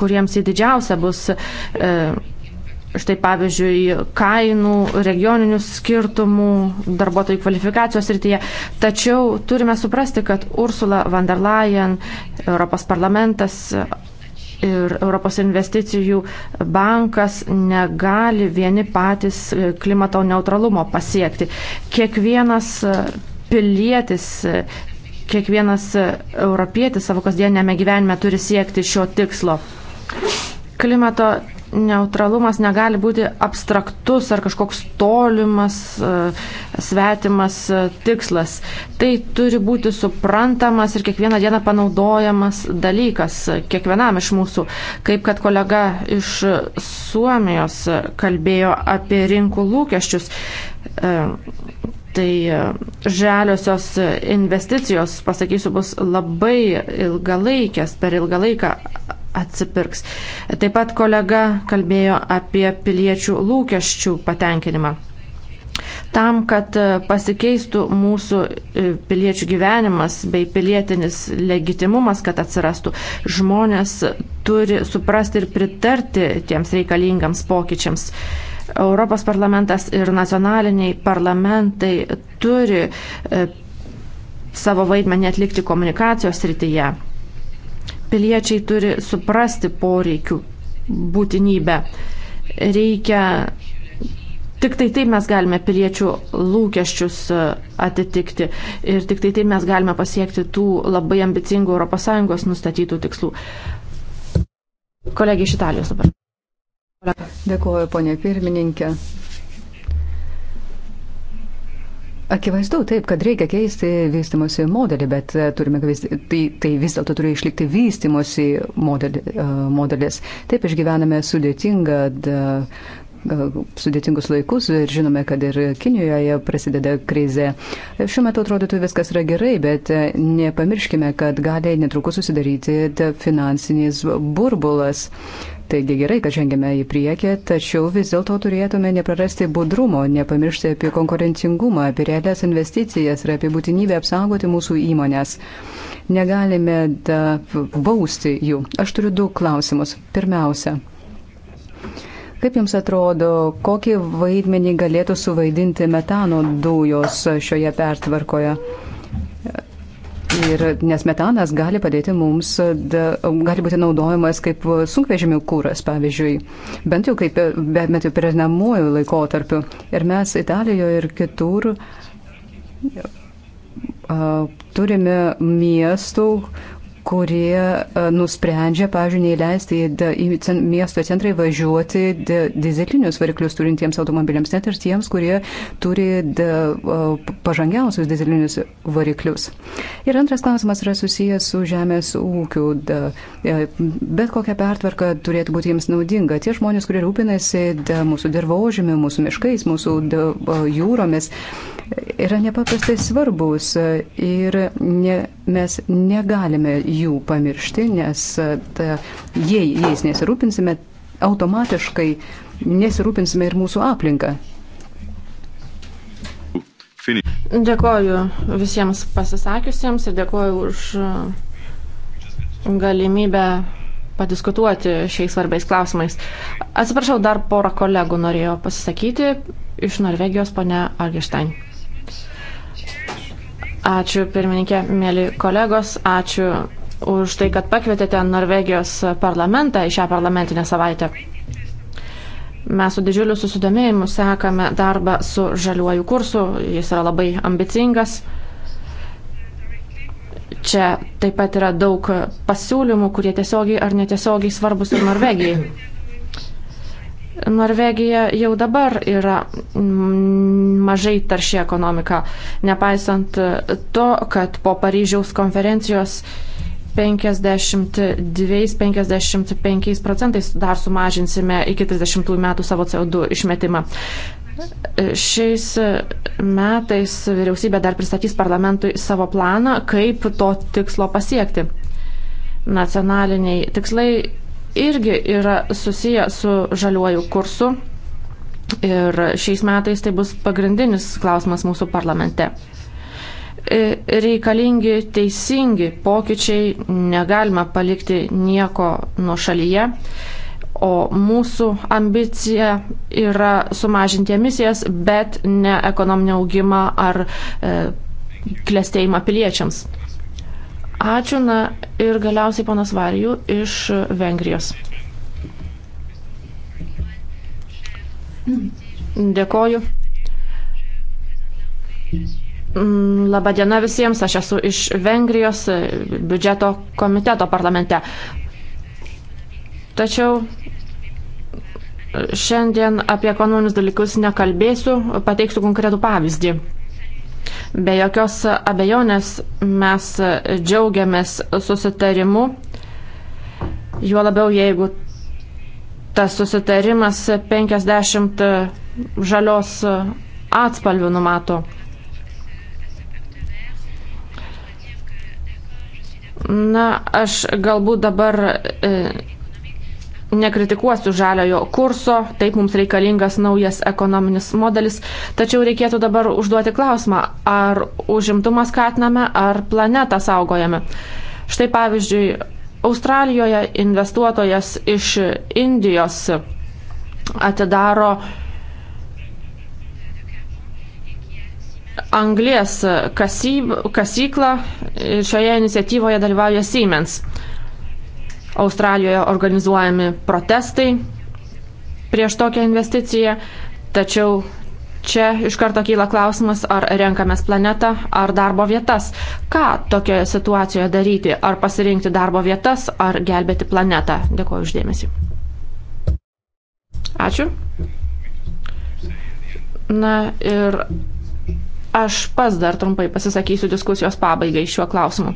kuriems į didžiausia bus. E, štai pavyzdžiui, kainų, regioninių skirtumų, darbuotojų kvalifikacijos rytyje. Tačiau turime suprasti, kad Ursula von der Leyen, Europos parlamentas, ir Europos investicijų bankas negali vieni patys e, klimato neutralumo pasiekti. Kiekvienas pilietis, kiekvienas europietis savo kasdienėme gyvenime turi siekti šio tikslo. Klimato neutralumas negali būti abstraktus ar kažkoks tolimas, e, svetimas e, tikslas. Tai turi būti suprantamas ir kiekvieną dieną panaudojamas dalykas e, kiekvienam iš mūsų. Kaip kad kolega iš Suomijos kalbėjo apie rinkų lūkesčius. Tai e, žaliosios investicijos, pasakysiu, bus labai ilgalaikės, per ilgą laiką atsipirks. Taip pat kolega kalbėjo apie piliečių lūkesčių patenkinimą. Tam, kad e, pasikeistų mūsų e, piliečių gyvenimas bei pilietinis legitimumas, kad atsirastų, žmonės turi suprasti ir pritarti tiems reikalingams pokyčiams. Europos parlamentas ir nacionaliniai parlamentai turi e, savo vaidmenį atlikti komunikacijos rytyje. Piliečiai turi suprasti poreikių būtinybę. Reikia Tik tai taip mes galime piliečių lūkesčius e, atitikti ir tik tai taip mes galime pasiekti tų labai ambicingų ES nustatytų tikslų. Kolegė iš Italijos dabar. Dėkuoju, ponė pirmininkė. Akivaizdu, taip, kad reikia keisti vystimosi modelį, bet e, turime, tai, tai vis dėlto turi išlikti vystimosi modelį, e, modelis. Taip išgyvename sudėtingą e, sudėtingus laikus ir žinome, kad ir Kinijoje prasideda krize. Šiuo metu atrodytų viskas yra gerai, bet nepamirškime, kad gali netrukus susidaryti finansinis burbulas. Uh, Taigi gerai, kad žengėme į priekį, tačiau vis dėlto turėtume neprarasti budrumo, nepamiršti apie konkurencingumą, apie realias investicijas ir apie būtinybę apsaugoti mūsų įmonės. Negalime da, bausti jų. Aš turiu du klausimus. Pirmiausia. Kaip Jums atrodo, kokį vaidmenį galėtų suvaidinti metano dujos šioje pertvarkoje? Ir nes metanas gali padėti mums, da, gali būti naudojamas kaip sunkvežimių kūras, pavyzdžiui, bent jau kaip, be, bent jau perinamuoju laikotarpiu. Ir mes Italijoje ir kitur turime miestų, kurie e, nusprendžia, pavyzdžiui, neįleisti į miesto centrą įvažiuoti dizelinius variklius turintiems automobiliams, net ir tiems, kurie turi pažangiausius dizelinius variklius. Ir antras klausimas yra susijęs su žemės ūkiu. E, bet kokia pertvarka turėtų būti jiems naudinga. Tie žmonės, kurie rūpinasi mūsų dirbožėmi, mūsų miškais, mūsų jūromis, yra nepaprastai svarbus e, ir ne, mes negalime jų pamiršti, nes e, ta, jei jais nesirūpinsime, automatiškai nesirūpinsime ir mūsų aplinką. Dėkoju visiems pasisakiusiems ir dėkoju už e, galimybę padiskutuoti šiais svarbiais klausimais. Atsiprašau, dar porą kolegų norėjo pasisakyti iš Norvegijos, pane Argištain. Ačiū pirmininkė, mėly kolegos, ačiū už tai, kad pakvietėte Norvegijos parlamentą į šią parlamentinę savaitę. Mes su didžiuliu susidomėjimu sekame darbą su žaliuoju kursu, jis yra labai ambicingas. Čia taip pat yra daug pasiūlymų, kurie tiesiogiai ar netiesiogiai svarbus ir Norvegijai. Norvegija jau dabar yra mažai tarši ekonomika, nepaisant to, kad po Paryžiaus konferencijos 52-55 procentais dar sumažinsime iki 30 metų savo CO2 išmetimą. Šiais metais vyriausybė dar pristatys parlamentui savo planą, kaip to tikslo pasiekti. Nacionaliniai tikslai irgi yra susiję su žaliuoju kursu ir šiais metais tai bus pagrindinis klausimas mūsų parlamente. E, reikalingi teisingi pokyčiai, negalima palikti nieko nuo šalyje, o mūsų ambicija yra sumažinti emisijas, bet ne ekonominį augimą ar e, klėstėjimą piliečiams. Ačiū, na ir galiausiai ponas Varijų iš Vengrijos. Dėkoju. Mm. Mm, Labadiena visiems, aš esu iš Vengrijos e, biudžeto komiteto parlamente. Tačiau e, šiandien apie ekonominius dalykus nekalbėsiu, pateiksiu konkretų pavyzdį. Be jokios abejonės mes džiaugiamės susitarimu, juo labiau jeigu tas susitarimas 50 žalios atspalvių numato. Na, aš galbūt dabar e, nekritikuosiu žaliojo kurso, taip mums reikalingas naujas ekonominis modelis, tačiau reikėtų dabar užduoti klausimą, ar užimtumą skatiname, ar planetą saugojame. Štai pavyzdžiui, Australijoje investuotojas iš Indijos atidaro anglės kasyb, kasyklą ir šioje iniciatyvoje dalyvauja Siemens. Australijoje organizuojami protestai prieš tokią investiciją, tačiau čia iš karto kyla klausimas, ar renkamės planetą, ar darbo vietas. Ką tokioje situacijoje daryti? Ar pasirinkti darbo vietas, ar gelbėti planetą? Dėkuoju uždėmesi. Ačiū. Na ir Aš pats dar trumpai pasisakysiu diskusijos pabaigai šiuo klausimu.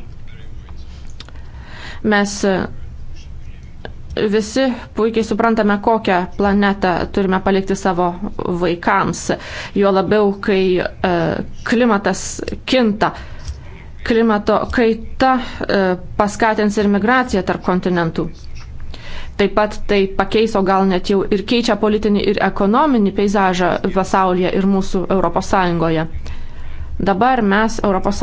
Mes e, visi puikiai suprantame, kokią planetą turime palikti savo vaikams, juo labiau, kai e, klimatas kinta klimato kaita e, paskatins ir migraciją tarp kontinentų. Taip pat tai pakeis, o gal net jau ir keičia politinį ir ekonominį peizažą pasaulyje ir mūsų ES. Dabar mes ES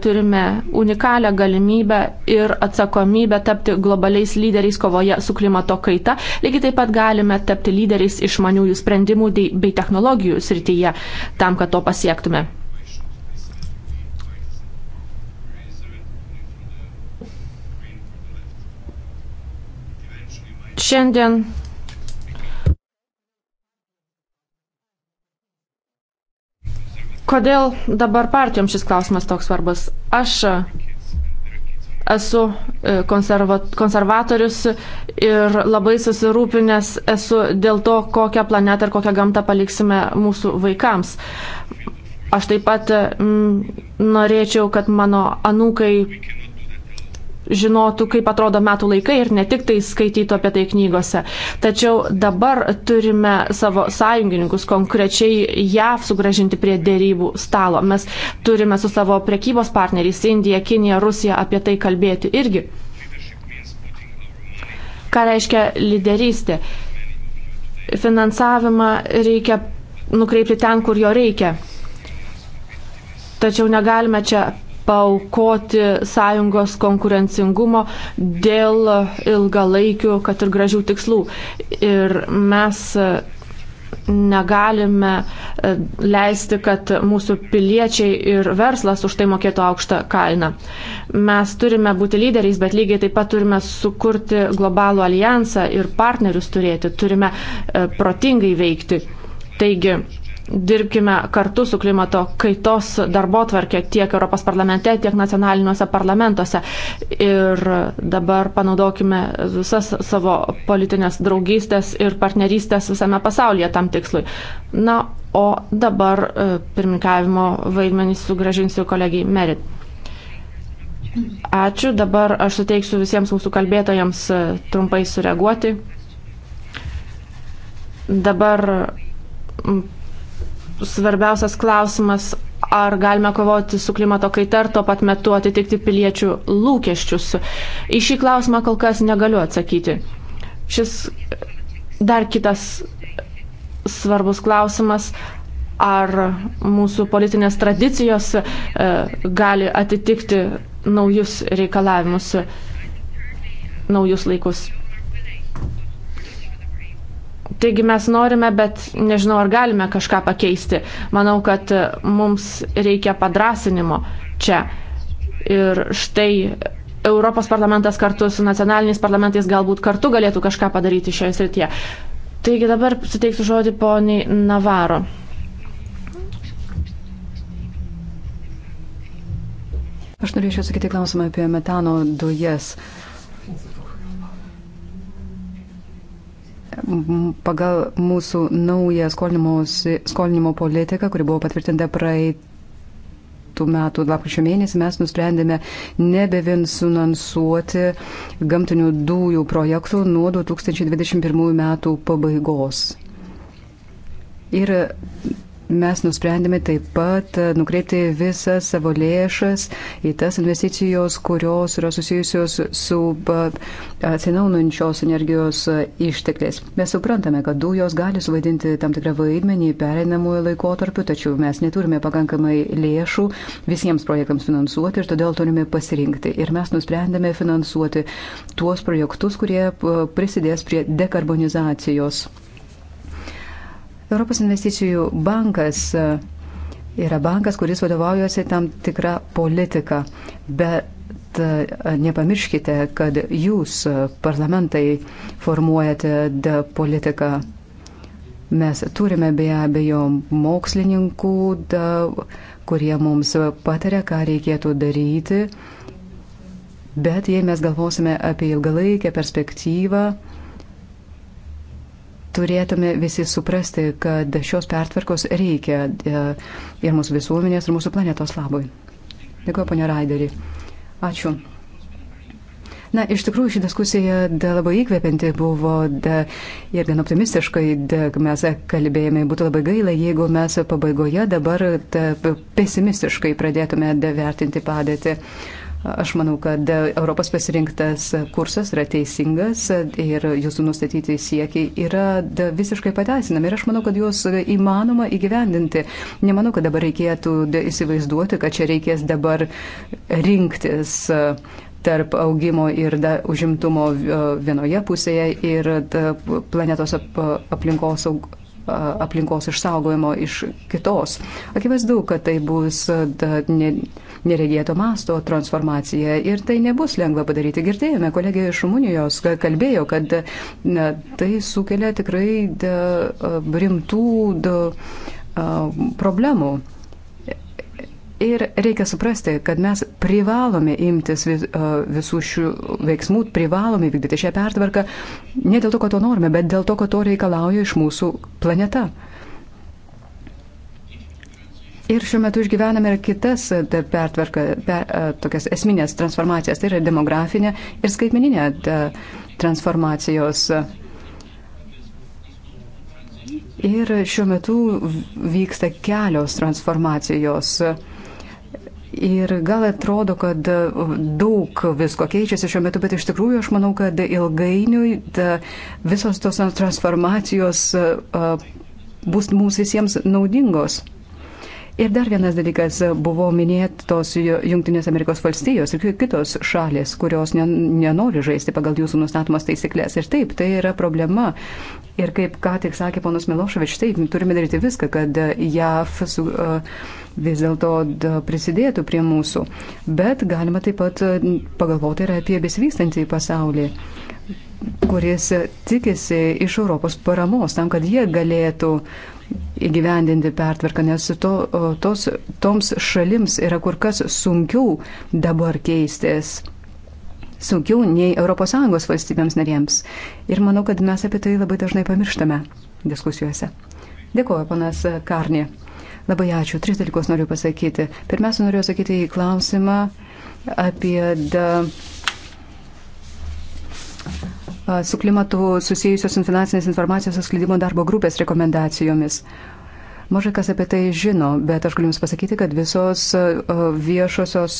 turime unikalią galimybę ir atsakomybę tapti globaliais lyderiais kovoje su klimato kaita. Lygiai taip pat galime tapti lyderiais išmaniųjų sprendimų bei technologijų srityje tam, kad to pasiektume. Šiandien Kodėl dabar partijoms šis klausimas toks svarbus? Aš e, esu e, konservatorius ir labai susirūpinęs esu dėl to, kokią planetą ir kokią gamtą paliksime mūsų vaikams. Aš taip pat m, norėčiau, kad mano anūkai žinotų, kaip atrodo metų laikai ir ne tik tai skaitytų apie tai knygose. Tačiau dabar turime savo sąjungininkus, konkrečiai JAV, sugražinti prie dėrybų stalo. Mes turime su savo prekybos partneriais Indija, Kinija, Rusija apie tai kalbėti irgi. Ką reiškia lyderystė? Finansavimą reikia nukreipti ten, kur jo reikia. Tačiau negalime čia paukoti sąjungos konkurencingumo dėl ilgalaikių, kad ir gražių tikslų. Ir mes negalime e, leisti, kad mūsų piliečiai ir verslas už tai mokėtų aukštą kainą. Mes turime būti lyderiais, bet lygiai taip pat turime sukurti globalų alijansą ir partnerius turėti, turime e, protingai veikti. Taigi, dirbkime kartu su klimato kaitos darbo tvarkė tiek Europos parlamente, tiek nacionaliniuose parlamentuose. Ir dabar panaudokime visas savo politinės draugystės ir partnerystės visame pasaulyje tam tikslui. Na, o dabar e, pirmininkavimo vaidmenį sugražinsiu kolegijai Merit. Ačiū, dabar aš suteiksiu visiems mūsų kalbėtojams e, trumpai sureaguoti. Dabar svarbiausias klausimas, ar galime kovoti su klimato kaita ir tuo pat metu atitikti piliečių lūkesčius. Į šį klausimą kol kas negaliu atsakyti. Šis dar kitas svarbus klausimas, ar mūsų politinės tradicijos e, gali atitikti naujus reikalavimus, naujus laikus. Taigi mes norime, bet nežinau, ar galime kažką pakeisti. Manau, kad e, mums reikia padrasinimo čia. Ir štai Europos parlamentas kartu su nacionaliniais parlamentais galbūt kartu galėtų kažką padaryti šioje srityje. Taigi dabar suteiksiu žodį poniai Navaro. Aš norėčiau sakyti klausimą apie metano dujas. Yes. pagal mūsų naują skolinimo politiką, kuri buvo patvirtinta praeitų metų lapkričio mėnesį, mes nusprendėme nebevinsunansuoti gamtinių dujų projektų nuo 2021 metų pabaigos. Ir mes nusprendėme taip pat e, nukreipti visas savo lėšas į tas investicijos, kurios yra susijusios su e, atsinaunančios energijos e, ištekliais. Mes suprantame, kad dujos gali suvaidinti tam tikrą vaidmenį pereinamųjų laikotarpių, tačiau mes neturime pakankamai lėšų visiems projektams finansuoti ir todėl turime pasirinkti. Ir mes nusprendėme finansuoti tuos projektus, kurie prisidės prie dekarbonizacijos. Europos investicijų bankas e, yra bankas, kuris vadovaujasi tam tikrą politiką, bet e, nepamirškite, kad jūs e, parlamentai formuojate politiką. Mes turime be abejo mokslininkų, da, kurie mums patarė, ką reikėtų daryti, bet jei mes galvosime apie ilgalaikę perspektyvą, turėtume visi suprasti, kad šios pertvarkos reikia e, ir mūsų visuomenės, ir mūsų planetos labui. Dėkuoju, ponia Raiderį. Ačiū. Na, iš tikrųjų, ši diskusija da, labai įkvepianti buvo da, ir gan optimistiškai da, mes kalbėjome. Būtų labai gaila, jeigu mes pabaigoje dabar da, pesimistiškai pradėtume da, vertinti padėtį. Uh, Aš manau, kad Europos pasirinktas kursas yra teisingas ir jūsų nustatyti siekiai yra visiškai pateisinami ir aš manau, kad juos įmanoma įgyvendinti. Nemanau, kad dabar reikėtų įsivaizduoti, kad čia reikės dabar rinktis e, tarp augimo ir da, užimtumo e, vienoje pusėje ir planetos ap, aplinkos, aplinkos išsaugojimo iš kitos. Akivaizdu, kad tai bus e, da, ne, neregėto masto transformacija ir tai nebus lengva padaryti. Girdėjome, kolegė iš Rumunijos kalbėjo, kad na, tai sukelia tikrai de, rimtų de, problemų. Ir reikia suprasti, kad mes privalome imtis vis, visų šių veiksmų, privalome vykdyti šią pertvarką ne dėl to, kad to norime, bet dėl to, kad to reikalauja iš mūsų planeta. Ir šiuo metu išgyvename ir kitas pertvarka, per, tokias esminės transformacijas, tai yra demografinė ir skaitmeninė transformacijos. Ir šiuo metu vyksta kelios transformacijos. Ir gal atrodo, kad daug visko keičiasi šiuo metu, bet iš tikrųjų aš manau, kad ilgainiui ta, visos tos transformacijos a, bus mums visiems naudingos. Ir dar vienas dalykas buvo minėtos Junktinės Amerikos valstijos ir kitos šalis, kurios nenori žaisti pagal jūsų nustatomas taisyklės. Ir taip, tai yra problema. Ir kaip ką tik sakė ponas Miloševič, taip, turime daryti viską, kad JAF su, vis dėlto prisidėtų prie mūsų. Bet galima taip pat pagalvoti ir apie besivystantį pasaulį kuris tikisi iš Europos paramos tam, kad jie galėtų uh, įgyvendinti pertvarką, nes to, tos, toms šalims yra kur kas sunkiau dabar keistis. Sunkiau nei ES valstybėms narėms. Ir manau, kad mes apie tai labai dažnai pamirštame diskusijose. Dėkuoju, panas Karnė. Labai ačiū. Tris dalykus noriu pasakyti. Pirmiausia, noriu sakyti į klausimą apie da su klimatu susijusios finansinės informacijos atskleidimo darbo grupės rekomendacijomis. Mažai kas apie tai žino, bet aš galiu Jums pasakyti, kad visos viešosios,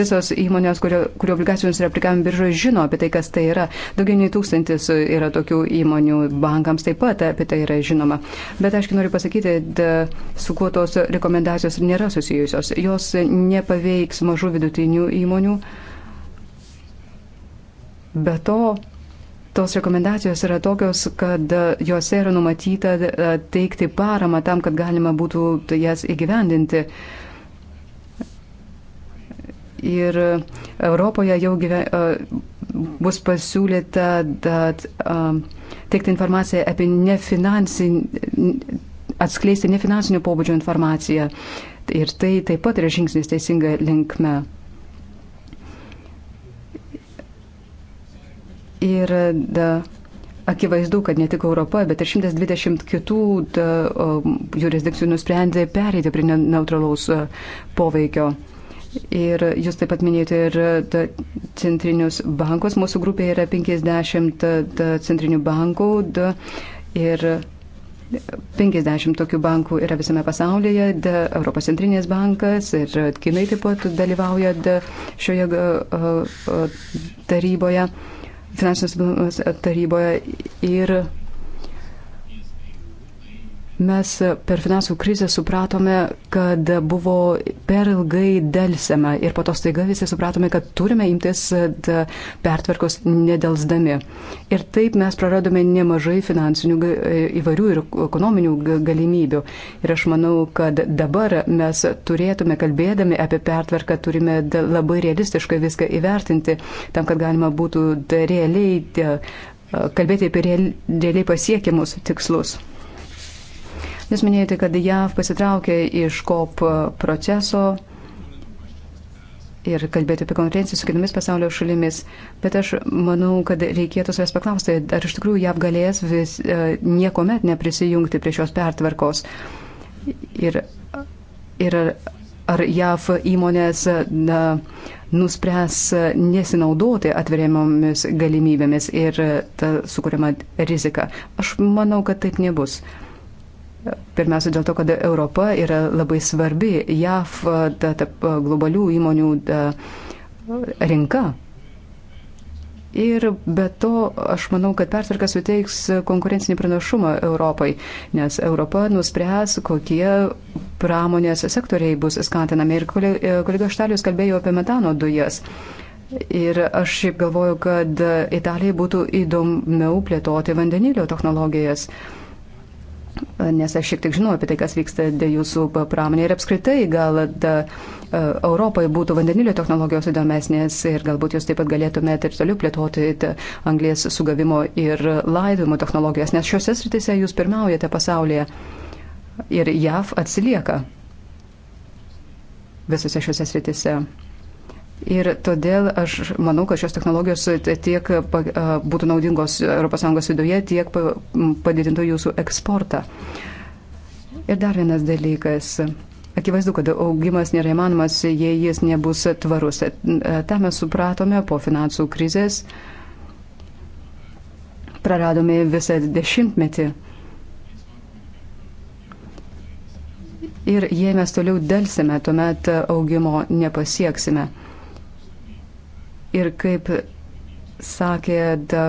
visos įmonės, kurio, kurio obligacijoms yra aplikavim biržoje, žino apie tai, kas tai yra. Daugiau nei tūkstantis yra tokių įmonių, bankams taip pat apie tai yra žinoma. Bet aiškiai noriu pasakyti, su kuo tos rekomendacijos nėra susijusios. Jos nepaveiks mažų vidutinių įmonių. Be to, tos rekomendacijos yra tokios, kad e, juose yra numatyta e, teikti paramą tam, kad galima būtų jas įgyvendinti. Ir e, Europoje jau gyve, bus pasiūlyta dat, teikti informaciją apie nefinansinį, atskleisti nefinansinio pobūdžio informaciją. Ir tai taip pat yra žingsnis teisinga linkme. Ir da, akivaizdu, kad ne tik Europa, bet ir 120 kitų da, jurisdikcijų nusprendė perėti prie neutralaus poveikio. Ir jūs taip pat minėjote ir centrinius bankus. Mūsų grupėje yra 50 centrinių bankų ir 50 tokių bankų yra visame pasaulyje. Europos centrinės bankas ir kinai taip pat dalyvauja šioje taryboje. Uh, uh, finansinės stabilumo taryboje ir Mes per finansų krizę supratome, kad buvo per ilgai dėlsama ir po to staiga visi supratome, kad turime imtis pertvarkos nedelsdami. Ir taip mes praradome nemažai finansinių e, įvairių ir ekonominių galimybių. Ir aš manau, kad dabar mes turėtume, kalbėdami apie pertvarką, turime labai realistiškai viską įvertinti, tam, kad galima būtų realiai kalbėti apie realiai pasiekiamus tikslus. Jūs minėjote, kad JAV pasitraukė iš COP proceso ir kalbėti apie konferenciją su kitomis pasaulio šalimis, bet aš manau, kad reikėtų savęs paklausti, ar iš tikrųjų JAV galės vis e, niekuomet neprisijungti prie šios pertvarkos. Ir, ir ar JAV įmonės na, nuspręs nesinaudoti atveriamomis galimybėmis ir ta sukūriama rizika. Aš manau, kad taip nebus. Pirmiausia, dėl to, kad Europa yra labai svarbi JAV ta, ta, globalių įmonių ta, rinka. Ir be to, aš manau, kad pertvarka suteiks konkurencinį pranašumą Europai, nes Europa nuspręs, kokie pramonės sektoriai bus skatinami. Ir e, kolega Štalius kalbėjo apie metano dujas. Ir aš šiaip galvoju, kad Italijai būtų įdomiau plėtoti vandenilio technologijas. Uh, nes aš šiek tiek žinau apie tai, kas vyksta jūsų pramonėje ir apskritai gal da, e, Europai būtų vandenilio technologijos įdomesnės ir galbūt jūs taip pat galėtumėte ir toliau plėtoti anglės sugavimo ir laidojimo technologijas, nes šiuose srityse jūs pirmaujate pasaulyje ir JAV atsilieka visose šiuose srityse. Ir todėl aš manau, kad šios technologijos tiek būtų naudingos ES viduje, tiek padidintų jūsų eksportą. Ir dar vienas dalykas. Akivaizdu, kad augimas nėra įmanomas, jei jis nebus tvarus. Ta mes supratome po finansų krizės. Praradome visą dešimtmetį. Ir jei mes toliau dėlsime, tuomet augimo nepasieksime. Ir kaip sakė da,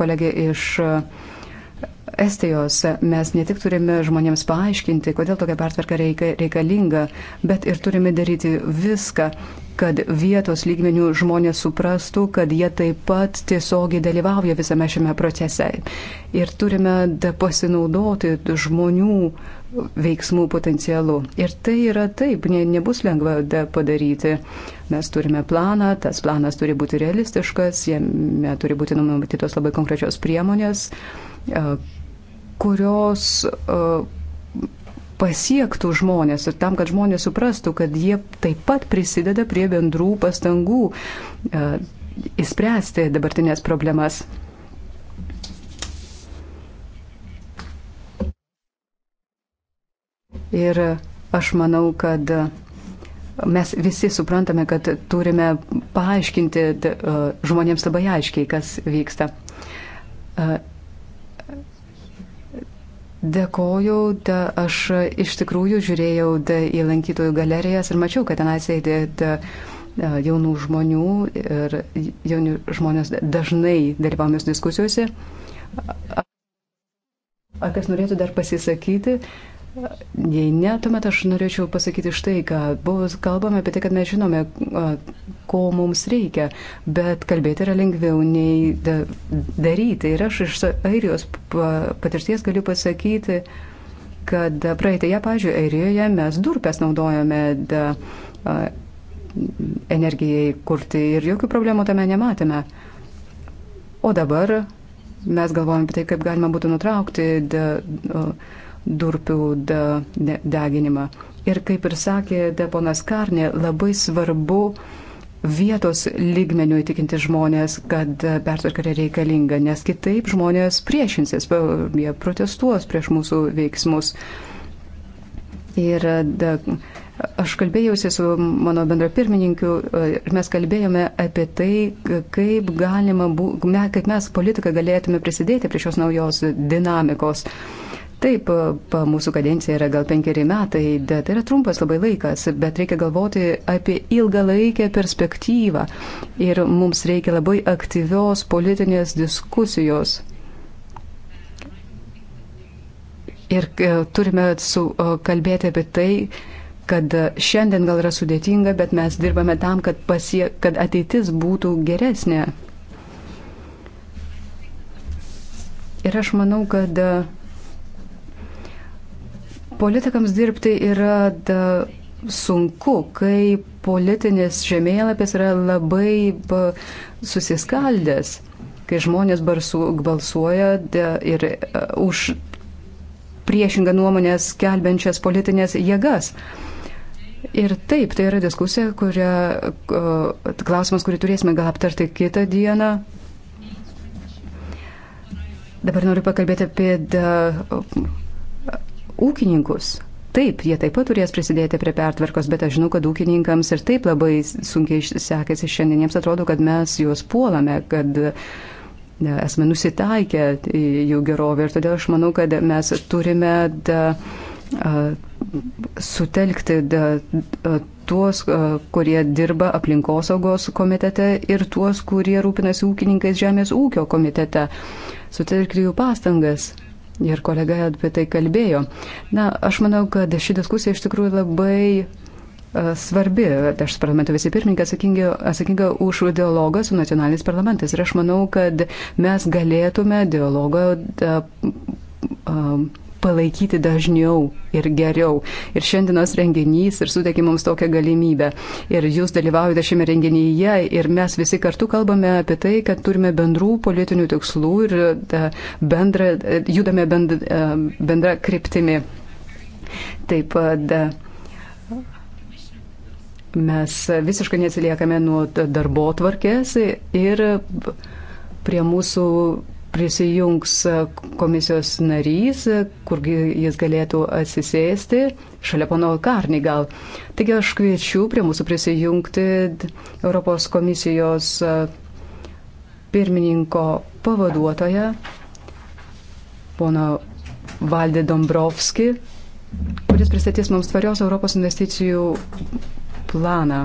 kolegė iš Estijos, mes ne tik turime žmonėms paaiškinti, kodėl tokia pertvarka reika, reikalinga, bet ir turime daryti viską, kad vietos lygmenių žmonės suprastų, kad jie taip pat tiesiogiai dalyvauja visame šiame procese. Ir turime pasinaudoti žmonių uh, veiksmų potencialu. Ir tai yra taip, ne, nebus lengva padaryti. Mes turime planą, tas planas turi būti realistiškas, jame turi būti numatytos labai konkrečios priemonės, kurios pasiektų žmonės ir tam, kad žmonės suprastų, kad jie taip pat prisideda prie bendrų pastangų įspręsti dabartinės problemas. Ir aš manau, kad e, mes visi suprantame, kad turime paaiškinti e, žmonėms labai aiškiai, kas vyksta. E, dėkoju, da, aš iš tikrųjų žiūrėjau da, į lankytojų galerijas ir mačiau, kad tenai sėdė da, jaunų žmonių ir jauni žmonės dažnai dalyvaujamės diskusijose. Ar kas norėtų dar pasisakyti? Uh, Jei ne, tuomet aš norėčiau pasakyti štai, ką buvo kalbama apie tai, kad mes žinome, ko mums reikia, bet kalbėti yra lengviau nei daryti. Ir aš iš airijos patirties galiu pasakyti, kad praeitėje, pažiūrėjau, airijoje mes durpes naudojome da, energijai kurti ir jokių problemų tame nematėme. O dabar mes galvojame apie tai, kaip galima būtų nutraukti. Da, da, durpių deginimą. Ir kaip ir sakė deponas Karnė, labai svarbu vietos lygmenių įtikinti žmonės, kad pertvarka yra reikalinga, nes kitaip žmonės priešinsis, jie protestuos prieš mūsų veiksmus. Ir da, aš kalbėjausi su mano bendrapirmininku e, ir mes kalbėjome apie tai, kaip, galima, kaip mes politiką galėtume prisidėti prie šios naujos dinamikos. Taip, mūsų kadencija yra gal penkeri metai, tai yra trumpas labai laikas, bet reikia galvoti apie ilgalaikę perspektyvą ir mums reikia labai aktyvios politinės diskusijos. Ir e, turime su, kalbėti apie tai, kad e, šiandien gal yra sudėtinga, bet mes dirbame tam, kad, pasie, kad ateitis būtų geresnė. Ir aš manau, kad e, Politikams dirbti yra da, sunku, kai politinis žemėlapis yra labai ba, susiskaldęs, kai žmonės barsu, balsuoja da, ir uh, už priešingą nuomonę skelbiančias politinės jėgas. Ir taip, tai yra diskusija, kurią, uh, klausimas, kurį turėsime gal aptarti kitą dieną. Dabar noriu pakalbėti apie da, ūkininkus. Taip, jie taip pat turės prisidėti prie pertvarkos, bet aš žinau, kad ūkininkams ir taip labai sunkiai sekasi šiandien. Jiems atrodo, kad mes juos puolame, kad e, esame nusitaikę į jų gerovę ir todėl aš manau, kad mes turime da, a, sutelkti da, a, tuos, kurie dirba aplinkosaugos komitete ir tuos, kurie rūpinasi ūkininkais Žemės ūkio komitete, sutelkti jų pastangas ir kolega apie tai kalbėjo. Na, aš manau, kad ši diskusija iš tikrųjų labai e, svarbi. Aš parlamento visi pirmininkai atsakinga už dialogą su nacionaliniais parlamentais. Ir aš manau, kad mes galėtume dialogą. Da, e, um, e, palaikyti dažniau ir geriau. Ir šiandienos renginys ir suteikia mums tokią galimybę. Ir jūs dalyvaujate šiame renginyje ir mes visi kartu kalbame apie tai, kad turime bendrų politinių tikslų ir e, bendra, e, judame bendra, e, bendra kryptimi. Taip pat mes visiškai neatsiliekame nuo darbo tvarkės ir prie mūsų prisijungs e, komisijos narys, e, kurgi jis galėtų atsisėsti, šalia pono Karni gal. Taigi aš kviečiu prie mūsų prisijungti Europos komisijos e, pirmininko pavaduotoją, pono Valdė Dombrovski, kuris pristatys mums tvarios Europos investicijų planą.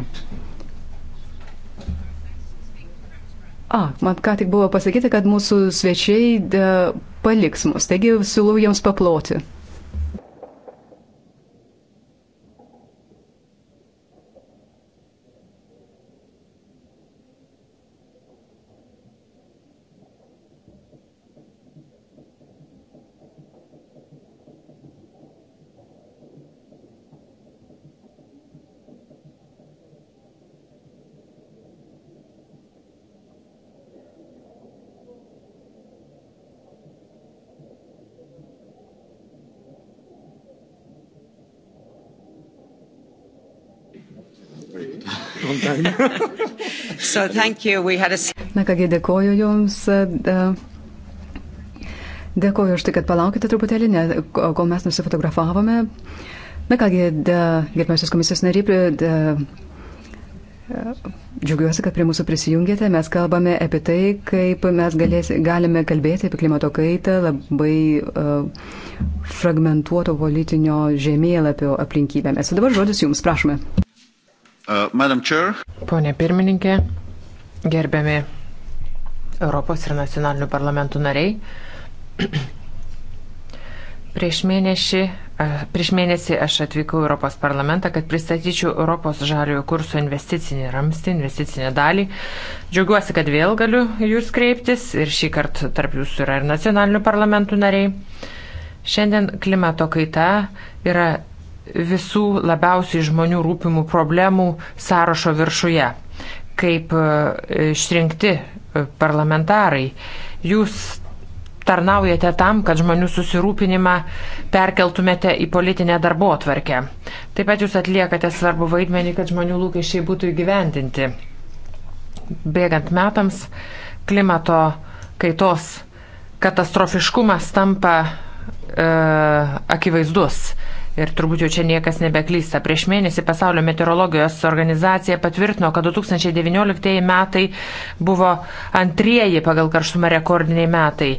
A, man ką tik buvo pasakyti, kad mūsų svečiai da, paliks mus, taigi siūlau jiems paploti. so, a... Na kągi, dėkoju Jums. E, e, dėkoju už tai, kad palaukite truputėlį, ne, kol mes nusifotografavome. Na kągi, gerbiamasis komisijos nariai, e, Džiaugiuosi, kad prie mūsų prisijungėte. Mes kalbame apie tai, kaip mes galės, galime kalbėti apie klimato kaitą labai uh, fragmentuoto politinio žemėlapio aplinkybėmis. O dabar žodis Jums, prašome. Uh, Pone pirmininkė, gerbiami Europos ir nacionalinių parlamentų nariai, prieš mėnesį Prieš mėnesį aš atvykau į Europos parlamentą, kad pristatyčiau Europos žaliojo kurso investicinį ramstį, investicinę dalį. Džiaugiuosi, kad vėl galiu jūs kreiptis ir šį kartą tarp jūsų yra ir nacionalinių parlamentų nariai. Šiandien klimato kaita yra visų labiausiai žmonių rūpimų problemų sąrašo viršuje, kaip e, išrinkti e, parlamentarai. Jūs tarnaujate tam, kad žmonių susirūpinimą perkeltumėte į politinę darbo atvarkę. Taip pat jūs atliekate svarbu vaidmenį, kad žmonių lūkesčiai būtų įgyvendinti. Bėgant metams, klimato kaitos katastrofiškumas tampa e, akivaizdus. Ir turbūt jau čia niekas nebeklysta. Prieš mėnesį pasaulio meteorologijos organizacija patvirtino, kad 2019 metai buvo antrieji pagal karštumą rekordiniai metai.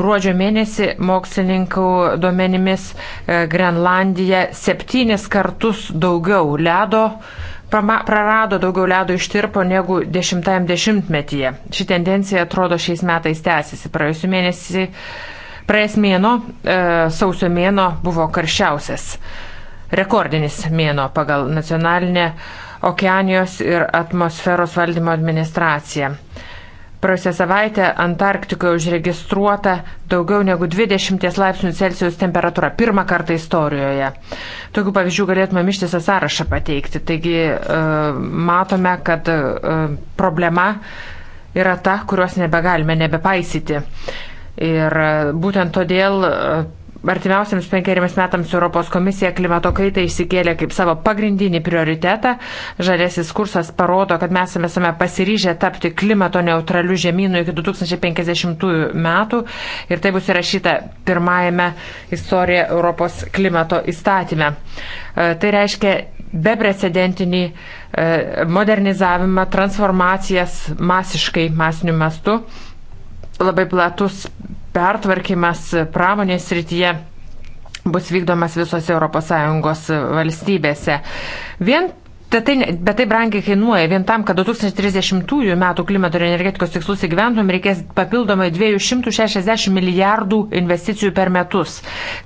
Gruodžio mėnesį mokslininkų duomenimis e, Grenlandija septynis kartus daugiau ledo prarado daugiau ledo ištirpo negu 10-metyje. -10 Ši tendencija atrodo šiais metais tęsiasi. Praėjusiu mėnesį Praėjęs mėno, e, sausio mėno buvo karščiausias. Rekordinis mėno pagal nacionalinę okeanijos ir atmosferos valdymo administraciją. Praėjusią savaitę Antarktikoje užregistruota daugiau negu 20 laipsnių Celsijaus temperatūra. Pirmą kartą istorijoje. Tokių pavyzdžių galėtume ištisą sąrašą pateikti. Taigi e, matome, kad e, problema yra ta, kurios nebegalime nebepaisyti. Ir e, būtent todėl e, artimiausiams penkeriams metams Europos komisija klimato kaitą išsikėlė kaip savo pagrindinį prioritetą. Žalėsis kursas parodo, kad mes esame pasiryžę tapti klimato neutraliu žemynu iki 2050 metų ir tai bus įrašyta pirmajame istorijoje Europos klimato įstatyme. E, tai reiškia beprecedentinį modernizavimą, transformacijas masiškai, masiniu mastu labai platus pertvarkymas pramonės rytyje bus vykdomas visose ES valstybėse. Vien Bet tai, bet tai brangiai kainuoja. Vien tam, kad 2030 metų klimato ir energetikos tikslus įgyventum, reikės papildomai 260 milijardų investicijų per metus.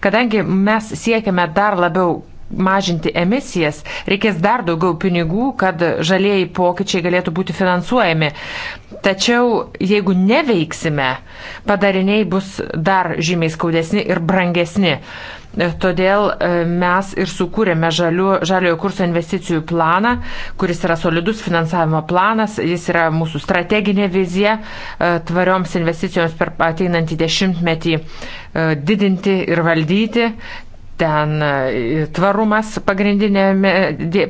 Kadangi mes siekiame dar labiau mažinti emisijas, reikės dar daugiau pinigų, kad žalieji pokyčiai galėtų būti finansuojami. Tačiau jeigu neveiksime, padariniai bus dar žymiai skaudesni ir brangesni. Todėl e, mes ir sukūrėme žaliu, žaliojo kurso investicijų planą, kuris yra solidus finansavimo planas, jis yra mūsų strateginė vizija e, tvarioms investicijoms per ateinantį dešimtmetį e, didinti ir valdyti ten e, tvarumas pagrindinėme,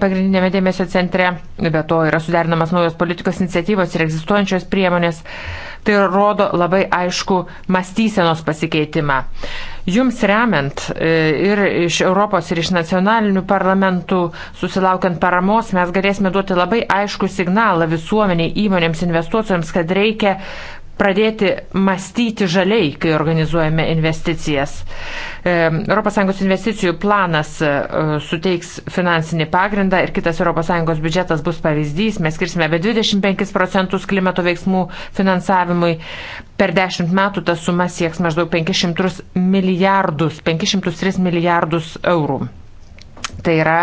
pagrindinėme dėmesio centre, be to yra suderinamas naujos politikos iniciatyvos ir egzistuojančios priemonės. Tai rodo labai aišku mąstysenos pasikeitimą. Jums remiant e, ir iš Europos, ir iš nacionalinių parlamentų susilaukiant paramos, mes galėsime duoti labai aišku signalą visuomeniai, įmonėms, investuotojams, kad reikia pradėti mąstyti žaliai, kai organizuojame investicijas. ES investicijų planas e, suteiks finansinį pagrindą ir kitas ES biudžetas bus pavyzdys. Mes skirsime be 25 procentus klimato veiksmų finansavimui. Per 10 metų ta suma sieks maždaug 500 milijardus, 503 milijardus eurų. Tai yra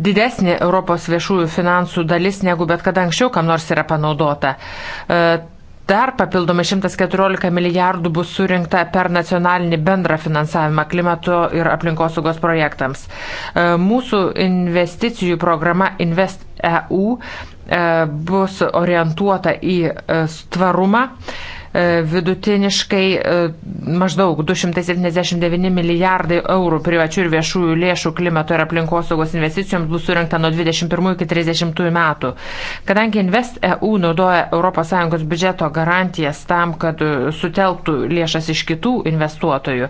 didesnė Europos viešųjų finansų dalis negu bet kada anksčiau kam nors yra panaudota. E, Dar papildomai 114 milijardų bus surinkta per nacionalinį bendrą finansavimą klimato ir aplinkosaugos projektams. E, mūsų investicijų programa InvestEU e, bus orientuota į e, tvarumą E, vidutiniškai e, maždaug 279 milijardai eurų privačių ir viešųjų lėšų klimato ir aplinkosaugos investicijoms bus surinkta nuo 21 iki 30 metų. Kadangi InvestEU naudoja ES biudžeto garantijas tam, kad e, sutelktų lėšas iš kitų investuotojų,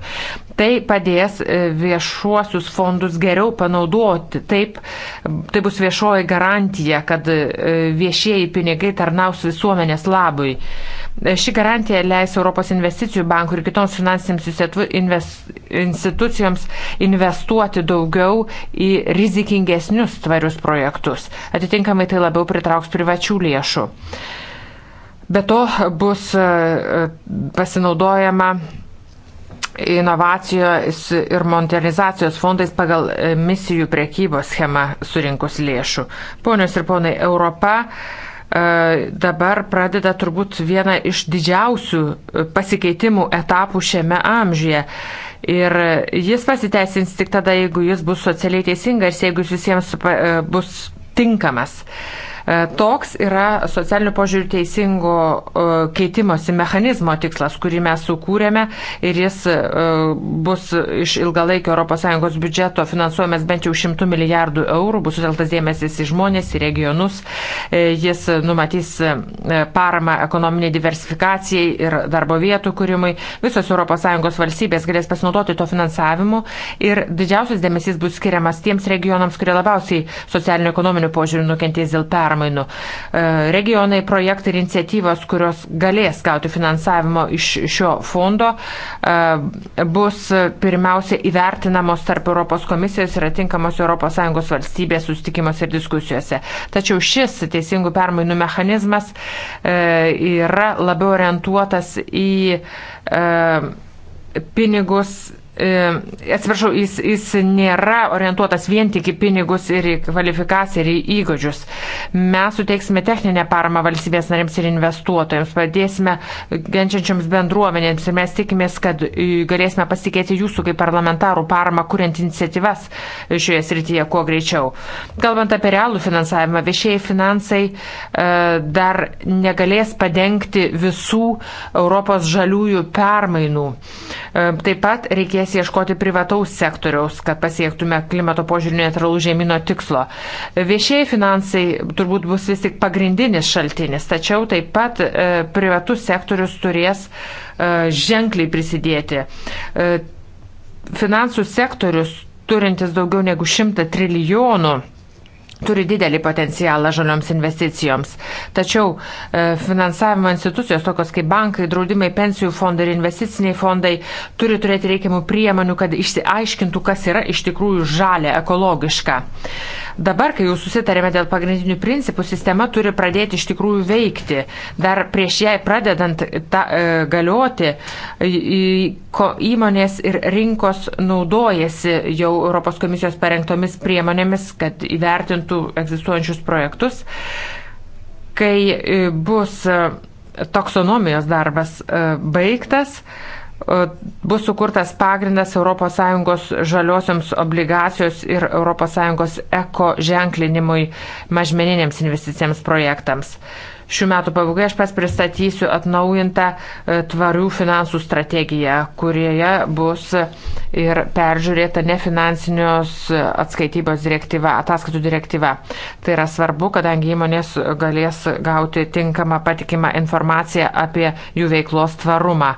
tai padės viešuosius fondus geriau panaudoti. Taip, tai bus viešoji garantija, kad viešieji pinigai tarnaus visuomenės labui. Ši garantija garantija leis Europos investicijų bankų ir kitoms finansinėms institucijoms investuoti daugiau į rizikingesnius tvarius projektus. Atitinkamai tai labiau pritrauks privačių lėšų. Be to bus e, pasinaudojama inovacijos ir modernizacijos fondais pagal e, misijų priekybos schemą surinkus lėšų. Ponios ir ponai, Europa E, dabar pradeda turbūt vieną iš didžiausių e, pasikeitimų etapų šiame amžiuje. Ir jis pasiteisins tik tada, jeigu jis bus socialiai teisingas, jeigu jis visiems e, bus tinkamas. Uh, E, toks yra socialinių požiūrių teisingo e, keitimosi mechanizmo tikslas, kurį mes sukūrėme ir jis e, bus iš ilgalaikio ES biudžeto finansuojamas bent jau 100 milijardų eurų, bus suteltas dėmesys į žmonės, į regionus, jis numatys paramą ekonominiai diversifikacijai ir darbo vietų kūrimui. Visos ES valstybės galės pasinaudoti to finansavimu ir didžiausias dėmesys bus skiriamas tiems regionams, kurie labiausiai socialinių ekonominių požiūrių nukentės dėl perų permainų. E, regionai, projektai ir iniciatyvos, kurios galės gauti finansavimo iš šio fondo, e, bus pirmiausia įvertinamos tarp Europos komisijos ir atinkamos ES valstybės sustikimuose ir diskusijose. Tačiau šis teisingų permainų mechanizmas e, yra labiau orientuotas į pinigus E, atsiprašau, jis, jis nėra orientuotas vien tik į pinigus ir į kvalifikaciją ir į įgūdžius. Mes suteiksime techninę paramą valstybės narėms ir investuotojams, padėsime genčiančioms bendruomenėms ir mes tikimės, kad galėsime pasitikėti jūsų kaip parlamentarų paramą, kuriant iniciatyvas šioje srityje kuo greičiau. Kalbant apie realų finansavimą, viešieji finansai e, dar negalės padengti visų Europos žaliųjų permainų. E, taip pat reikės reikės ieškoti privataus sektoriaus, kad pasiektume klimato požiūrių neutralų žemynų tikslo. Viešieji finansai turbūt bus vis tik pagrindinis šaltinis, tačiau taip pat e, privatus sektorius turės e, ženkliai prisidėti. E, finansų sektorius turintis daugiau negu 100 trilijonų turi didelį potencialą žalioms investicijoms. Tačiau e, finansavimo institucijos, tokios kaip bankai, draudimai, pensijų fondai ir investiciniai fondai, turi turėti reikiamų priemonių, kad išsiaiškintų, kas yra iš tikrųjų žalia, ekologiška. Dabar, kai jau susitarėme dėl pagrindinių principų, sistema turi pradėti iš tikrųjų veikti. Dar prieš jai pradedant ta, e, galioti, e, ko įmonės ir rinkos naudojasi jau Europos komisijos parengtomis priemonėmis, kad įvertintų egzistuojančius projektus. Kai e, bus e, taksonomijos darbas e, baigtas, bus sukurtas pagrindas ES žaliosioms obligacijos ir ES eko ženklinimui mažmeninėms investicijams projektams. Šių metų pabaigoje aš pas pristatysiu atnaujintą e, tvarių finansų strategiją, kurioje bus e, ir peržiūrėta nefinansinios atskaitybos direktyva, ataskaitų direktyva. Tai yra svarbu, kadangi įmonės galės gauti tinkamą patikimą informaciją apie jų veiklos tvarumą.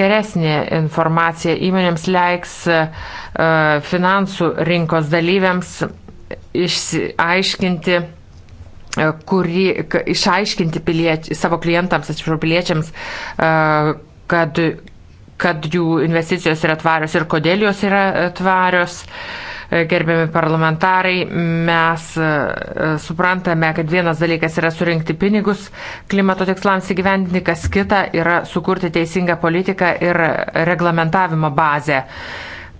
Geresnė informacija įmonėms leiks e, finansų rinkos dalyviams išsiaiškinti, E, kuri išaiškinti pilieči, savo klientams, atsiprašau, piliečiams, e, kad, kad jų investicijos yra tvarios ir kodėl jos yra e, tvarios gerbiami parlamentarai, mes suprantame, kad vienas dalykas yra surinkti pinigus klimato tikslams įgyvendinti, kas kita yra sukurti teisingą politiką ir reglamentavimo bazę.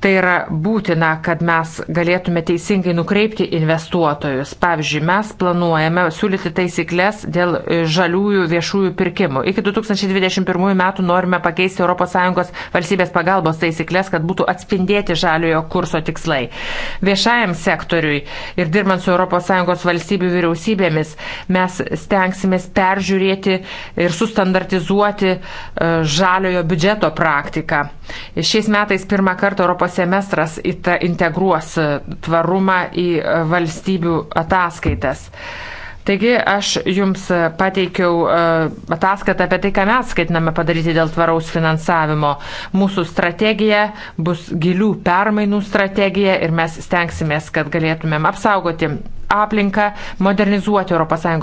Tai yra būtina, kad mes galėtume teisingai nukreipti investuotojus. Pavyzdžiui, mes planuojame siūlyti taisyklės dėl žaliųjų viešųjų pirkimų. Iki 2021 metų norime pakeisti ES valstybės pagalbos taisyklės, kad būtų atspindėti žaliojo kurso tikslai. Viešajam sektoriui ir dirbant su ES valstybių vyriausybėmis mes stengsimės peržiūrėti ir sustandartizuoti e, žaliojo biudžeto praktiką. Šiais metais pirmą kartą ES Europos semestras integruos tvarumą į valstybių ataskaitas. Taigi aš jums pateikiau e, ataskaitą apie tai, ką mes skaitiname padaryti dėl tvaraus finansavimo. Mūsų strategija bus gilių permainų strategija ir mes stengsimės, kad galėtumėm apsaugoti aplinką, modernizuoti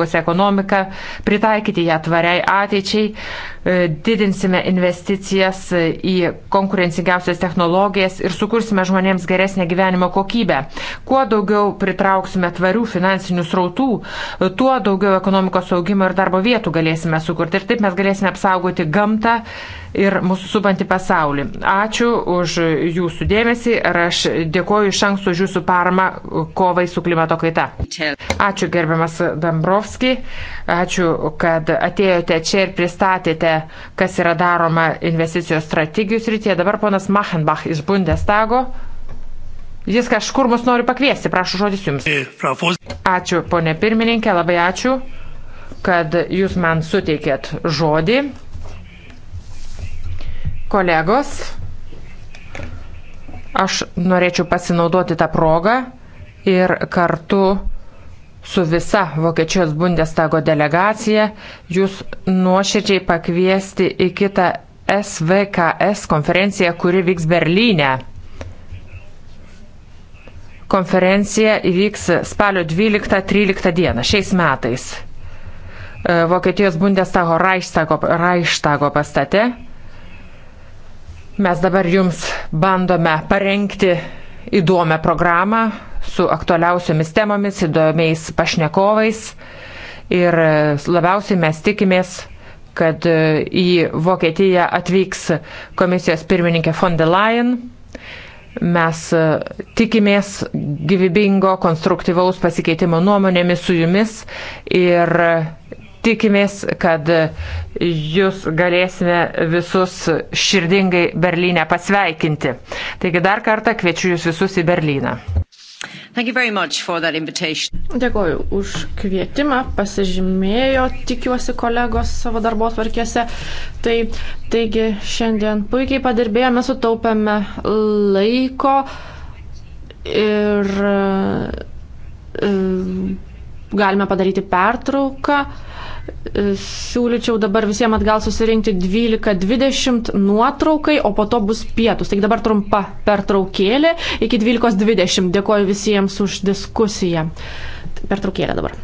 ES ekonomiką, pritaikyti ją tvariai ateičiai, e, didinsime investicijas e, į konkurencingiausias technologijas ir sukursime žmonėms geresnę gyvenimo kokybę. Kuo daugiau pritrauksime tvarių finansinių srautų, e, tuo daugiau ekonomikos augimo ir darbo vietų galėsime sukurti ir taip mes galėsime apsaugoti gamtą ir mūsų supantį pasaulį. Ačiū už jūsų dėmesį ir aš dėkoju iš anksto už jūsų paramą kovai su klimato kaita. Ačiū gerbiamas Dambrovski, ačiū, kad atėjote čia ir pristatėte, kas yra daroma investicijos strategijų srityje. Dabar ponas Machenbach iš Bundestago. Jis kažkur mus nori pakviesti, prašau žodis jums. Ačiū, ponė pirmininkė, labai ačiū, kad jūs man suteikėt žodį. Kolegos, aš norėčiau pasinaudoti tą progą ir kartu su visa Vokietijos Bundestago delegacija jūs nuoširdžiai pakviesti į kitą SVKS konferenciją, kuri vyks Berlyne. Konferencija įvyks spalio 12-13 dieną šiais metais. E, Vokietijos Bundestago Reichstago, Reichstago pastate. Mes dabar jums bandome parengti įdomią programą, su aktualiausiomis temomis, įdomiais pašnekovais ir labiausiai mes tikimės, kad e, į Vokietiją atvyks komisijos pirmininkė von der Leyen. Mes e, tikimės gyvybingo, konstruktyvaus pasikeitimo nuomonėmis su jumis ir e, tikimės, kad jūs galėsime visus širdingai Berlyne pasveikinti. Taigi dar kartą kviečiu jūs visus į Berlyną. Dėkoju už kvietimą, pasižymėjo, tikiuosi kolegos savo darbo tvarkėse. Tai, taigi šiandien puikiai padirbėjome, sutaupėme laiko ir e, galime padaryti pertrauką. E, siūlyčiau dabar visiems atgal susirinkti 12.20 nuotraukai, o po to bus pietus. Tik dabar trumpa pertraukėlė iki 12.20. Dėkoju visiems už diskusiją. Pertraukėlė dabar.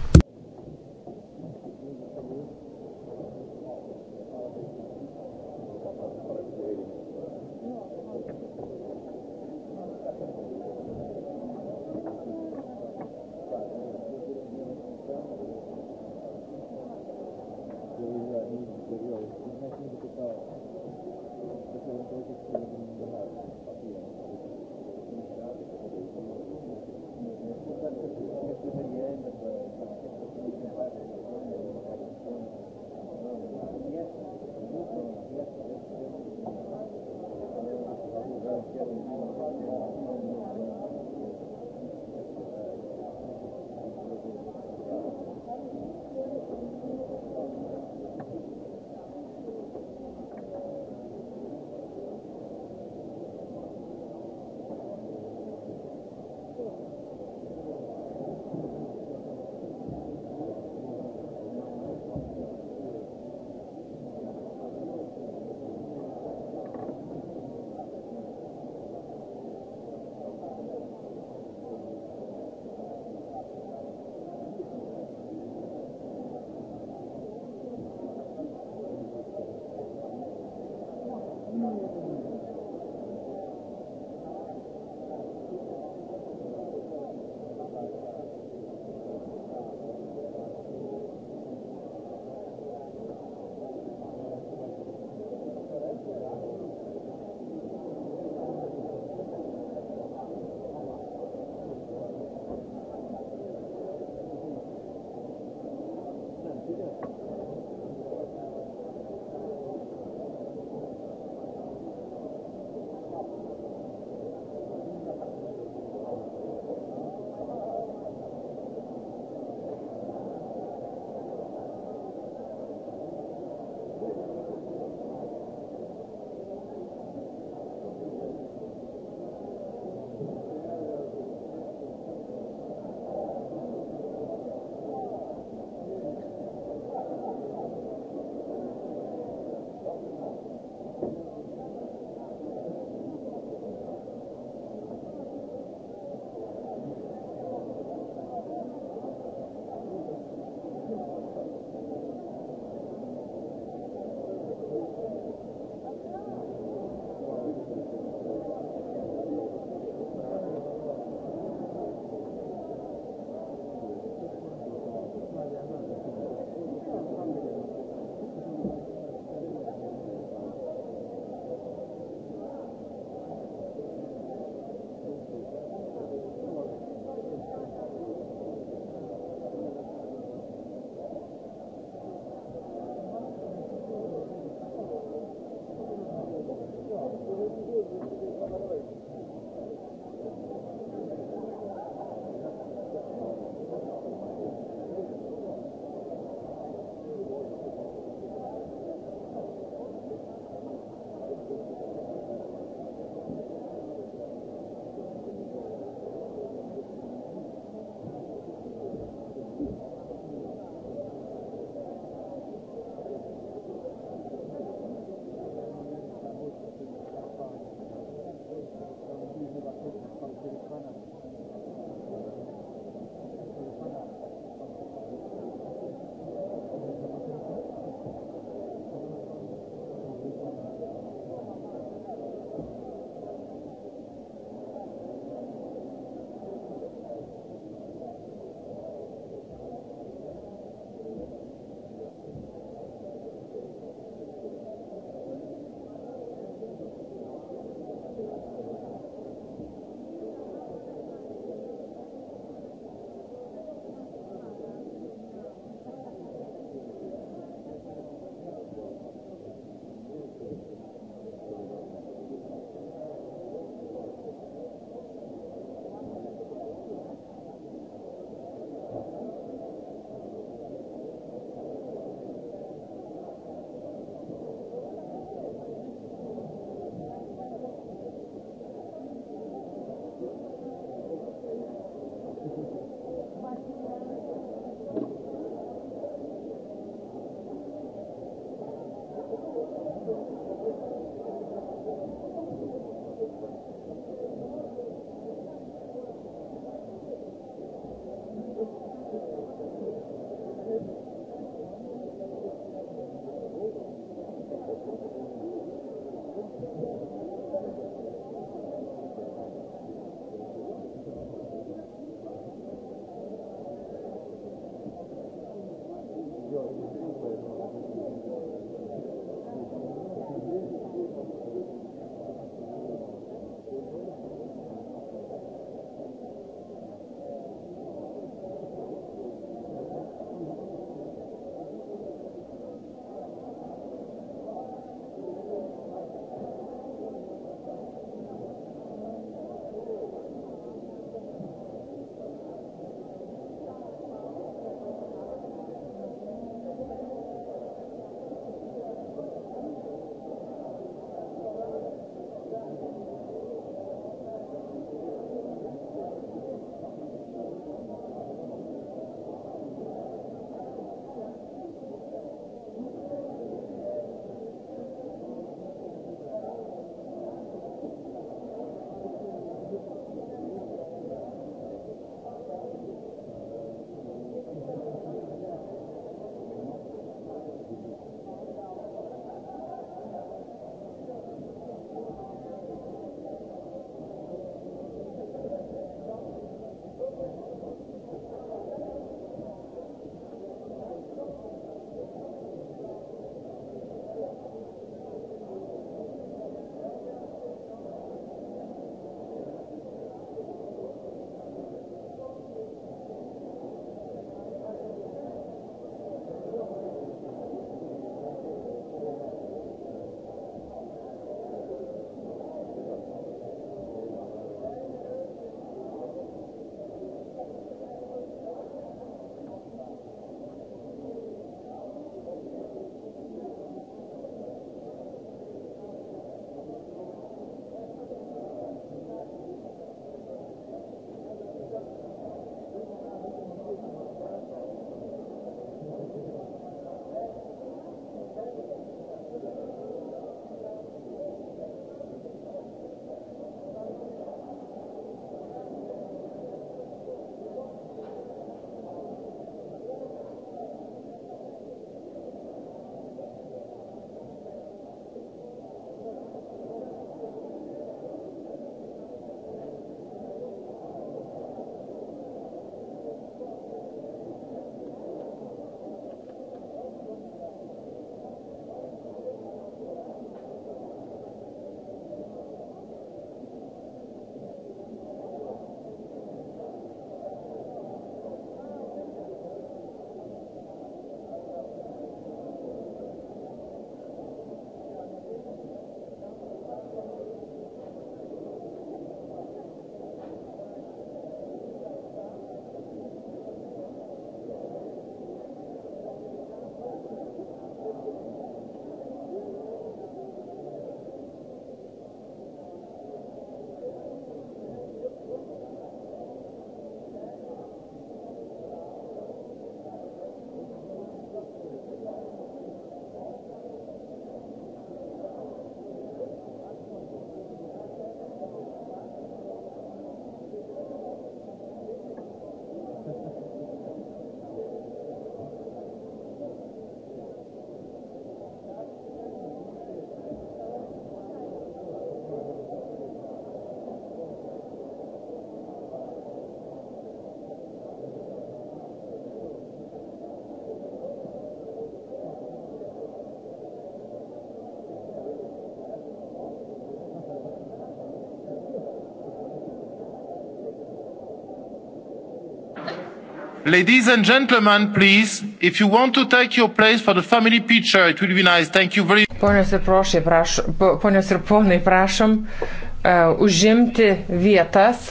ladies and gentlemen please if you want to take your place for the family picture it will be nice thank you very Ponios ir, prošai, praš, ponios ir ponai, prašom uh, užimti vietas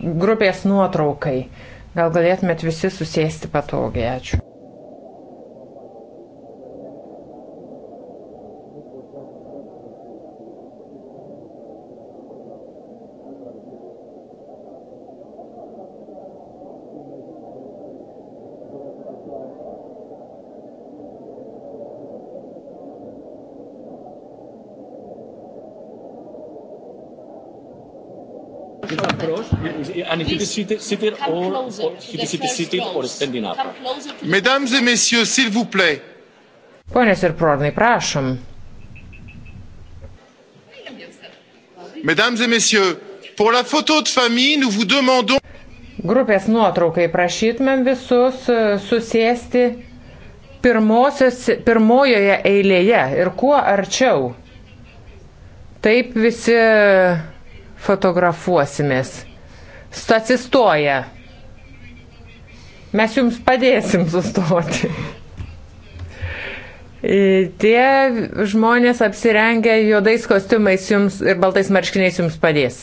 grupės nuotraukai. Gal galėtumėt visi susėsti patogiai. Ačiū. be seated, seated or, or he be seated, seated or standing up. Mesdames et messieurs, s'il vous plaît. Ponios ir pronai, prašom. Mesdames et messieurs, pour la photo de famille, nous vous demandons. Grupės nuotraukai prašytumėm visus e, susėsti pirmosios, pirmojoje eilėje ir kuo arčiau. Taip visi fotografuosimės atsistoja. Mes jums padėsim sustoti. E, tie žmonės apsirengę juodais kostiumais jums ir baltais marškiniais jums padės.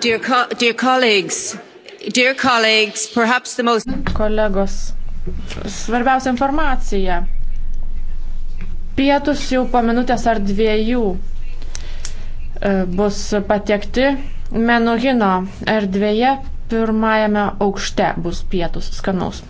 Dear co dear colleagues, dear colleagues, perhaps the most... Kolegos, svarbiausia informacija. Pietus jau po minutės ar dviejų e, bus patiekti Menuhino erdvėje pirmajame aukšte bus pietus skanaus.